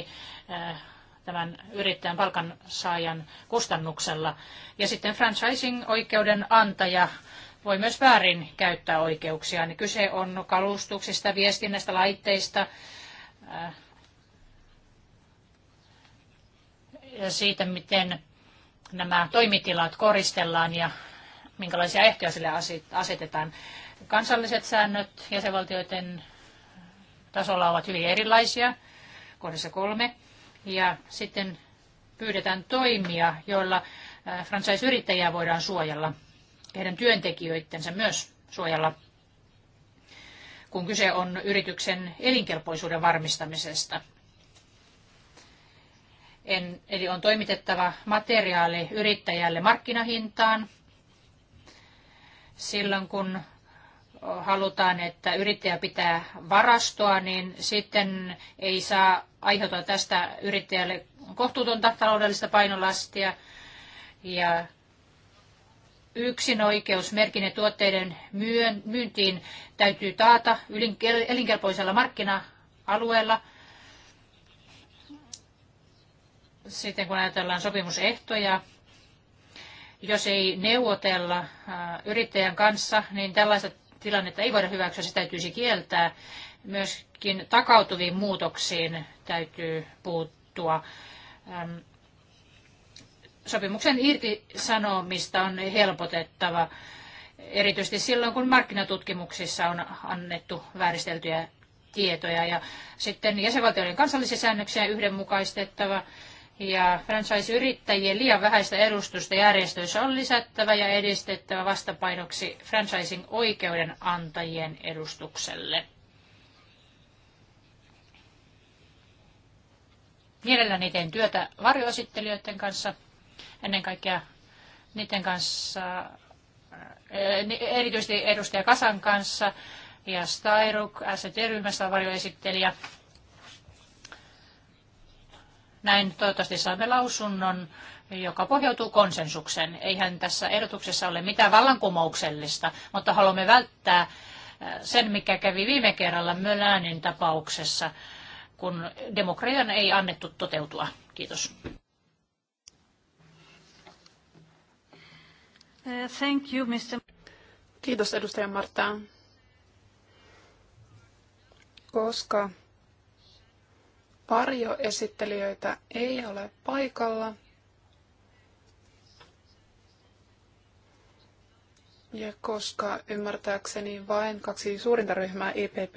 eh, tämän yrittäjän palkansaajan kustannuksella. Ja sitten franchising-oikeuden antaja voi myös väärin käyttää oikeuksia. Niin kyse on kalustuksista, viestinnästä, laitteista eh, ja siitä, miten nämä toimitilat koristellaan ja minkälaisia ehtoja sille asetetaan. Kansalliset säännöt jäsenvaltioiden tasolla ovat hyvin erilaisia, kohdassa kolme. Ja sitten pyydetään toimia, joilla äh, franchise-yrittäjiä voidaan suojella, heidän työntekijöitensä myös suojella, kun kyse on yrityksen elinkelpoisuuden varmistamisesta. En, eli on toimitettava materiaali yrittäjälle markkinahintaan silloin kun halutaan, että yrittäjä pitää varastoa, niin sitten ei saa aiheuttaa tästä yrittäjälle kohtuutonta taloudellista painolastia. Ja yksin oikeus merkinne tuotteiden myyntiin täytyy taata elinkelpoisella markkina-alueella. Sitten kun ajatellaan sopimusehtoja, jos ei neuvotella äh, yrittäjän kanssa, niin tällaista tilannetta ei voida hyväksyä, se täytyisi kieltää. Myöskin takautuviin muutoksiin täytyy puuttua. Ähm, sopimuksen irtisanomista on helpotettava, erityisesti silloin, kun markkinatutkimuksissa on annettu vääristeltyjä tietoja. Ja sitten jäsenvaltioiden kansallisia säännöksiä yhdenmukaistettava ja franchise-yrittäjien liian vähäistä edustusta järjestöissä on lisättävä ja edistettävä vastapainoksi franchising-oikeuden antajien edustukselle. Mielelläni teen työtä varjoesittelijöiden kanssa, ennen kaikkea niiden kanssa, äh, erityisesti edustaja Kasan kanssa ja Stairuk, ST-ryhmässä varjoesittelijä. Näin toivottavasti saamme lausunnon, joka pohjautuu konsensukseen. Eihän tässä ehdotuksessa ole mitään vallankumouksellista, mutta haluamme välttää äh, sen, mikä kävi viime kerralla Mölänin tapauksessa, kun demokratian ei annettu toteutua. Kiitos. Uh, thank you, Mr. Kiitos edustaja Marta. Koska Varjoesittelijöitä ei ole paikalla. Ja koska ymmärtääkseni vain kaksi suurinta ryhmää, EPP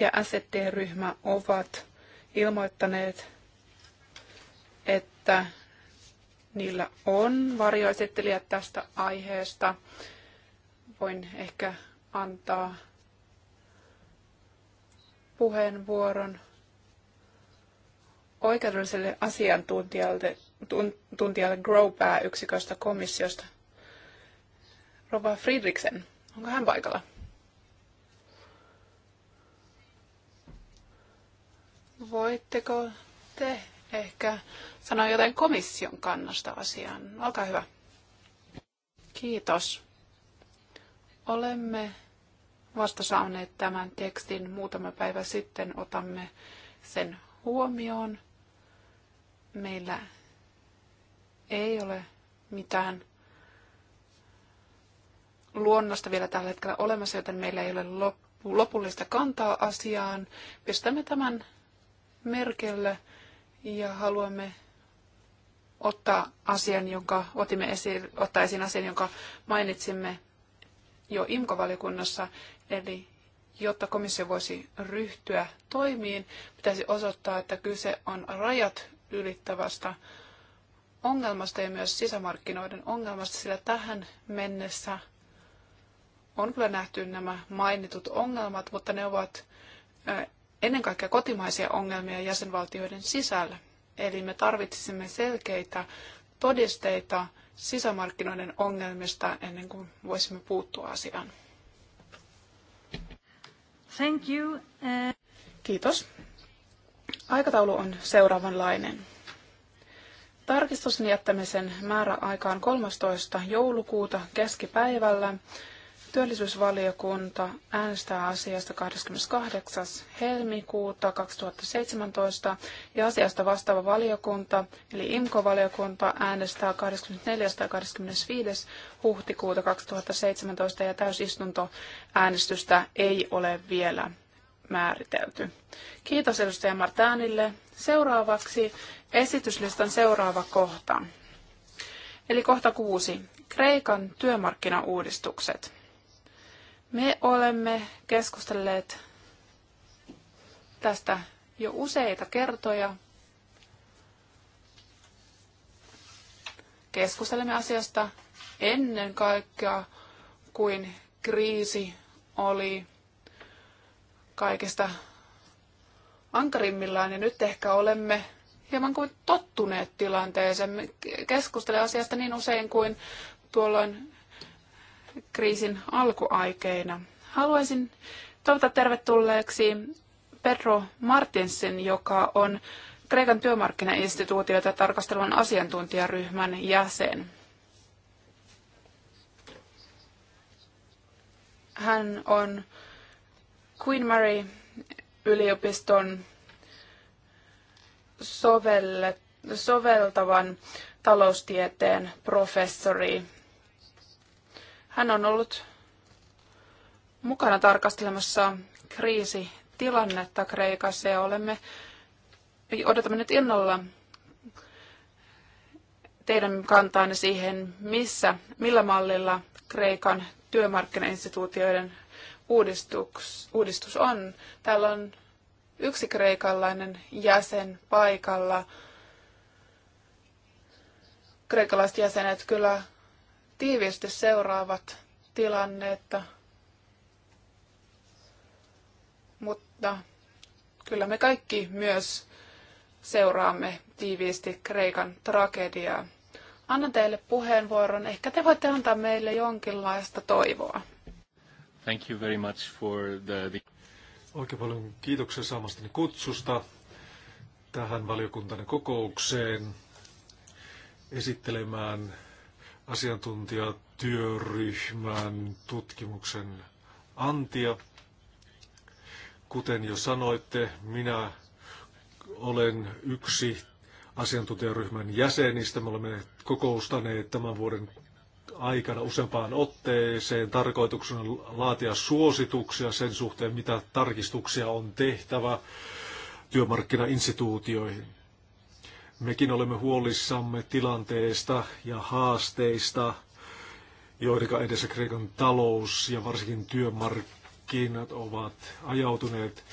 ja ST-ryhmä, ovat ilmoittaneet, että niillä on varjoesittelijät tästä aiheesta, voin ehkä antaa puheenvuoron oikeudelliselle asiantuntijalle tuntijalle Grow-pääyksiköstä komissiosta. Rova Friedriksen, onko hän paikalla? Voitteko te ehkä sanoa jotain komission kannasta asiaan? Olkaa hyvä. Kiitos. Olemme vasta saaneet tämän tekstin muutama päivä sitten. Otamme sen huomioon meillä ei ole mitään luonnosta vielä tällä hetkellä olemassa, joten meillä ei ole lopullista kantaa asiaan. Pistämme tämän merkelle ja haluamme ottaa asian, jonka otimme esiin, ottaa esiin asian, jonka mainitsimme jo IMKO-valiokunnassa, eli jotta komissio voisi ryhtyä toimiin, pitäisi osoittaa, että kyse on rajat ylittävästä ongelmasta ja myös sisämarkkinoiden ongelmasta, sillä tähän mennessä on kyllä nähty nämä mainitut ongelmat, mutta ne ovat ennen kaikkea kotimaisia ongelmia jäsenvaltioiden sisällä. Eli me tarvitsisimme selkeitä todisteita sisämarkkinoiden ongelmista ennen kuin voisimme puuttua asiaan. Thank you. Kiitos. Aikataulu on seuraavanlainen. Tarkistuksen jättämisen määräaika on 13. joulukuuta keskipäivällä. Työllisyysvaliokunta äänestää asiasta 28. helmikuuta 2017 ja asiasta vastaava valiokunta eli IMKO-valiokunta äänestää 24. ja 25. huhtikuuta 2017 ja täysistuntoäänestystä ei ole vielä määritelty. Kiitos edustaja Martanille. Seuraavaksi esityslistan seuraava kohta. Eli kohta kuusi. Kreikan työmarkkinauudistukset. Me olemme keskustelleet tästä jo useita kertoja. Keskustelemme asiasta ennen kaikkea, kuin kriisi oli kaikista ankarimmillaan ja nyt ehkä olemme hieman kuin tottuneet tilanteeseen. Keskustele asiasta niin usein kuin tuolloin kriisin alkuaikeina. Haluaisin toivottaa tervetulleeksi Pedro Martinsin, joka on Kreikan työmarkkinainstituutioita tarkastelevan asiantuntijaryhmän jäsen. Hän on Queen Mary yliopiston sovelle, soveltavan taloustieteen professori. Hän on ollut mukana tarkastelemassa kriisitilannetta Kreikassa ja olemme, odotamme nyt innolla teidän kantaanne siihen, missä, millä mallilla Kreikan työmarkkinainstituutioiden uudistus, uudistus on. Täällä on yksi kreikalainen jäsen paikalla. Kreikalaiset jäsenet kyllä tiiviisti seuraavat tilannetta, mutta kyllä me kaikki myös seuraamme tiiviisti Kreikan tragediaa. Annan teille puheenvuoron. Ehkä te voitte antaa meille jonkinlaista toivoa. Thank you very much for the, Oikein paljon kiitoksia saamastani kutsusta tähän valiokuntanne kokoukseen esittelemään asiantuntijatyöryhmän tutkimuksen antia. Kuten jo sanoitte, minä olen yksi asiantuntijaryhmän jäsenistä. Me olemme kokoustaneet tämän vuoden aikana useampaan otteeseen tarkoituksena laatia suosituksia sen suhteen, mitä tarkistuksia on tehtävä työmarkkinainstituutioihin. Mekin olemme huolissamme tilanteesta ja haasteista, joiden edessä Kreikan talous ja varsinkin työmarkkinat ovat ajautuneet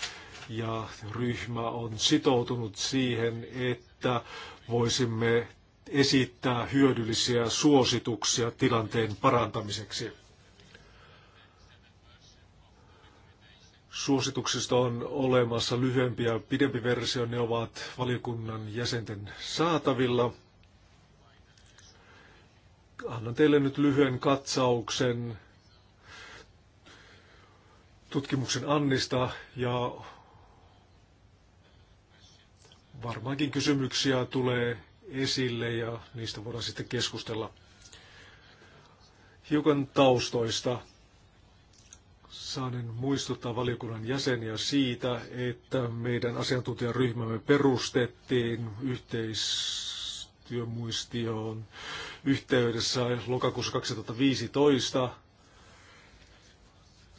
ja ryhmä on sitoutunut siihen, että voisimme esittää hyödyllisiä suosituksia tilanteen parantamiseksi. Suosituksista on olemassa lyhyempi ja pidempi versio, ne ovat valiokunnan jäsenten saatavilla. Annan teille nyt lyhyen katsauksen tutkimuksen Annista ja varmaankin kysymyksiä tulee esille ja niistä voidaan sitten keskustella. Hiukan taustoista saanen muistuttaa valiokunnan jäseniä siitä, että meidän asiantuntijaryhmämme perustettiin yhteistyömuistioon yhteydessä lokakuussa 2015.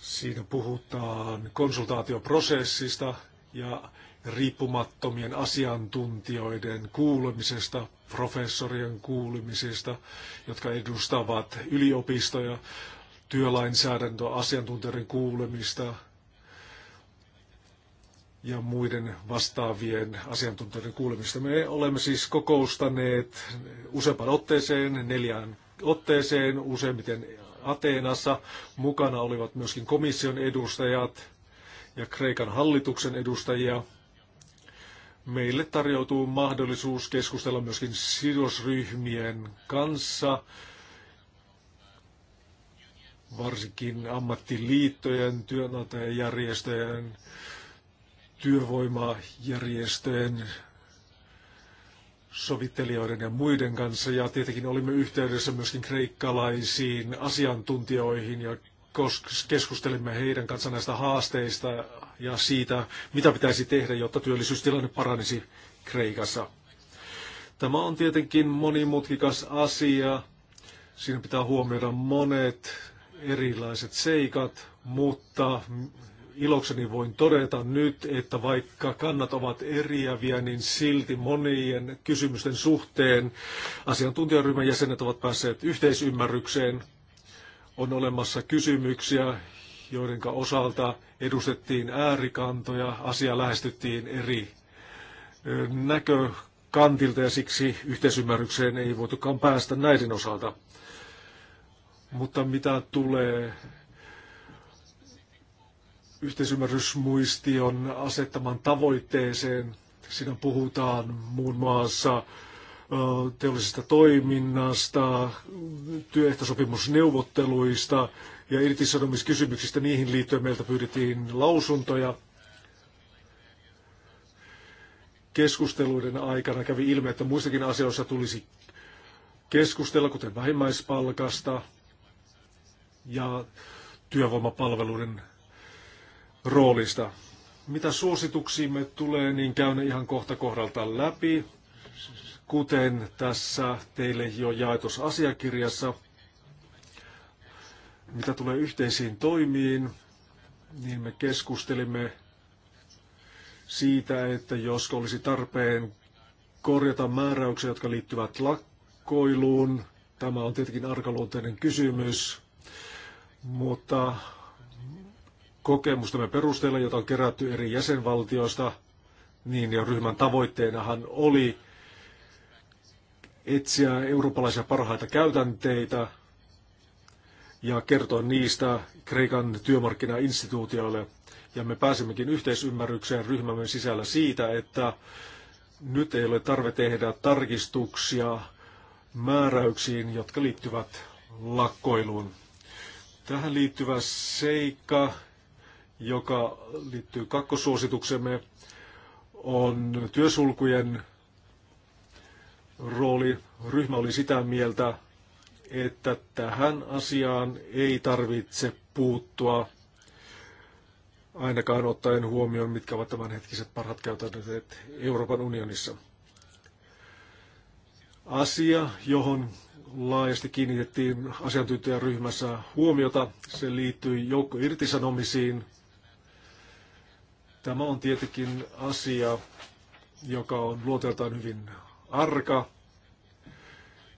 Siinä puhutaan konsultaatioprosessista ja riippumattomien asiantuntijoiden kuulemisesta, professorien kuulemisesta, jotka edustavat yliopistoja, työlainsäädäntöasiantuntijoiden kuulemista ja muiden vastaavien asiantuntijoiden kuulemista. Me olemme siis kokoustaneet useampaan otteeseen, neljään otteeseen, useimmiten Ateenassa. Mukana olivat myöskin komission edustajat ja Kreikan hallituksen edustajia meille tarjoutuu mahdollisuus keskustella myöskin sidosryhmien kanssa, varsinkin ammattiliittojen, työnantajajärjestöjen, työvoimajärjestöjen, sovittelijoiden ja muiden kanssa. Ja tietenkin olimme yhteydessä myöskin kreikkalaisiin asiantuntijoihin ja keskustelimme heidän kanssa näistä haasteista, ja siitä, mitä pitäisi tehdä, jotta työllisyystilanne paranisi Kreikassa. Tämä on tietenkin monimutkikas asia. Siinä pitää huomioida monet erilaiset seikat, mutta ilokseni voin todeta nyt, että vaikka kannat ovat eriäviä, niin silti monien kysymysten suhteen asiantuntijaryhmän jäsenet ovat päässeet yhteisymmärrykseen. On olemassa kysymyksiä, joiden osalta edustettiin äärikantoja, asia lähestyttiin eri näkökantilta ja siksi yhteisymmärrykseen ei voitukaan päästä näiden osalta. Mutta mitä tulee yhteisymmärrysmuistion asettaman tavoitteeseen, siinä puhutaan muun muassa teollisesta toiminnasta, työehtosopimusneuvotteluista, ja irtisanomiskysymyksistä. Niihin liittyen meiltä pyydettiin lausuntoja. Keskusteluiden aikana kävi ilmi, että muistakin asioissa tulisi keskustella, kuten vähimmäispalkasta ja työvoimapalveluiden roolista. Mitä suosituksiimme tulee, niin käyn ihan kohta kohdalta läpi, kuten tässä teille jo jaetussa asiakirjassa – mitä tulee yhteisiin toimiin, niin me keskustelimme siitä, että josko olisi tarpeen korjata määräyksiä, jotka liittyvät lakkoiluun. Tämä on tietenkin arkaluonteinen kysymys, mutta kokemustamme perusteella, jota on kerätty eri jäsenvaltioista, niin ja ryhmän tavoitteenahan oli etsiä eurooppalaisia parhaita käytänteitä – ja kertoa niistä Kreikan työmarkkinainstituutioille. Ja me pääsemmekin yhteisymmärrykseen ryhmämme sisällä siitä, että nyt ei ole tarve tehdä tarkistuksia määräyksiin, jotka liittyvät lakkoiluun. Tähän liittyvä seikka, joka liittyy kakkosuosituksemme, on työsulkujen rooli. Ryhmä oli sitä mieltä, että tähän asiaan ei tarvitse puuttua, ainakaan ottaen huomioon, mitkä ovat tämänhetkiset parhaat käytännöt Euroopan unionissa. Asia, johon laajasti kiinnitettiin asiantuntijaryhmässä huomiota, se liittyy joukko irtisanomisiin. Tämä on tietenkin asia, joka on luoteltaan hyvin arka,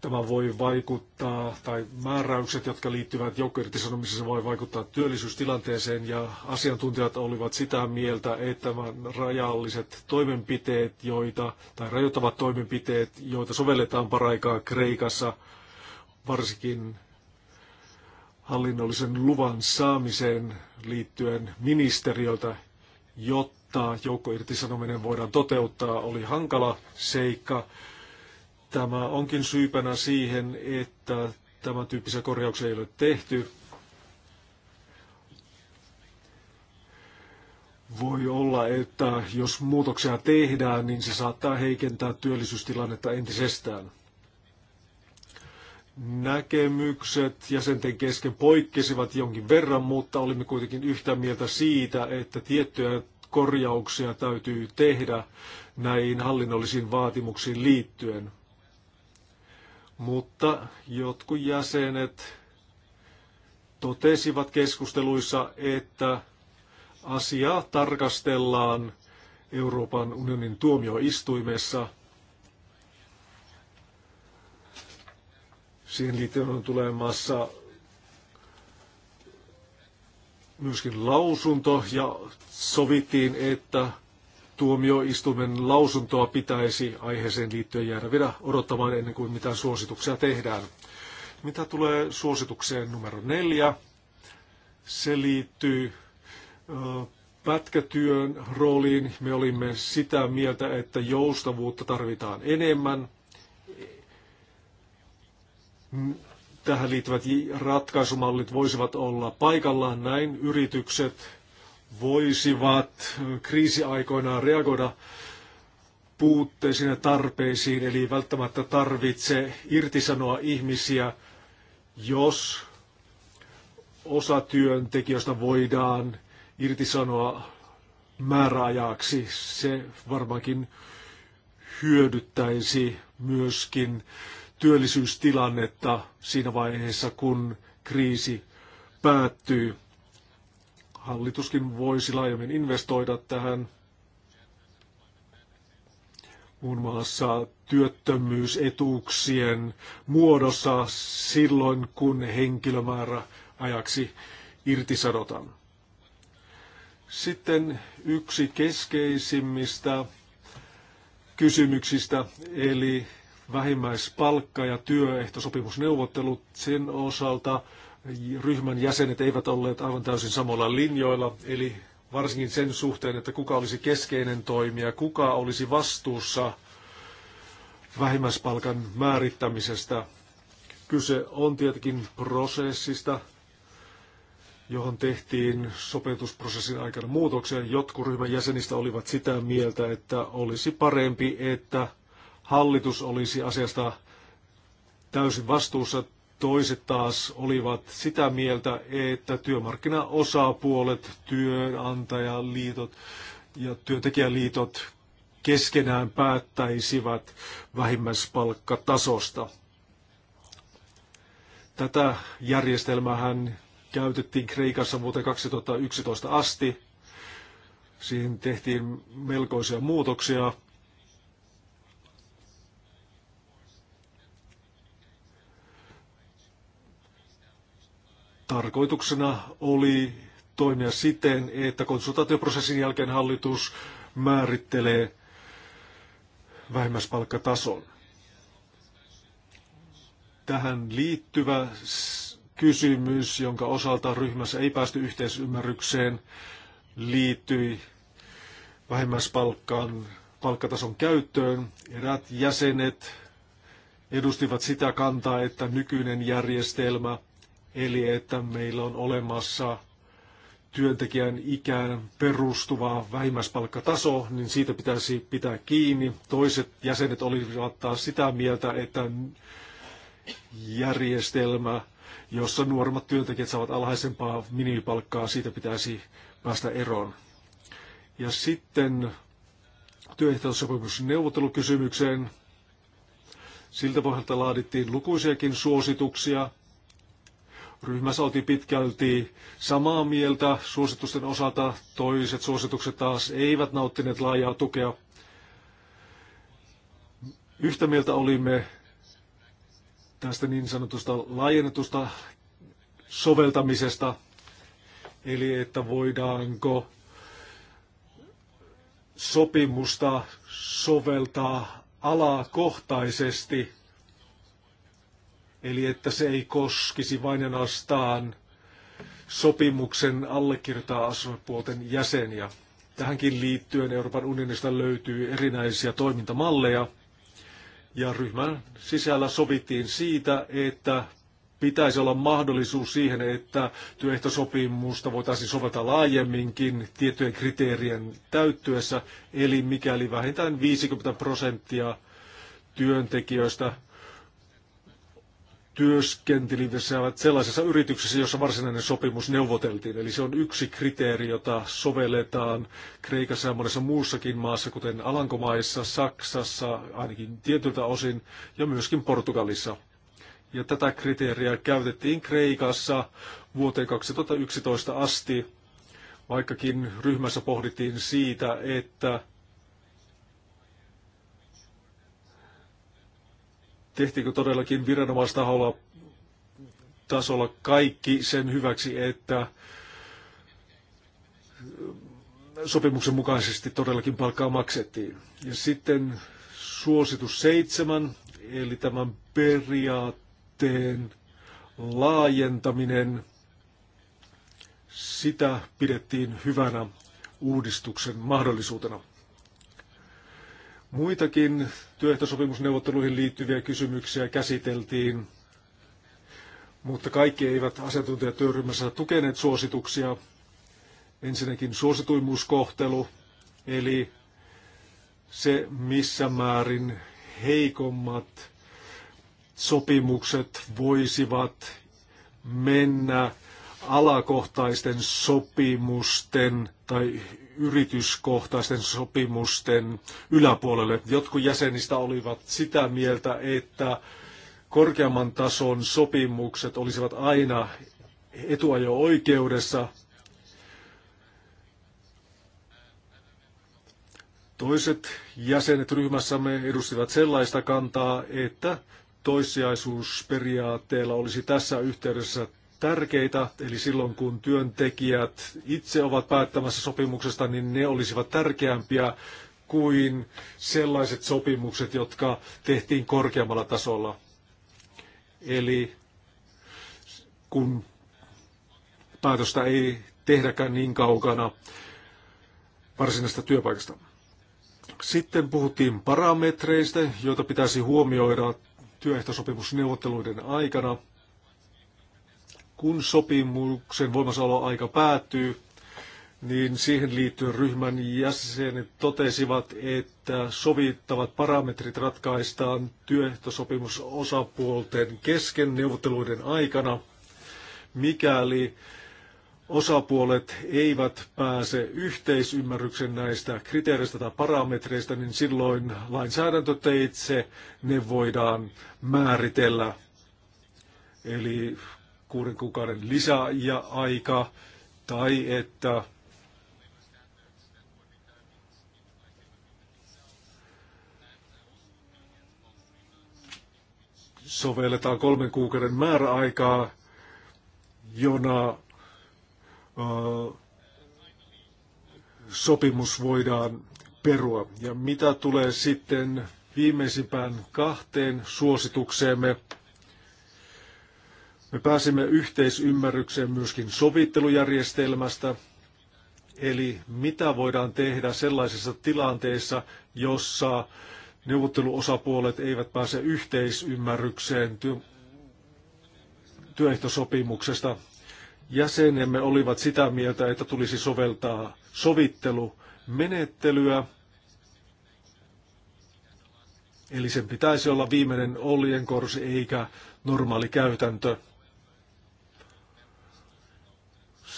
Tämä voi vaikuttaa, tai määräykset, jotka liittyvät joukkoirtisanomiseen, voi vaikuttaa työllisyystilanteeseen, ja asiantuntijat olivat sitä mieltä, että rajalliset toimenpiteet, joita, tai rajoittavat toimenpiteet, joita sovelletaan paraikaa Kreikassa, varsinkin hallinnollisen luvan saamiseen liittyen ministeriöltä, jotta joukkoirtisanominen voidaan toteuttaa, oli hankala seikka Tämä onkin syypänä siihen, että tämän tyyppisiä korjauksia ei ole tehty. Voi olla, että jos muutoksia tehdään, niin se saattaa heikentää työllisyystilannetta entisestään. Näkemykset jäsenten kesken poikkesivat jonkin verran, mutta olimme kuitenkin yhtä mieltä siitä, että tiettyjä korjauksia täytyy tehdä näihin hallinnollisiin vaatimuksiin liittyen mutta jotkut jäsenet totesivat keskusteluissa, että asiaa tarkastellaan Euroopan unionin tuomioistuimessa. Siihen liittyen on tulemassa myöskin lausunto ja sovittiin, että tuomioistuimen lausuntoa pitäisi aiheeseen liittyen jäädä vielä odottamaan ennen kuin mitään suosituksia tehdään. Mitä tulee suositukseen numero neljä, se liittyy pätkätyön rooliin. Me olimme sitä mieltä, että joustavuutta tarvitaan enemmän. Tähän liittyvät ratkaisumallit voisivat olla paikallaan, näin yritykset voisivat kriisiaikoina reagoida puutteisiin ja tarpeisiin, eli välttämättä tarvitse irtisanoa ihmisiä, jos osa työntekijöistä voidaan irtisanoa määräajaksi. Se varmaankin hyödyttäisi myöskin työllisyystilannetta siinä vaiheessa, kun kriisi päättyy. Hallituskin voisi laajemmin investoida tähän muun muassa työttömyysetuuksien muodossa silloin, kun henkilömäärä ajaksi irtisanotaan. Sitten yksi keskeisimmistä kysymyksistä, eli vähimmäispalkka ja työehtosopimusneuvottelut sen osalta ryhmän jäsenet eivät olleet aivan täysin samalla linjoilla, eli varsinkin sen suhteen, että kuka olisi keskeinen toimija, kuka olisi vastuussa vähimmäispalkan määrittämisestä. Kyse on tietenkin prosessista, johon tehtiin sopeutusprosessin aikana muutoksia. Jotkut ryhmän jäsenistä olivat sitä mieltä, että olisi parempi, että hallitus olisi asiasta täysin vastuussa. Toiset taas olivat sitä mieltä, että työmarkkinaosapuolet, työnantajaliitot ja työntekijäliitot keskenään päättäisivät vähimmäispalkkatasosta. Tätä järjestelmähän käytettiin Kreikassa vuoteen 2011 asti. Siihen tehtiin melkoisia muutoksia. Tarkoituksena oli toimia siten, että konsultaatioprosessin jälkeen hallitus määrittelee vähimmäispalkkatason. Tähän liittyvä kysymys, jonka osalta ryhmässä ei päästy yhteisymmärrykseen, liittyi vähimmäispalkkaan palkkatason käyttöön. Eräät jäsenet edustivat sitä kantaa, että nykyinen järjestelmä – Eli että meillä on olemassa työntekijän ikään perustuva vähimmäispalkkataso, niin siitä pitäisi pitää kiinni. Toiset jäsenet olivat taas sitä mieltä, että järjestelmä, jossa nuoremmat työntekijät saavat alhaisempaa minimipalkkaa, siitä pitäisi päästä eroon. Ja sitten työehtosopimusneuvottelukysymykseen. Siltä pohjalta laadittiin lukuisiakin suosituksia, ryhmässä oltiin pitkälti samaa mieltä suositusten osalta, toiset suositukset taas eivät nauttineet laajaa tukea. Yhtä mieltä olimme tästä niin sanotusta laajennetusta soveltamisesta, eli että voidaanko sopimusta soveltaa alakohtaisesti – Eli että se ei koskisi vain ainoastaan sopimuksen allekirjoittaa asuinpuolten jäseniä. Tähänkin liittyen Euroopan unionista löytyy erinäisiä toimintamalleja, ja ryhmän sisällä sovittiin siitä, että pitäisi olla mahdollisuus siihen, että työehtosopimusta voitaisiin sovata laajemminkin tiettyjen kriteerien täyttyessä, eli mikäli vähintään 50 prosenttia työntekijöistä työskentelivät sellaisessa yrityksessä, jossa varsinainen sopimus neuvoteltiin. Eli se on yksi kriteeri, jota sovelletaan Kreikassa ja monessa muussakin maassa, kuten Alankomaissa, Saksassa, ainakin tietyltä osin, ja myöskin Portugalissa. Ja tätä kriteeriä käytettiin Kreikassa vuoteen 2011 asti, vaikkakin ryhmässä pohdittiin siitä, että tehtiinkö todellakin viranomaistaholla tasolla kaikki sen hyväksi, että sopimuksen mukaisesti todellakin palkkaa maksettiin. Ja sitten suositus seitsemän, eli tämän periaatteen laajentaminen, sitä pidettiin hyvänä uudistuksen mahdollisuutena. Muitakin työehtosopimusneuvotteluihin liittyviä kysymyksiä käsiteltiin, mutta kaikki eivät asiantuntijatyöryhmässä tukeneet suosituksia. Ensinnäkin suosituimmuuskohtelu, eli se missä määrin heikommat sopimukset voisivat mennä alakohtaisten sopimusten tai yrityskohtaisten sopimusten yläpuolelle. Jotkut jäsenistä olivat sitä mieltä, että korkeamman tason sopimukset olisivat aina etuajo-oikeudessa. Toiset jäsenet ryhmässämme edustivat sellaista kantaa, että toissijaisuusperiaatteella olisi tässä yhteydessä tärkeitä, eli silloin kun työntekijät itse ovat päättämässä sopimuksesta, niin ne olisivat tärkeämpiä kuin sellaiset sopimukset, jotka tehtiin korkeammalla tasolla. Eli kun päätöstä ei tehdäkään niin kaukana varsinaisesta työpaikasta. Sitten puhuttiin parametreistä, joita pitäisi huomioida työehtosopimusneuvotteluiden aikana – kun sopimuksen voimassaoloaika päättyy, niin siihen liittyen ryhmän jäsenet totesivat, että sovittavat parametrit ratkaistaan työehtosopimusosapuolten kesken neuvotteluiden aikana, mikäli osapuolet eivät pääse yhteisymmärryksen näistä kriteereistä tai parametreista, niin silloin lainsäädäntöteitse ne voidaan määritellä. Eli kuuden kuukauden lisäaika aika tai että sovelletaan kolmen kuukauden määräaikaa, jona sopimus voidaan perua. Ja mitä tulee sitten viimeisimpään kahteen suositukseemme, me pääsimme yhteisymmärrykseen myöskin sovittelujärjestelmästä, eli mitä voidaan tehdä sellaisessa tilanteessa, jossa neuvotteluosapuolet eivät pääse yhteisymmärrykseen työ, työehtosopimuksesta. Jäsenemme olivat sitä mieltä, että tulisi soveltaa sovittelumenettelyä, eli sen pitäisi olla viimeinen oljenkorsi eikä normaali käytäntö.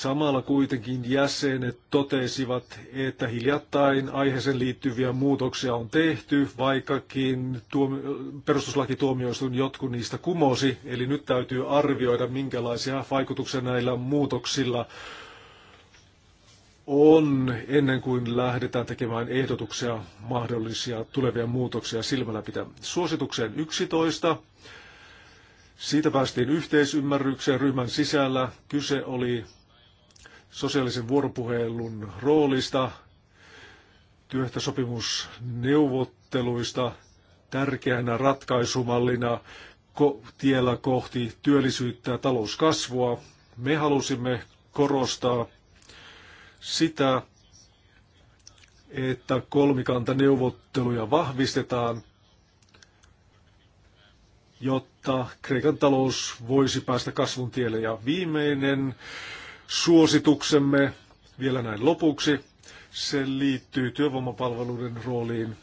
Samalla kuitenkin jäsenet totesivat, että hiljattain aiheeseen liittyviä muutoksia on tehty, vaikkakin tuomi- perustuslakituomioistuin jotkut niistä kumosi. Eli nyt täytyy arvioida, minkälaisia vaikutuksia näillä muutoksilla on ennen kuin lähdetään tekemään ehdotuksia mahdollisia tulevia muutoksia silmällä pitää. Suositukseen 11. Siitä päästiin yhteisymmärrykseen ryhmän sisällä. Kyse oli sosiaalisen vuoropuhelun roolista, työhtösopimusneuvotteluista tärkeänä ratkaisumallina tiellä kohti työllisyyttä ja talouskasvua. Me halusimme korostaa sitä, että kolmikantaneuvotteluja vahvistetaan, jotta Kreikan talous voisi päästä kasvun tielle. Ja viimeinen suosituksemme vielä näin lopuksi. Se liittyy työvoimapalveluiden rooliin.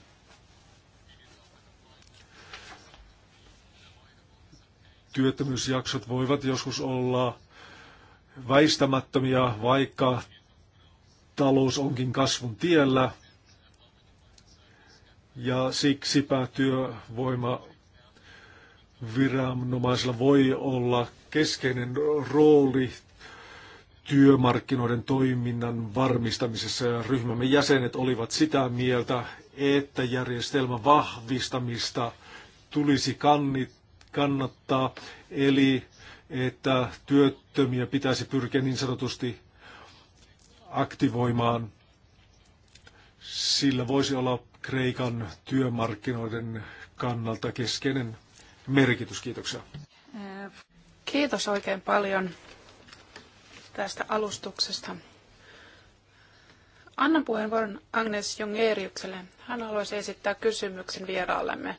Työttömyysjaksot voivat joskus olla väistämättömiä, vaikka talous onkin kasvun tiellä. Ja siksipä työvoima viranomaisilla voi olla keskeinen rooli työmarkkinoiden toiminnan varmistamisessa ja ryhmämme jäsenet olivat sitä mieltä, että järjestelmän vahvistamista tulisi kannattaa, eli että työttömiä pitäisi pyrkiä niin sanotusti aktivoimaan. Sillä voisi olla Kreikan työmarkkinoiden kannalta keskeinen merkitys. Kiitoksia. Kiitos oikein paljon tästä alustuksesta. Annan puheenvuoron Agnes Jongeriukselle. Hän haluaisi esittää kysymyksen vieraallemme.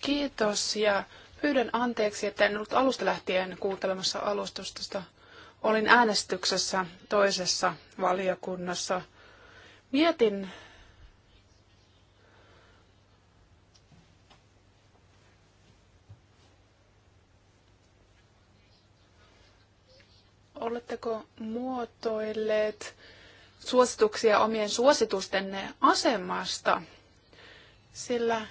Kiitos ja pyydän anteeksi, että en ollut alusta lähtien kuuntelemassa alustusta. Olin äänestyksessä toisessa valiokunnassa. Mietin Oletteko muotoilleet suosituksia omien suositustenne asemasta? Sillä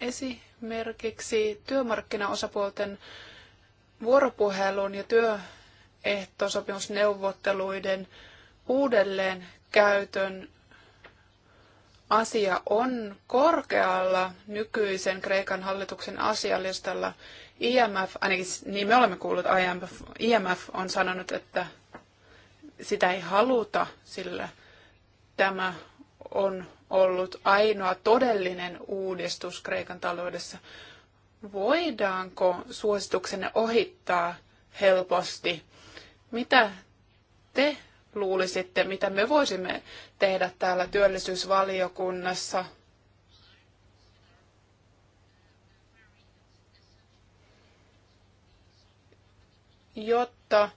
esimerkiksi työmarkkinaosapuolten vuoropuhelun ja työehtosopimusneuvotteluiden uudelleen käytön asia on korkealla nykyisen Kreikan hallituksen asialistalla IMF, ainakin niin me olemme kuulleet IMF, IMF on sanonut, että sitä ei haluta, sillä tämä on ollut ainoa todellinen uudistus Kreikan taloudessa. Voidaanko suosituksenne ohittaa helposti? Mitä te luulisitte, mitä me voisimme tehdä täällä työllisyysvaliokunnassa – jotta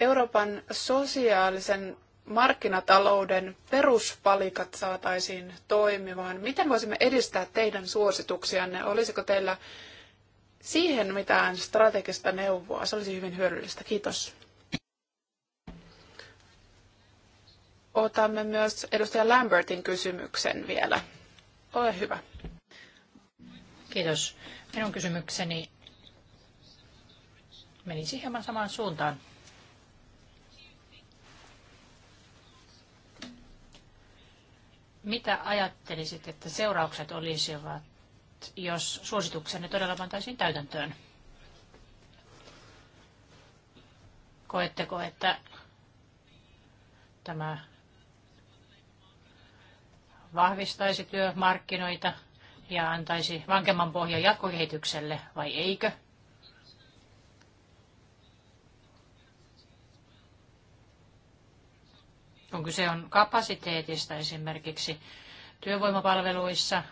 Euroopan sosiaalisen markkinatalouden peruspalikat saataisiin toimimaan. Miten voisimme edistää teidän suosituksianne? Olisiko teillä siihen mitään strategista neuvoa? Se olisi hyvin hyödyllistä. Kiitos. Otamme myös edustaja Lambertin kysymyksen vielä. Ole hyvä. Kiitos. Minun kysymykseni menisi hieman samaan suuntaan. Mitä ajattelisit, että seuraukset olisivat, jos suosituksenne todella pantaisiin täytäntöön? Koetteko, että tämä vahvistaisi työmarkkinoita ja antaisi vankemman pohjan jatkokehitykselle vai eikö? kun kyse on kapasiteetista esimerkiksi työvoimapalveluissa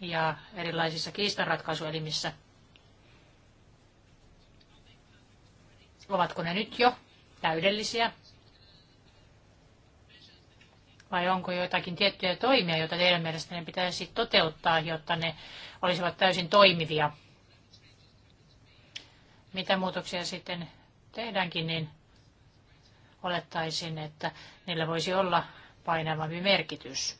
ja erilaisissa kiistanratkaisuelimissä. Ovatko ne nyt jo täydellisiä? Vai onko joitakin tiettyjä toimia, joita teidän mielestänne pitäisi toteuttaa, jotta ne olisivat täysin toimivia? Mitä muutoksia sitten tehdäänkin, niin olettaisin, että niillä voisi olla painavampi merkitys.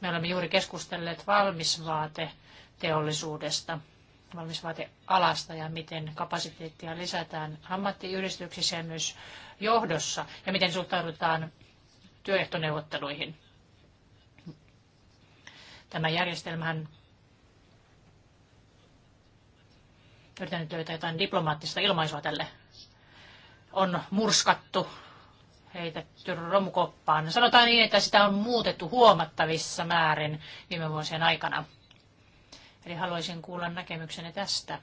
Me olemme juuri keskustelleet valmisvaateteollisuudesta, valmisvaatealasta ja miten kapasiteettia lisätään ammattiyhdistyksissä ja myös johdossa ja miten suhtaudutaan työehtoneuvotteluihin. Tämä järjestelmähän yritänyt löytää jotain diplomaattista ilmaisua tälle. On murskattu, heitetty romukoppaan. Sanotaan niin, että sitä on muutettu huomattavissa määrin viime vuosien aikana. Eli haluaisin kuulla näkemyksenne tästä.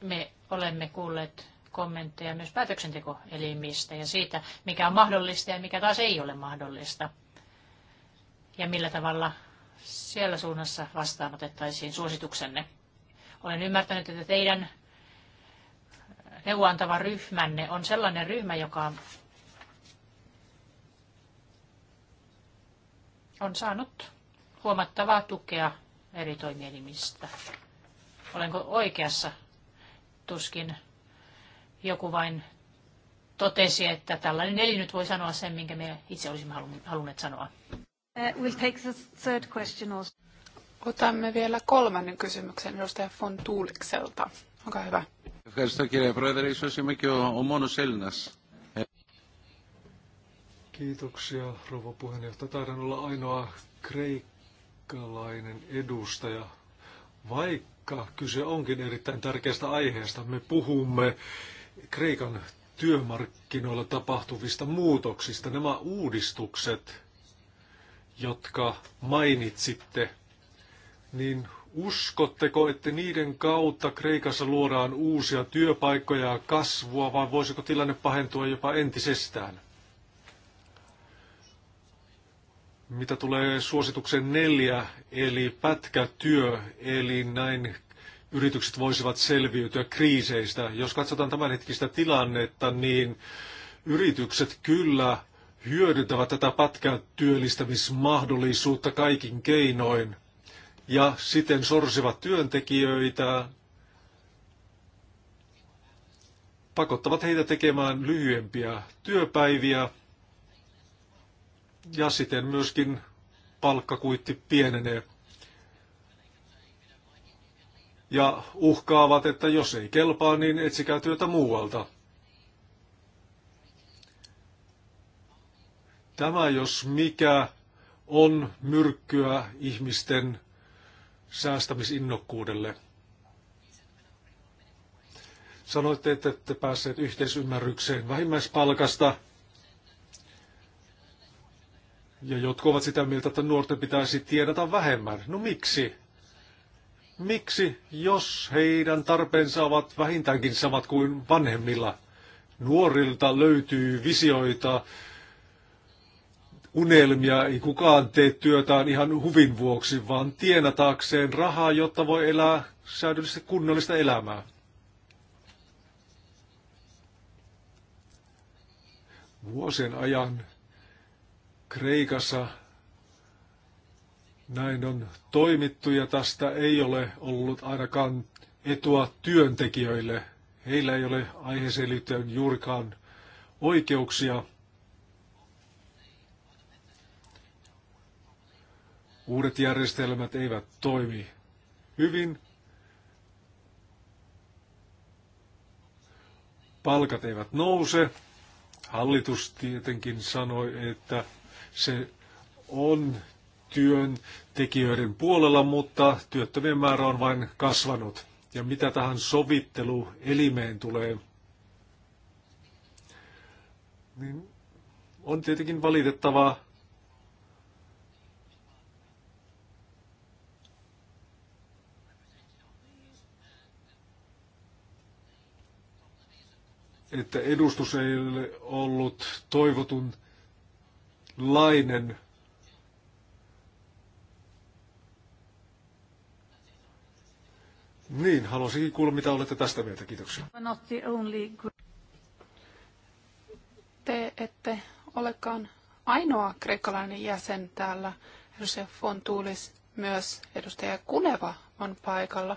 Me olemme kuulleet kommentteja myös päätöksentekoelimistä ja siitä, mikä on mahdollista ja mikä taas ei ole mahdollista. Ja millä tavalla siellä suunnassa vastaanotettaisiin suosituksenne. Olen ymmärtänyt, että teidän neuvoantava ryhmänne on sellainen ryhmä, joka on saanut huomattavaa tukea eri toimielimistä. Olenko oikeassa? Tuskin joku vain totesi, että tällainen eli nyt voi sanoa sen, minkä me itse olisimme halunneet sanoa. Uh, we'll take the third question also. Otamme vielä kolmannen kysymyksen edustaja von Tuulikselta. Olkaa hyvä. Kiitoksia, rouva puheenjohtaja. Taidan olla ainoa kreikkalainen edustaja. Vaikka kyse onkin erittäin tärkeästä aiheesta, me puhumme Kreikan työmarkkinoilla tapahtuvista muutoksista. Nämä uudistukset jotka mainitsitte, niin uskotteko, että niiden kautta Kreikassa luodaan uusia työpaikkoja ja kasvua, vai voisiko tilanne pahentua jopa entisestään? Mitä tulee suosituksen neljä, eli pätkätyö, eli näin yritykset voisivat selviytyä kriiseistä. Jos katsotaan tämänhetkistä tilannetta, niin yritykset kyllä hyödyntävät tätä pätkän työllistämismahdollisuutta kaikin keinoin ja siten sorsivat työntekijöitä, pakottavat heitä tekemään lyhyempiä työpäiviä ja siten myöskin palkkakuitti pienenee. Ja uhkaavat, että jos ei kelpaa, niin etsikää työtä muualta. Tämä jos mikä on myrkkyä ihmisten säästämisinnokkuudelle. Sanoitte, että ette päässeet yhteisymmärrykseen vähimmäispalkasta. Ja jotkut ovat sitä mieltä, että nuorten pitäisi tiedata vähemmän. No miksi? Miksi, jos heidän tarpeensa ovat vähintäänkin samat kuin vanhemmilla? Nuorilta löytyy visioita, unelmia. Ei kukaan tee työtään ihan huvin vuoksi, vaan tienatakseen rahaa, jotta voi elää säädöllistä kunnollista elämää. Vuosien ajan Kreikassa näin on toimittu ja tästä ei ole ollut ainakaan etua työntekijöille. Heillä ei ole aiheeseen liittyen juurikaan oikeuksia. Uudet järjestelmät eivät toimi hyvin. Palkat eivät nouse. Hallitus tietenkin sanoi, että se on työntekijöiden puolella, mutta työttömien määrä on vain kasvanut. Ja mitä tähän sovitteluelimeen tulee, niin on tietenkin valitettavaa, että edustus ei ole ollut toivotun lainen. Niin, haluaisinkin kuulla, mitä olette tästä mieltä. Kiitoksia. Te ette olekaan ainoa kreikkalainen jäsen täällä. Edustaja Fontuulis myös, edustaja Kuneva on paikalla.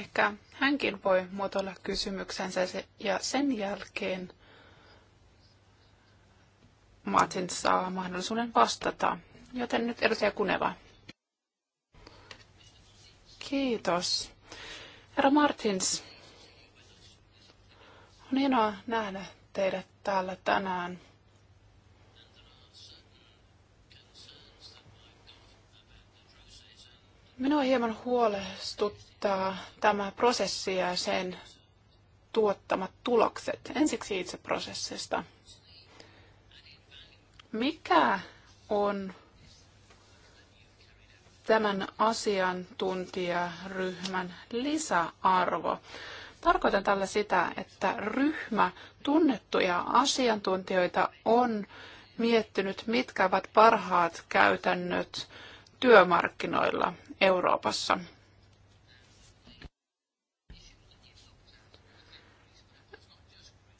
Ehkä hänkin voi muotoilla kysymyksensä ja sen jälkeen Martin saa mahdollisuuden vastata. Joten nyt edustaja Kuneva. Kiitos. Herra Martins, on hienoa nähdä teidät täällä tänään. Minua hieman huolestuttaa tämä prosessi ja sen tuottamat tulokset. Ensiksi itse prosessista. Mikä on tämän asiantuntijaryhmän lisäarvo? Tarkoitan tällä sitä, että ryhmä tunnettuja asiantuntijoita on miettinyt, mitkä ovat parhaat käytännöt työmarkkinoilla Euroopassa.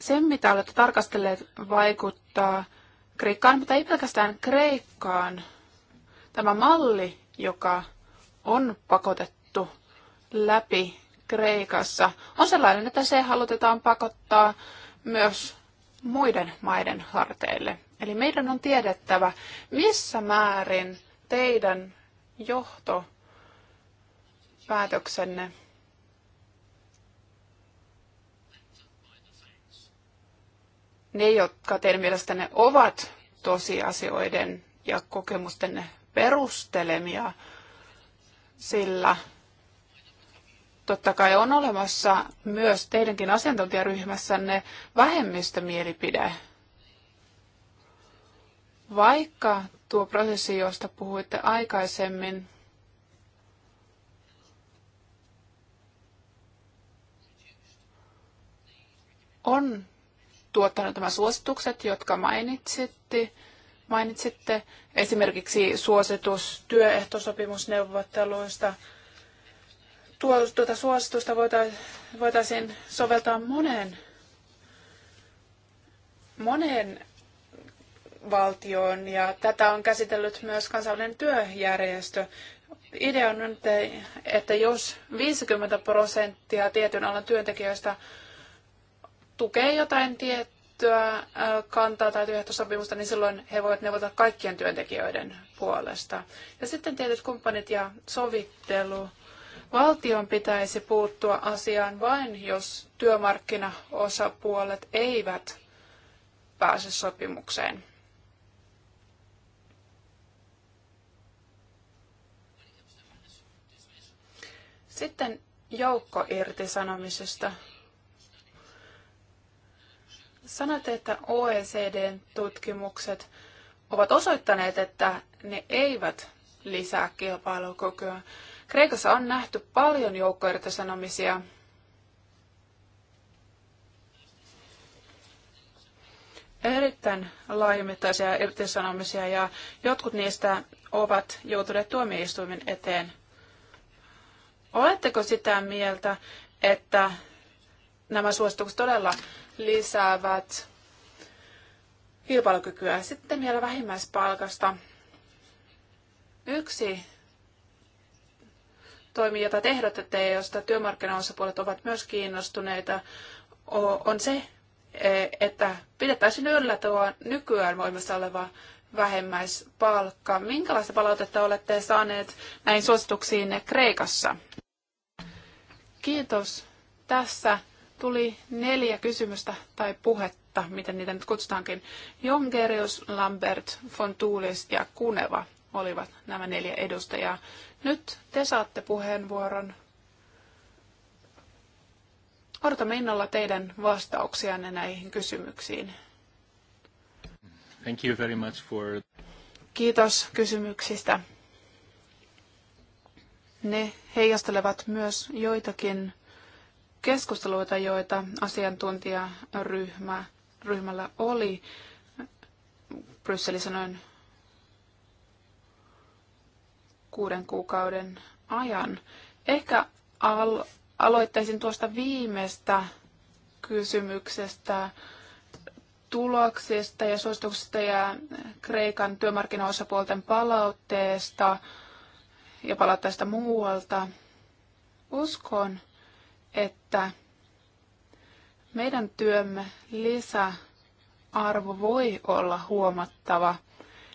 Sen, mitä olette tarkastelleet, vaikuttaa Kreikkaan, mutta ei pelkästään Kreikkaan. Tämä malli, joka on pakotettu läpi Kreikassa, on sellainen, että se halutetaan pakottaa myös muiden maiden harteille. Eli meidän on tiedettävä, missä määrin teidän johtopäätöksenne? Ne, jotka teidän mielestänne ovat tosiasioiden ja kokemustenne perustelemia, sillä totta kai on olemassa myös teidänkin asiantuntijaryhmässänne vähemmistömielipide. mielipide vaikka tuo prosessi, josta puhuitte aikaisemmin, on tuottanut nämä suositukset, jotka mainitsitte, mainitsitte esimerkiksi suositus työehtosopimusneuvotteluista. Tuo, tuota suositusta voitaisiin soveltaa monen, monen valtioon ja tätä on käsitellyt myös kansainvälinen työjärjestö. Idea on nyt, että jos 50 prosenttia tietyn alan työntekijöistä tukee jotain tiettyä kantaa tai työehtosopimusta, niin silloin he voivat neuvota kaikkien työntekijöiden puolesta. Ja sitten tietyt kumppanit ja sovittelu. Valtion pitäisi puuttua asiaan vain, jos työmarkkinaosapuolet eivät pääse sopimukseen. Sitten joukkoirtisanomisesta. Sanoitte, että oecd tutkimukset ovat osoittaneet, että ne eivät lisää kilpailukykyä. Kreikassa on nähty paljon joukkoirtisanomisia. Erittäin laajamittaisia irtisanomisia ja jotkut niistä ovat joutuneet tuomioistuimen eteen. Oletteko sitä mieltä, että nämä suositukset todella lisäävät kilpailukykyä? Sitten vielä vähimmäispalkasta. Yksi toimi, jota te ehdotatte josta työmarkkinaosapuolet ovat myös kiinnostuneita, on se, e- että pidettäisiin yllä tuo nykyään voimassa oleva vähemmäispalkka. Minkälaista palautetta olette saaneet näin suosituksiin Kreikassa? Kiitos. Tässä tuli neljä kysymystä tai puhetta, miten niitä nyt kutsutaankin. Jongerius, Lambert, Fontuulis ja Kuneva olivat nämä neljä edustajaa. Nyt te saatte puheenvuoron. Odotamme innolla teidän vastauksianne näihin kysymyksiin. Thank you very much for... Kiitos kysymyksistä. Ne heijastelevat myös joitakin keskusteluita, joita asiantuntijaryhmä ryhmällä oli Brysselissä noin kuuden kuukauden ajan. Ehkä al- aloittaisin tuosta viimeistä kysymyksestä tuloksista ja suosituksista ja Kreikan työmarkkinaosapuolten palautteesta ja palata sitä muualta. Uskon, että meidän työmme lisäarvo voi olla huomattava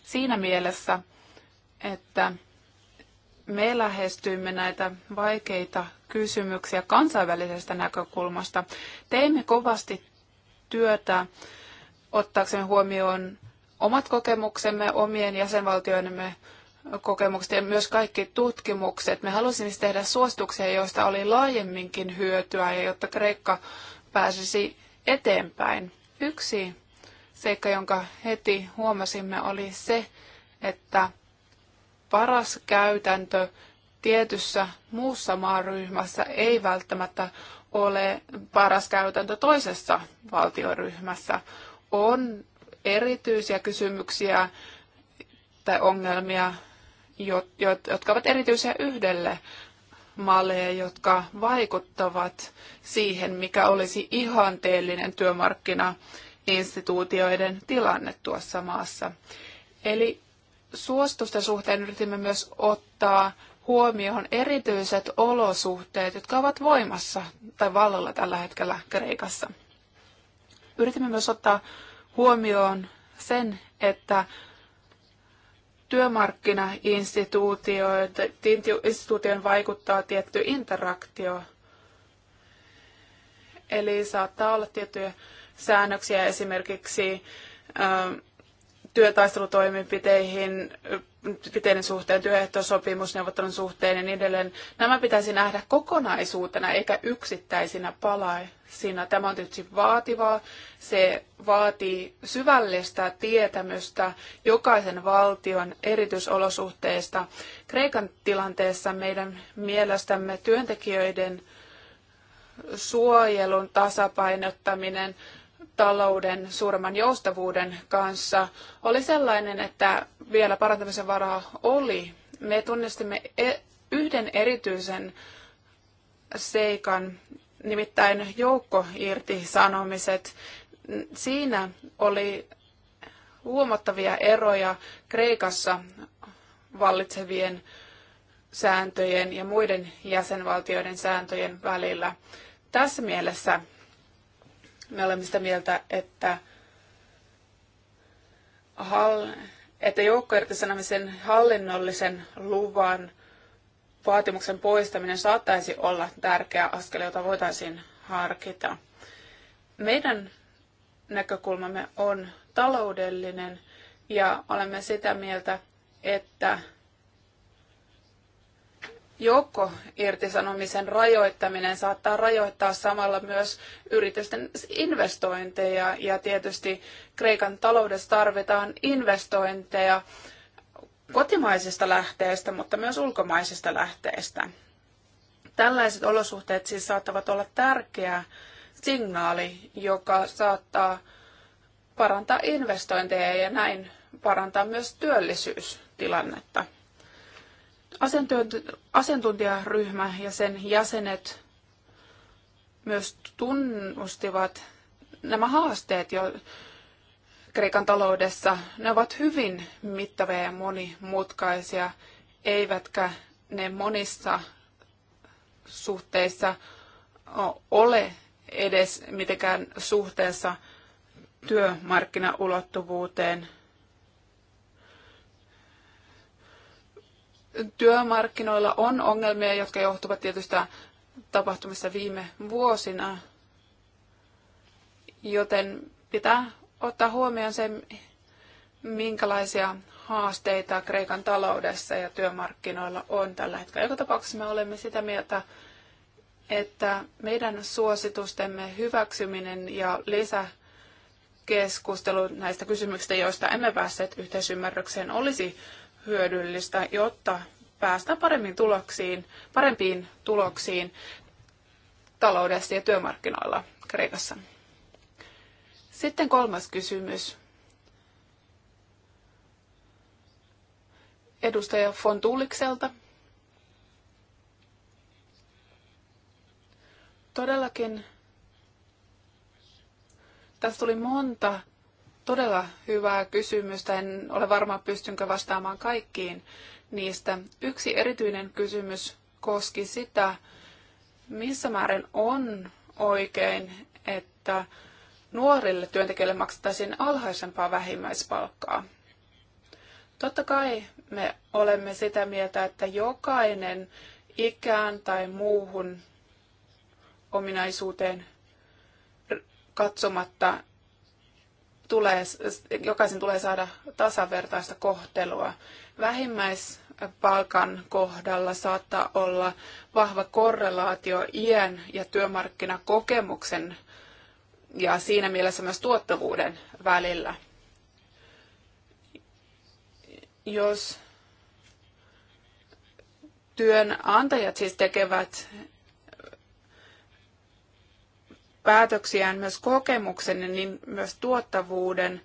siinä mielessä, että me lähestyimme näitä vaikeita kysymyksiä kansainvälisestä näkökulmasta. Teimme kovasti työtä ottaakseen huomioon omat kokemuksemme, omien jäsenvaltioidemme kokemukset ja myös kaikki tutkimukset. Me halusimme siis tehdä suosituksia, joista oli laajemminkin hyötyä ja jotta Kreikka pääsisi eteenpäin. Yksi seikka, jonka heti huomasimme, oli se, että paras käytäntö tietyssä muussa maaryhmässä ei välttämättä ole paras käytäntö toisessa valtioryhmässä. On erityisiä kysymyksiä tai ongelmia, jotka ovat erityisiä yhdelle malleja, jotka vaikuttavat siihen, mikä olisi ihanteellinen työmarkkinainstituutioiden tilanne tuossa maassa. Eli suostusten suhteen yritimme myös ottaa huomioon erityiset olosuhteet, jotka ovat voimassa tai vallalla tällä hetkellä Kreikassa. Yritimme myös ottaa huomioon sen, että työmarkkinainstituution vaikuttaa tietty interaktio. Eli saattaa olla tiettyjä säännöksiä esimerkiksi ähm, työtaistelutoimenpiteihin, piteiden suhteen, työehtosopimusneuvottelun suhteen ja niin edelleen. Nämä pitäisi nähdä kokonaisuutena eikä yksittäisinä palaisina. Tämä on tietysti vaativaa. Se vaatii syvällistä tietämystä jokaisen valtion erityisolosuhteista. Kreikan tilanteessa meidän mielestämme työntekijöiden suojelun tasapainottaminen talouden suuremman joustavuuden kanssa oli sellainen, että vielä parantamisen varaa oli. Me tunnistimme e- yhden erityisen seikan, nimittäin joukkoirtisanomiset. Siinä oli huomattavia eroja Kreikassa vallitsevien sääntöjen ja muiden jäsenvaltioiden sääntöjen välillä. Tässä mielessä me olemme sitä mieltä, että, hall, että joukkoirtisanomisen hallinnollisen luvan vaatimuksen poistaminen saattaisi olla tärkeä askel, jota voitaisiin harkita. Meidän näkökulmamme on taloudellinen ja olemme sitä mieltä, että joukko irtisanomisen rajoittaminen saattaa rajoittaa samalla myös yritysten investointeja ja tietysti Kreikan taloudessa tarvitaan investointeja kotimaisista lähteistä, mutta myös ulkomaisista lähteistä. Tällaiset olosuhteet siis saattavat olla tärkeä signaali, joka saattaa parantaa investointeja ja näin parantaa myös työllisyystilannetta. Asiantuntijaryhmä ja sen jäsenet myös tunnustivat nämä haasteet, jo Kreikan taloudessa, ne ovat hyvin mittavia ja monimutkaisia, eivätkä ne monissa suhteissa ole edes mitenkään suhteessa työmarkkinaulottuvuuteen. työmarkkinoilla on ongelmia, jotka johtuvat tietystä tapahtumista viime vuosina, joten pitää ottaa huomioon se, minkälaisia haasteita Kreikan taloudessa ja työmarkkinoilla on tällä hetkellä. Joka tapauksessa me olemme sitä mieltä, että meidän suositustemme hyväksyminen ja lisäkeskustelu näistä kysymyksistä, joista emme päässeet yhteisymmärrykseen, olisi hyödyllistä, jotta päästään paremmin tuloksiin, parempiin tuloksiin taloudessa ja työmarkkinoilla Kreikassa. Sitten kolmas kysymys. Edustaja von Tullikselta. Todellakin tässä tuli monta todella hyvää kysymystä. En ole varma, pystynkö vastaamaan kaikkiin niistä. Yksi erityinen kysymys koski sitä, missä määrin on oikein, että nuorille työntekijöille maksettaisiin alhaisempaa vähimmäispalkkaa. Totta kai me olemme sitä mieltä, että jokainen ikään tai muuhun ominaisuuteen katsomatta tulee, jokaisen tulee saada tasavertaista kohtelua. Vähimmäispalkan kohdalla saattaa olla vahva korrelaatio iän ja työmarkkinakokemuksen ja siinä mielessä myös tuottavuuden välillä. Jos työnantajat siis tekevät päätöksiään myös kokemuksen niin myös tuottavuuden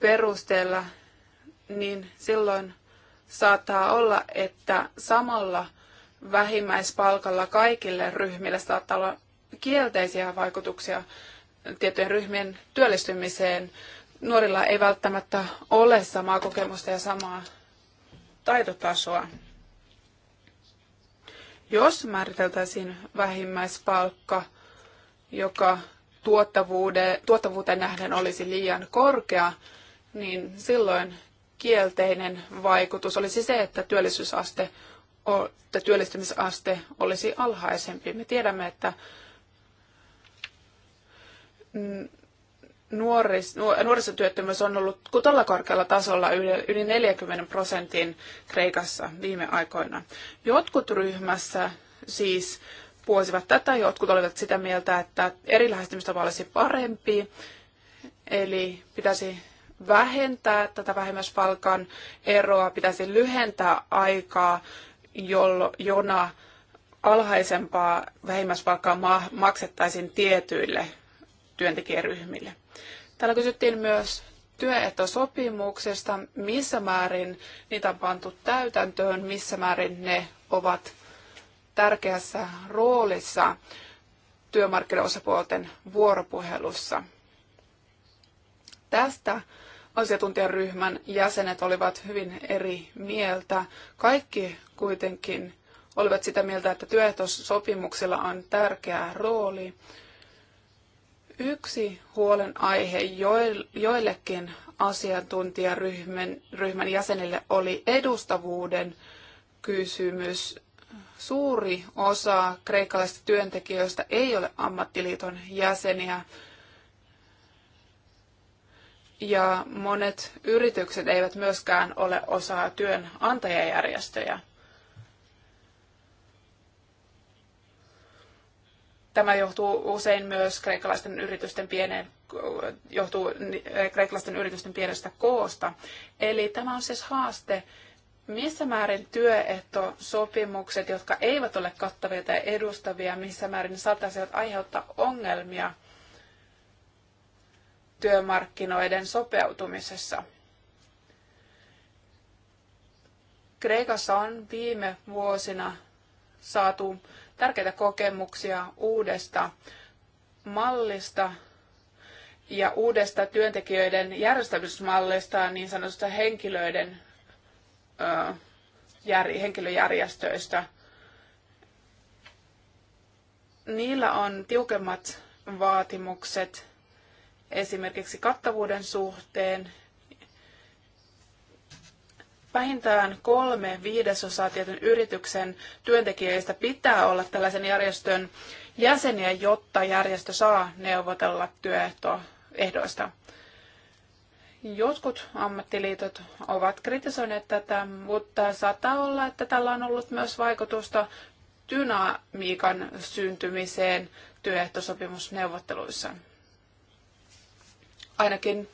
perusteella, niin silloin saattaa olla, että samalla vähimmäispalkalla kaikille ryhmille saattaa olla kielteisiä vaikutuksia tiettyjen ryhmien työllistymiseen. Nuorilla ei välttämättä ole samaa kokemusta ja samaa taitotasoa. Jos määriteltäisiin vähimmäispalkka joka tuottavuuteen nähden olisi liian korkea, niin silloin kielteinen vaikutus olisi se, että työllisyysaste että työllistymisaste olisi alhaisempi. Me tiedämme, että nuoris, nuorisotyöttömyys on ollut todella korkealla tasolla yli 40 prosentin Kreikassa viime aikoina. Jotkut ryhmässä siis puosivat tätä, jotkut olivat sitä mieltä, että eri lähestymistapa olisi parempi, eli pitäisi vähentää tätä vähimmäispalkan eroa, pitäisi lyhentää aikaa, jollo, jona alhaisempaa vähimmäispalkkaa maksettaisiin tietyille työntekijäryhmille. Täällä kysyttiin myös työehtosopimuksesta, missä määrin niitä on pantu täytäntöön, missä määrin ne ovat tärkeässä roolissa työmarkkinaosapuolten vuoropuhelussa. Tästä asiantuntijaryhmän jäsenet olivat hyvin eri mieltä. Kaikki kuitenkin olivat sitä mieltä, että työehtosopimuksilla on tärkeä rooli. Yksi huolenaihe joillekin asiantuntijaryhmän ryhmän jäsenille oli edustavuuden kysymys suuri osa kreikkalaisista työntekijöistä ei ole ammattiliiton jäseniä. Ja monet yritykset eivät myöskään ole osa työnantajajärjestöjä. Tämä johtuu usein myös kreikkalaisten yritysten pieneen johtuu kreikkalaisten yritysten pienestä koosta. Eli tämä on siis haaste, missä määrin työehtosopimukset, jotka eivät ole kattavia tai edustavia, missä määrin ne saattaisivat aiheuttaa ongelmia työmarkkinoiden sopeutumisessa. Kreikassa on viime vuosina saatu tärkeitä kokemuksia uudesta mallista ja uudesta työntekijöiden järjestämismallista, niin sanotusta henkilöiden henkilöjärjestöistä. Niillä on tiukemmat vaatimukset esimerkiksi kattavuuden suhteen. Vähintään kolme viidesosaa tietyn yrityksen työntekijöistä pitää olla tällaisen järjestön jäseniä, jotta järjestö saa neuvotella työehtoehdoista. Jotkut ammattiliitot ovat kritisoineet tätä, mutta saattaa olla, että tällä on ollut myös vaikutusta dynamiikan syntymiseen työehtosopimusneuvotteluissa. Ainakin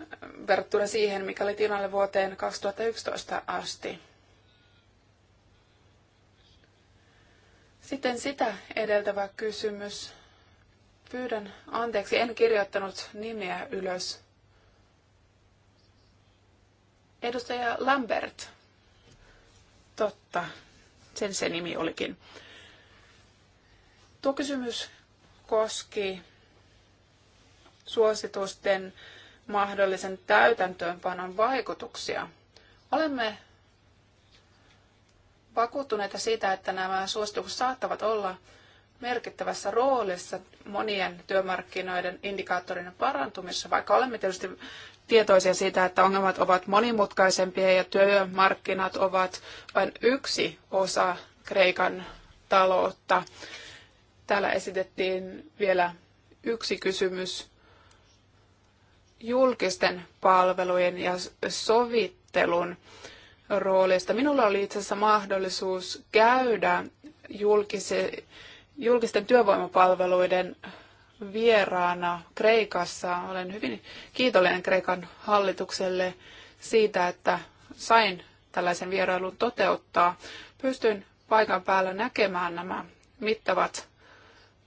äh, verrattuna siihen, mikä oli tilanne vuoteen 2011 asti. Sitten sitä edeltävä kysymys. Pyydän anteeksi, en kirjoittanut nimeä ylös. Edustaja Lambert. Totta, sen se nimi olikin. Tuo kysymys koski suositusten mahdollisen täytäntöönpanon vaikutuksia. Olemme vakuuttuneita siitä, että nämä suositukset saattavat olla merkittävässä roolissa monien työmarkkinoiden indikaattorien parantumisessa, vaikka olemme tietysti tietoisia siitä, että ongelmat ovat monimutkaisempia ja työmarkkinat ovat vain yksi osa Kreikan taloutta. Täällä esitettiin vielä yksi kysymys julkisten palvelujen ja sovittelun roolista. Minulla oli itse asiassa mahdollisuus käydä julkisten työvoimapalveluiden vieraana Kreikassa. Olen hyvin kiitollinen Kreikan hallitukselle siitä, että sain tällaisen vierailun toteuttaa. Pystyn paikan päällä näkemään nämä mittavat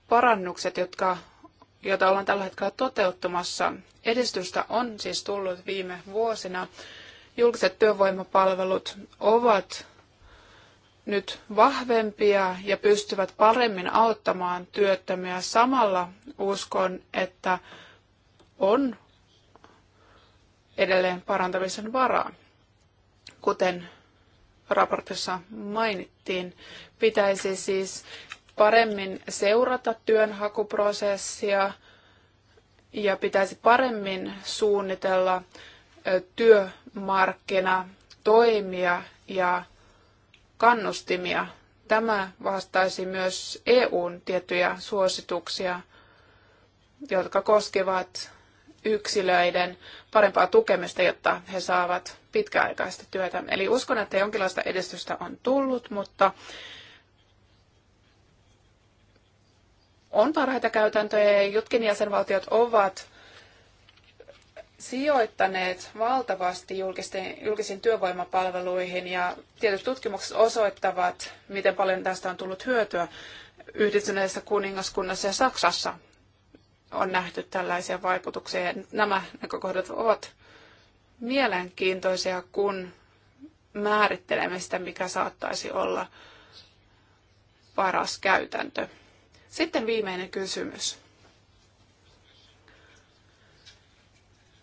parannukset, jotka, joita ollaan tällä hetkellä toteuttamassa. Edistystä on siis tullut viime vuosina. Julkiset työvoimapalvelut ovat nyt vahvempia ja pystyvät paremmin auttamaan työttömiä. Samalla uskon, että on edelleen parantamisen varaa. Kuten raportissa mainittiin, pitäisi siis paremmin seurata työnhakuprosessia ja pitäisi paremmin suunnitella työmarkkina toimia ja kannustimia. Tämä vastaisi myös EUn tiettyjä suosituksia, jotka koskevat yksilöiden parempaa tukemista, jotta he saavat pitkäaikaista työtä. Eli uskon, että jonkinlaista edistystä on tullut, mutta on parhaita käytäntöjä ja jotkin jäsenvaltiot ovat sijoittaneet valtavasti julkisten, julkisiin työvoimapalveluihin ja tietyt tutkimukset osoittavat, miten paljon tästä on tullut hyötyä yhdistyneessä kuningaskunnassa ja Saksassa on nähty tällaisia vaikutuksia. Ja nämä näkökohdat ovat mielenkiintoisia, kun määrittelemme sitä, mikä saattaisi olla paras käytäntö. Sitten viimeinen kysymys.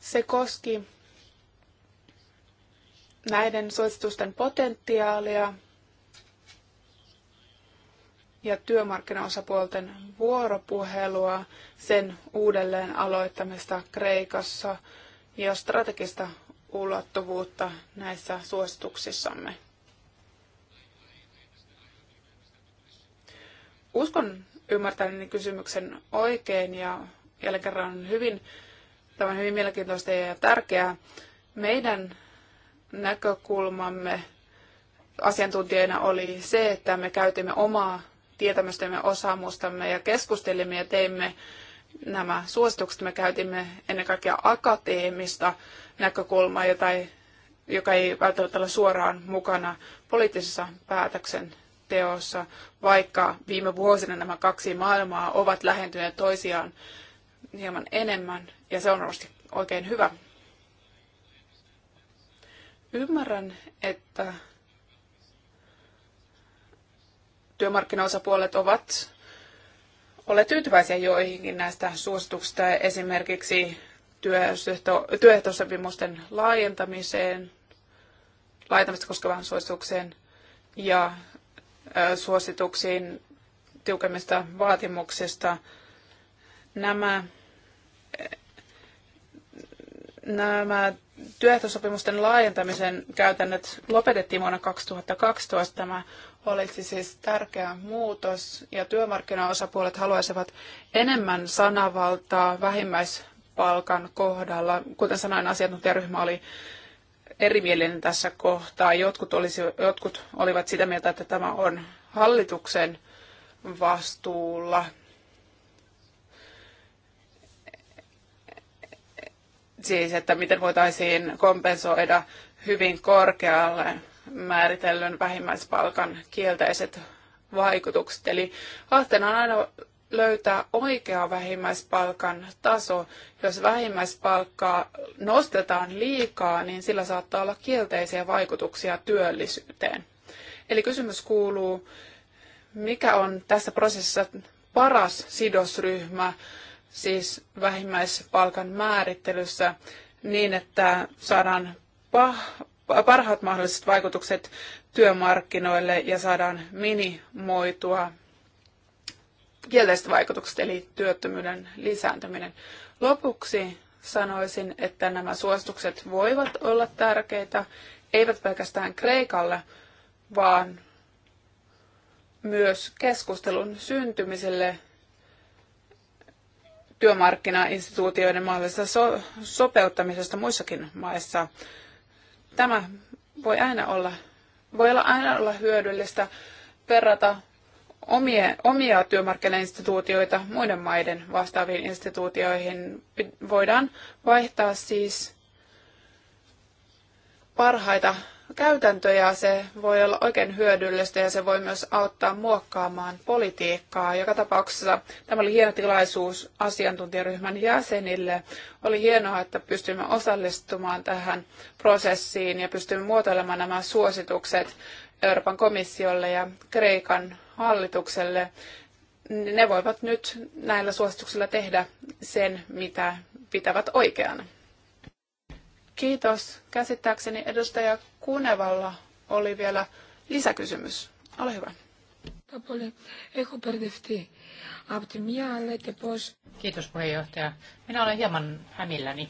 Se koski näiden suositusten potentiaalia ja työmarkkinaosapuolten vuoropuhelua, sen uudelleen aloittamista Kreikassa ja strategista ulottuvuutta näissä suosituksissamme. Uskon ymmärtäneeni kysymyksen oikein ja jälleen kerran hyvin Tämä on hyvin mielenkiintoista ja tärkeää. Meidän näkökulmamme asiantuntijana oli se, että me käytimme omaa tietämystämme, osaamustamme ja keskustelimme ja teimme nämä suositukset. Me käytimme ennen kaikkea akateemista näkökulmaa, jota ei, joka ei välttämättä ole suoraan mukana poliittisessa päätöksenteossa, vaikka viime vuosina nämä kaksi maailmaa ovat lähentyneet toisiaan hieman enemmän, ja se on varmasti oikein hyvä. Ymmärrän, että työmarkkinaosapuolet ovat olleet tyytyväisiä joihinkin näistä suosituksista, esimerkiksi työehto, työehtosopimusten laajentamiseen, laajentamista koskevaan suositukseen ja suosituksiin tiukemmista vaatimuksista. Nämä nämä työehtosopimusten laajentamisen käytännöt lopetettiin vuonna 2012. Tämä olisi siis tärkeä muutos ja työmarkkinaosapuolet haluaisivat enemmän sanavaltaa vähimmäispalkan kohdalla. Kuten sanoin, asiantuntijaryhmä oli erimielinen tässä kohtaa. Jotkut, olisi, jotkut olivat sitä mieltä, että tämä on hallituksen vastuulla siis, että miten voitaisiin kompensoida hyvin korkealle määritellyn vähimmäispalkan kielteiset vaikutukset. Eli haasteena on aina löytää oikea vähimmäispalkan taso. Jos vähimmäispalkkaa nostetaan liikaa, niin sillä saattaa olla kielteisiä vaikutuksia työllisyyteen. Eli kysymys kuuluu, mikä on tässä prosessissa paras sidosryhmä, siis vähimmäispalkan määrittelyssä niin, että saadaan pah- parhaat mahdolliset vaikutukset työmarkkinoille ja saadaan minimoitua kielteiset vaikutukset, eli työttömyyden lisääntyminen. Lopuksi sanoisin, että nämä suositukset voivat olla tärkeitä, eivät pelkästään Kreikalle, vaan myös keskustelun syntymiselle työmarkkinainstituutioiden mahdollisesta so- sopeuttamisesta muissakin maissa. Tämä voi aina olla, voi olla aina olla hyödyllistä verrata omia, omia työmarkkinainstituutioita muiden maiden vastaaviin instituutioihin. Voidaan vaihtaa siis parhaita käytäntö ja se voi olla oikein hyödyllistä ja se voi myös auttaa muokkaamaan politiikkaa. Joka tapauksessa tämä oli hieno tilaisuus asiantuntijaryhmän jäsenille. Oli hienoa, että pystymme osallistumaan tähän prosessiin ja pystymme muotoilemaan nämä suositukset Euroopan komissiolle ja Kreikan hallitukselle. Ne voivat nyt näillä suosituksilla tehdä sen, mitä pitävät oikeana. Kiitos. Käsittääkseni edustaja Kunevalla oli vielä lisäkysymys. Ole hyvä. Kiitos puheenjohtaja. Minä olen hieman hämilläni.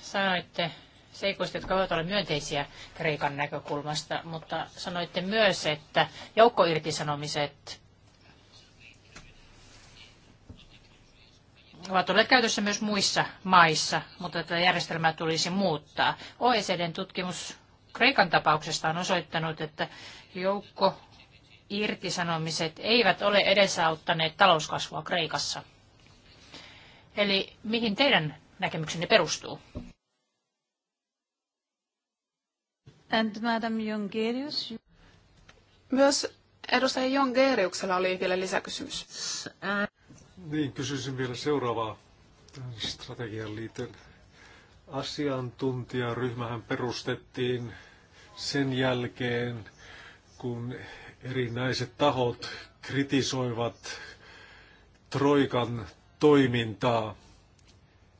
Sanoitte seikoista, jotka voivat olla myönteisiä Kreikan näkökulmasta, mutta sanoitte myös, että joukkoirtisanomiset ovat olleet käytössä myös muissa maissa, mutta tätä järjestelmää tulisi muuttaa. OECDn tutkimus Kreikan tapauksesta on osoittanut, että joukko irtisanomiset eivät ole edesauttaneet talouskasvua Kreikassa. Eli mihin teidän näkemyksenne perustuu? And Madam Jongerius? Myös edustaja Jongeriuksella oli vielä lisäkysymys. Niin, kysyisin vielä seuraavaa tämän strategian liittyen. Asiantuntijaryhmähän perustettiin sen jälkeen, kun erinäiset tahot kritisoivat Troikan toimintaa.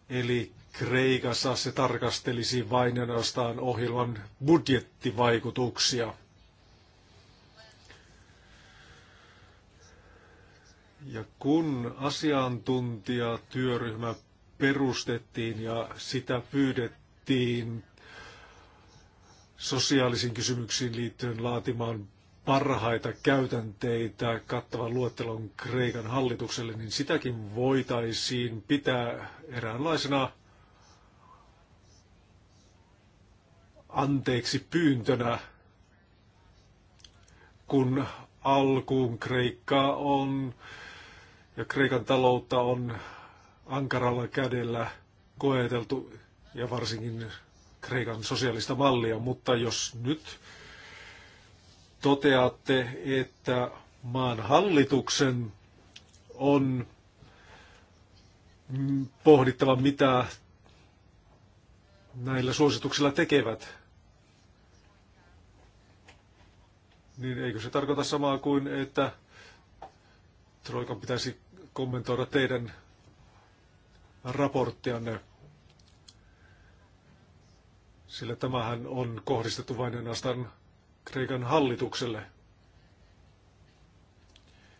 Eli Kreikassa se tarkastelisi vain ja ohjelman budjettivaikutuksia. Ja kun asiantuntijatyöryhmä perustettiin ja sitä pyydettiin sosiaalisiin kysymyksiin liittyen laatimaan parhaita käytänteitä kattavan luettelon Kreikan hallitukselle, niin sitäkin voitaisiin pitää eräänlaisena anteeksi pyyntönä, kun alkuun Kreikka on ja Kreikan taloutta on ankaralla kädellä koeteltu ja varsinkin Kreikan sosiaalista mallia, mutta jos nyt toteatte, että maan hallituksen on pohdittava, mitä näillä suosituksilla tekevät, niin eikö se tarkoita samaa kuin, että Troikan pitäisi kommentoida teidän raporttianne, sillä tämähän on kohdistettu vain ainoastaan Kreikan hallitukselle,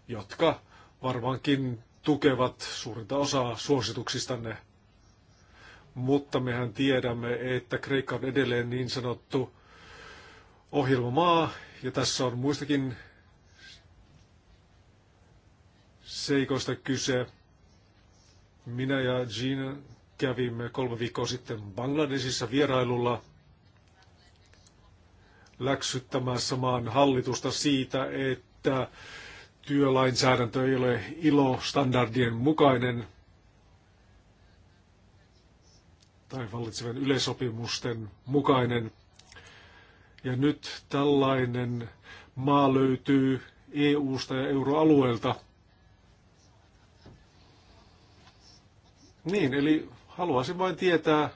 jotka varmaankin tukevat suurinta osaa suosituksistanne. Mutta mehän tiedämme, että Kreikka on edelleen niin sanottu ohjelmamaa, ja tässä on muistakin seikoista kyse. Minä ja Jean kävimme kolme viikkoa sitten Bangladesissa vierailulla läksyttämässä maan hallitusta siitä, että työlainsäädäntö ei ole ilo-standardien mukainen tai vallitsevien yleisopimusten mukainen. Ja nyt tällainen maa löytyy EU-sta ja euroalueelta – Niin, eli haluaisin vain tietää,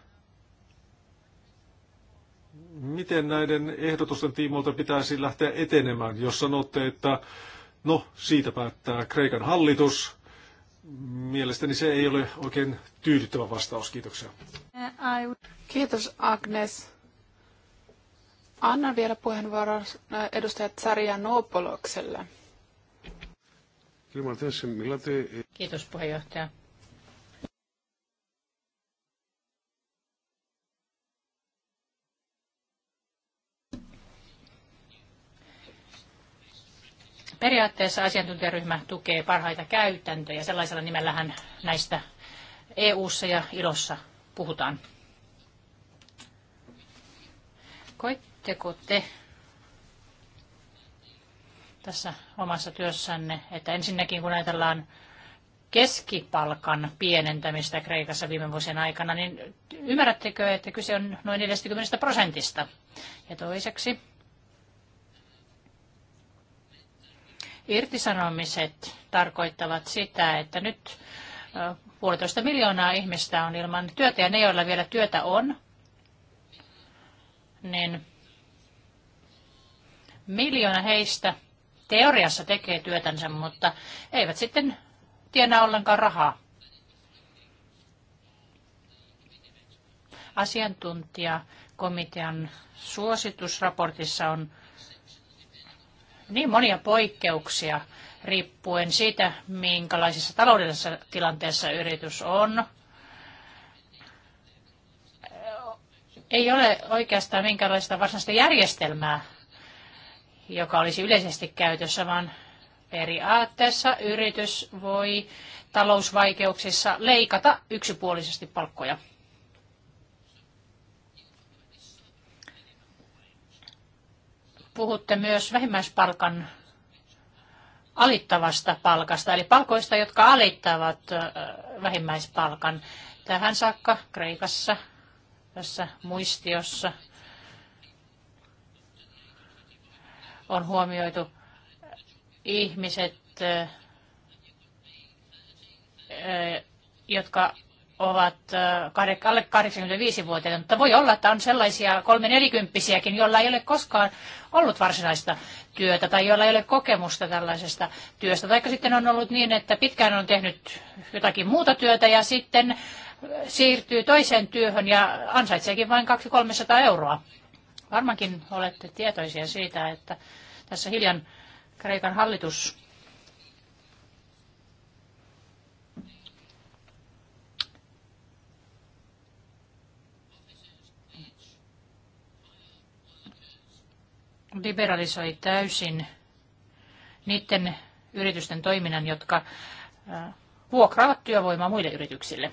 miten näiden ehdotusten tiimoilta pitäisi lähteä etenemään, jos sanotte, että no, siitä päättää Kreikan hallitus. Mielestäni se ei ole oikein tyydyttävä vastaus. Kiitoksia. Kiitos Agnes. Annan vielä puheenvuoron äh, edustaja Sarja Noopolokselle. Kiitos puheenjohtaja. Periaatteessa asiantuntijaryhmä tukee parhaita käytäntöjä. Sellaisella nimellähän näistä EU-ssa ja ilossa puhutaan. Koitteko te tässä omassa työssänne, että ensinnäkin kun ajatellaan keskipalkan pienentämistä Kreikassa viime vuosien aikana, niin ymmärrättekö, että kyse on noin 40 prosentista? Ja toiseksi, Irtisanomiset tarkoittavat sitä, että nyt puolitoista miljoonaa ihmistä on ilman työtä ja ne, joilla vielä työtä on, niin miljoona heistä teoriassa tekee työtänsä, mutta eivät sitten tienaa ollenkaan rahaa. Asiantuntijakomitean suositusraportissa on niin monia poikkeuksia riippuen siitä, minkälaisessa taloudellisessa tilanteessa yritys on. Ei ole oikeastaan minkälaista varsinaista järjestelmää, joka olisi yleisesti käytössä, vaan periaatteessa yritys voi talousvaikeuksissa leikata yksipuolisesti palkkoja. puhutte myös vähimmäispalkan alittavasta palkasta, eli palkoista, jotka alittavat vähimmäispalkan. Tähän saakka Kreikassa, tässä muistiossa, on huomioitu ihmiset, jotka ovat alle 85-vuotiaita, mutta voi olla, että on sellaisia kolme nelikymppisiäkin, joilla ei ole koskaan ollut varsinaista työtä tai joilla ei ole kokemusta tällaisesta työstä. Tai sitten on ollut niin, että pitkään on tehnyt jotakin muuta työtä ja sitten siirtyy toiseen työhön ja ansaitseekin vain 200-300 euroa. Varmaankin olette tietoisia siitä, että tässä hiljan Kreikan hallitus liberalisoi täysin niiden yritysten toiminnan, jotka äh, vuokraavat työvoimaa muille yrityksille.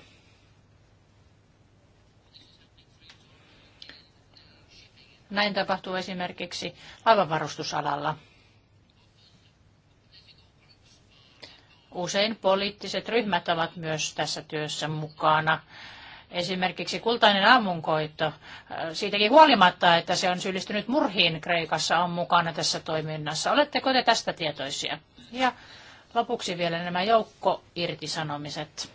Näin tapahtuu esimerkiksi laivanvarustusalalla. Usein poliittiset ryhmät ovat myös tässä työssä mukana. Esimerkiksi kultainen aamunkoitto, äh, siitäkin huolimatta, että se on syyllistynyt murhiin Kreikassa, on mukana tässä toiminnassa. Oletteko te tästä tietoisia? Ja lopuksi vielä nämä joukkoirtisanomiset.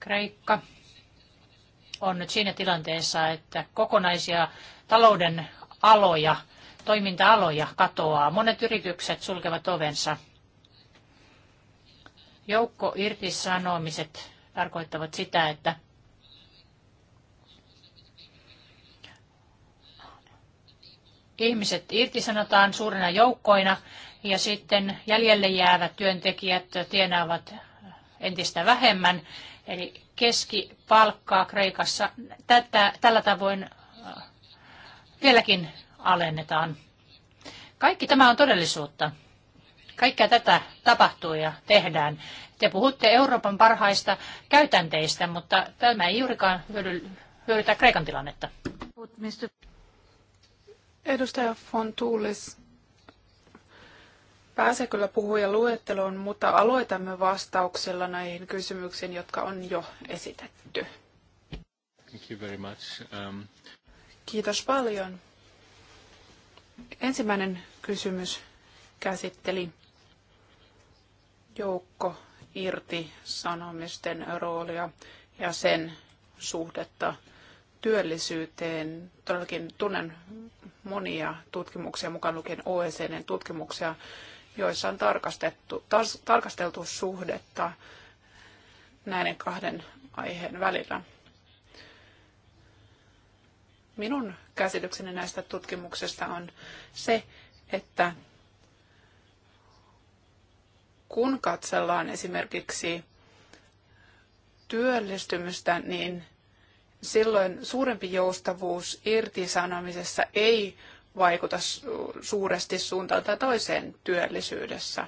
Kreikka on nyt siinä tilanteessa, että kokonaisia talouden aloja, toiminta-aloja katoaa. Monet yritykset sulkevat ovensa joukko irtisanomiset tarkoittavat sitä, että ihmiset irtisanotaan suurina joukkoina ja sitten jäljelle jäävät työntekijät tienaavat entistä vähemmän. Eli keskipalkkaa Kreikassa tätä, tällä tavoin äh, vieläkin alennetaan. Kaikki tämä on todellisuutta. Kaikkea tätä tapahtuu ja tehdään. Te puhutte Euroopan parhaista käytänteistä, mutta tämä ei juurikaan hyödy, hyödytä Kreikan tilannetta. Edustaja von Tuulis pääsee kyllä puhuja luetteloon, mutta aloitamme vastauksella näihin kysymyksiin, jotka on jo esitetty. Thank you very much. Um... Kiitos paljon. Ensimmäinen kysymys käsitteli joukko irti sanomisten roolia ja sen suhdetta työllisyyteen. Todellakin tunnen monia tutkimuksia, mukaan lukien OECDn tutkimuksia, joissa on tarkastettu, tar- tarkasteltu suhdetta näiden kahden aiheen välillä. Minun käsitykseni näistä tutkimuksista on se, että kun katsellaan esimerkiksi työllistymistä, niin silloin suurempi joustavuus irtisanomisessa ei vaikuta suuresti suuntaan tai toiseen työllisyydessä.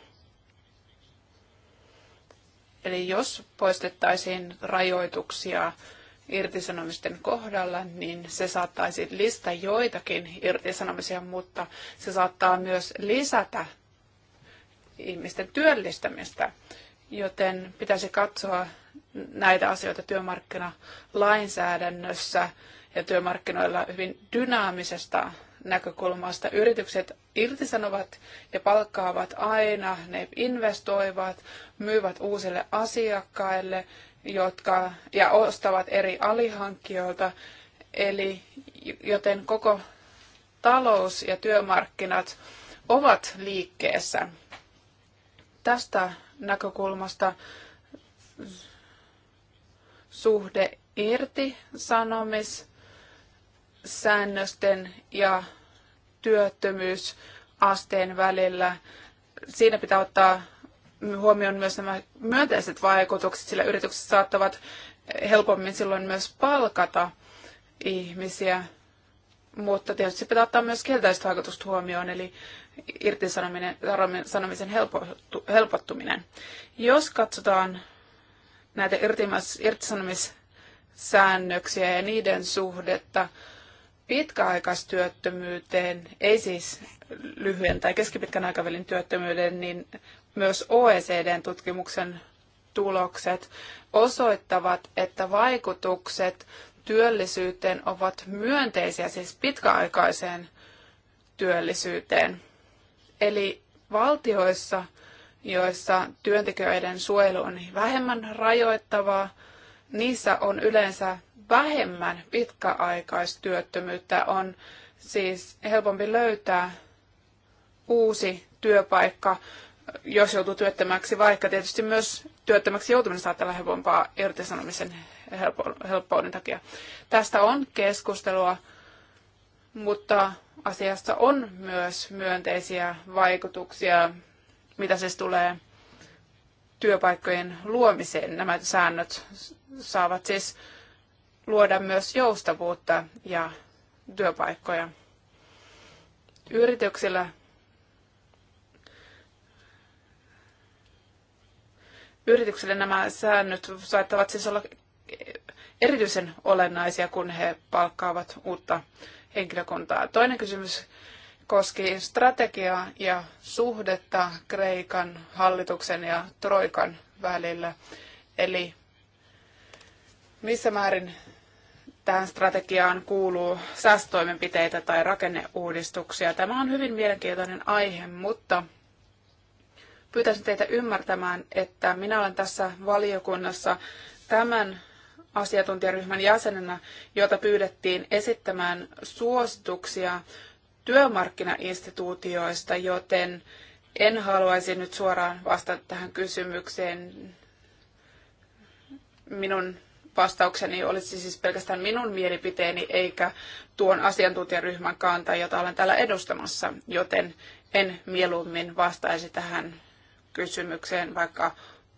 Eli jos poistettaisiin rajoituksia irtisanomisten kohdalla, niin se saattaisi lisätä joitakin irtisanomisia, mutta se saattaa myös lisätä ihmisten työllistämistä, joten pitäisi katsoa näitä asioita työmarkkinalainsäädännössä ja työmarkkinoilla hyvin dynaamisesta näkökulmasta. Yritykset irtisanovat ja palkkaavat aina, ne investoivat, myyvät uusille asiakkaille jotka, ja ostavat eri alihankkijoilta, eli joten koko talous ja työmarkkinat ovat liikkeessä tästä näkökulmasta suhde irti sanomissäännösten ja työttömyysasteen välillä. Siinä pitää ottaa huomioon myös nämä myönteiset vaikutukset, sillä yritykset saattavat helpommin silloin myös palkata ihmisiä, mutta tietysti pitää ottaa myös kielteiset vaikutukset huomioon, eli irtisanomisen helpottuminen. Jos katsotaan näitä irtisanomissäännöksiä ja niiden suhdetta pitkäaikaistyöttömyyteen, ei siis lyhyen tai keskipitkän aikavälin työttömyyden, niin myös OECDn tutkimuksen tulokset osoittavat, että vaikutukset työllisyyteen ovat myönteisiä, siis pitkäaikaiseen työllisyyteen. Eli valtioissa, joissa työntekijöiden suojelu on vähemmän rajoittavaa, niissä on yleensä vähemmän pitkäaikaistyöttömyyttä, on siis helpompi löytää uusi työpaikka, jos joutuu työttömäksi, vaikka tietysti myös työttömäksi joutuminen saattaa olla helpompaa irtisanomisen helppouden takia. Tästä on keskustelua, mutta asiasta on myös myönteisiä vaikutuksia, mitä siis tulee työpaikkojen luomiseen. Nämä säännöt saavat siis luoda myös joustavuutta ja työpaikkoja. Yrityksillä Yrityksille nämä säännöt saattavat siis olla erityisen olennaisia, kun he palkkaavat uutta henkilökuntaa. Toinen kysymys koski strategiaa ja suhdetta Kreikan hallituksen ja Troikan välillä. Eli missä määrin tähän strategiaan kuuluu säästötoimenpiteitä tai rakenneuudistuksia. Tämä on hyvin mielenkiintoinen aihe, mutta pyytäisin teitä ymmärtämään, että minä olen tässä valiokunnassa tämän asiantuntijaryhmän jäsenenä, jota pyydettiin esittämään suosituksia työmarkkinainstituutioista, joten en haluaisi nyt suoraan vastata tähän kysymykseen. Minun vastaukseni olisi siis pelkästään minun mielipiteeni eikä tuon asiantuntijaryhmän kanta, jota olen täällä edustamassa, joten en mieluummin vastaisi tähän kysymykseen, vaikka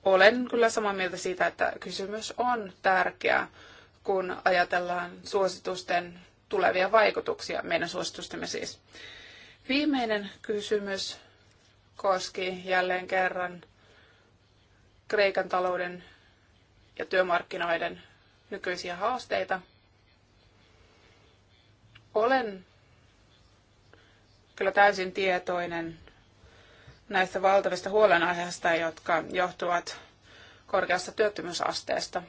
olen kyllä samaa mieltä siitä, että kysymys on tärkeä, kun ajatellaan suositusten tulevia vaikutuksia, meidän suositustemme siis. Viimeinen kysymys koski jälleen kerran Kreikan talouden ja työmarkkinoiden nykyisiä haasteita. Olen kyllä täysin tietoinen näistä valtavista huolenaiheista, jotka johtuvat korkeasta työttömyysasteesta.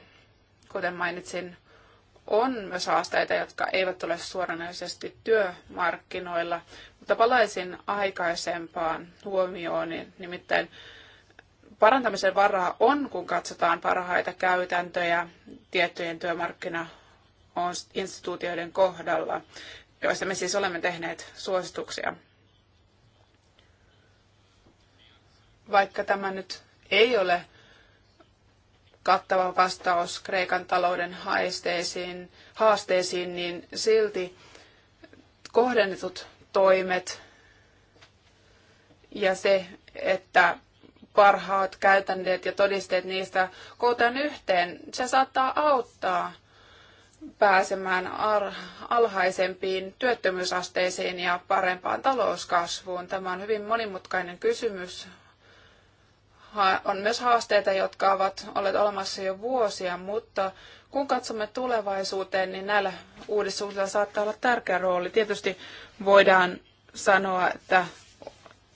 Kuten mainitsin, on myös haasteita, jotka eivät ole suoranaisesti työmarkkinoilla, mutta palaisin aikaisempaan huomioon, niin nimittäin parantamisen varaa on, kun katsotaan parhaita käytäntöjä tiettyjen työmarkkina-instituutioiden kohdalla, joista me siis olemme tehneet suosituksia. vaikka tämä nyt ei ole kattava vastaus Kreikan talouden haasteisiin, niin silti kohdennetut toimet ja se, että parhaat käytänteet ja todisteet niistä kootaan yhteen, se saattaa auttaa pääsemään alhaisempiin työttömyysasteisiin ja parempaan talouskasvuun. Tämä on hyvin monimutkainen kysymys, on myös haasteita, jotka ovat olleet olemassa jo vuosia, mutta kun katsomme tulevaisuuteen, niin näillä uudistuksilla saattaa olla tärkeä rooli. Tietysti voidaan sanoa, että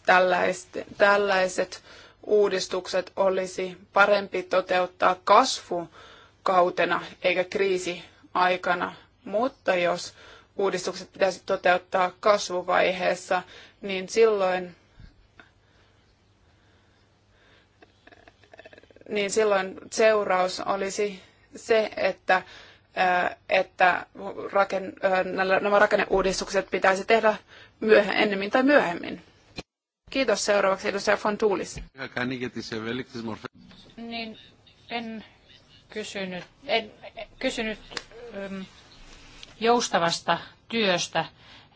tällaiset, tällaiset uudistukset olisi parempi toteuttaa kasvukautena eikä kriisiaikana, mutta jos uudistukset pitäisi toteuttaa kasvuvaiheessa, niin silloin niin silloin seuraus olisi se, että, että raken, nämä rakenneuudistukset pitäisi tehdä myöhemmin ennemmin tai myöhemmin. Kiitos seuraavaksi edustaja Fontuulis. Niin, en kysynyt, en, kysynyt um, joustavasta työstä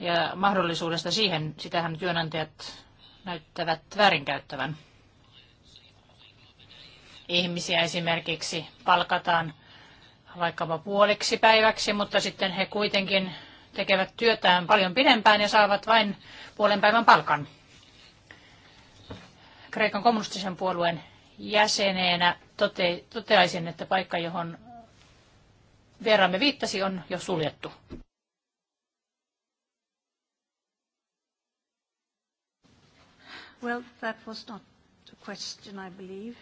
ja mahdollisuudesta siihen. Sitähän työnantajat näyttävät väärinkäyttävän ihmisiä esimerkiksi palkataan vaikkapa puoliksi päiväksi, mutta sitten he kuitenkin tekevät työtään paljon pidempään ja saavat vain puolen päivän palkan. Kreikan kommunistisen puolueen jäseneenä tote, toteaisin, että paikka, johon vieraamme viittasi, on jo suljettu. Well, that was not the question, I believe.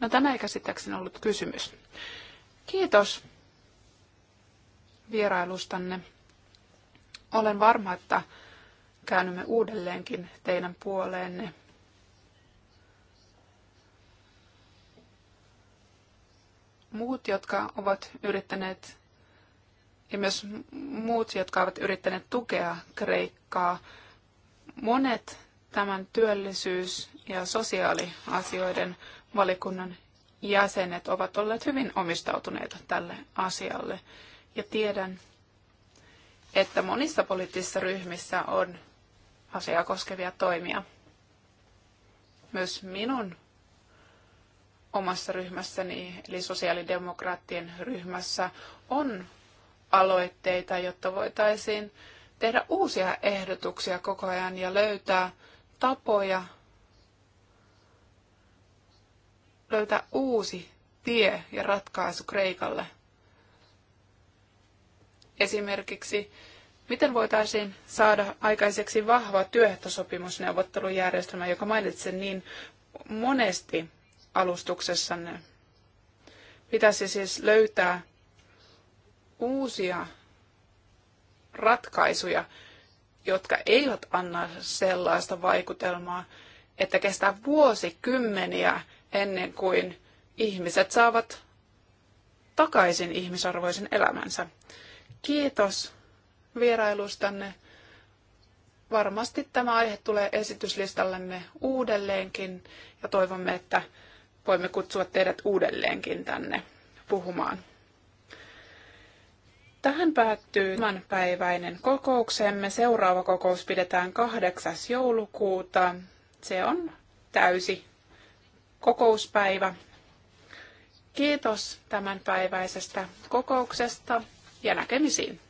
No tämä ei käsittääkseni ollut kysymys. Kiitos vierailustanne. Olen varma, että käännymme uudelleenkin teidän puoleenne. Muut, jotka ovat yrittäneet, ja myös muut, jotka ovat yrittäneet tukea Kreikkaa, monet tämän työllisyys- ja sosiaaliasioiden valikunnan jäsenet ovat olleet hyvin omistautuneita tälle asialle. Ja tiedän, että monissa poliittisissa ryhmissä on asiaa koskevia toimia. Myös minun omassa ryhmässäni, eli sosiaalidemokraattien ryhmässä, on aloitteita, jotta voitaisiin tehdä uusia ehdotuksia koko ajan ja löytää tapoja löytää uusi tie ja ratkaisu Kreikalle. Esimerkiksi, miten voitaisiin saada aikaiseksi vahva työehtosopimusneuvottelujärjestelmä, joka mainitsen niin monesti alustuksessanne. Pitäisi siis löytää uusia ratkaisuja, jotka eivät anna sellaista vaikutelmaa, että kestää vuosikymmeniä ennen kuin ihmiset saavat takaisin ihmisarvoisen elämänsä. Kiitos vierailustanne. Varmasti tämä aihe tulee esityslistallemme uudelleenkin ja toivomme, että voimme kutsua teidät uudelleenkin tänne puhumaan. Tähän päättyy tämänpäiväinen kokouksemme. Seuraava kokous pidetään 8. joulukuuta. Se on täysi kokouspäivä. Kiitos tämänpäiväisestä kokouksesta ja näkemisiin.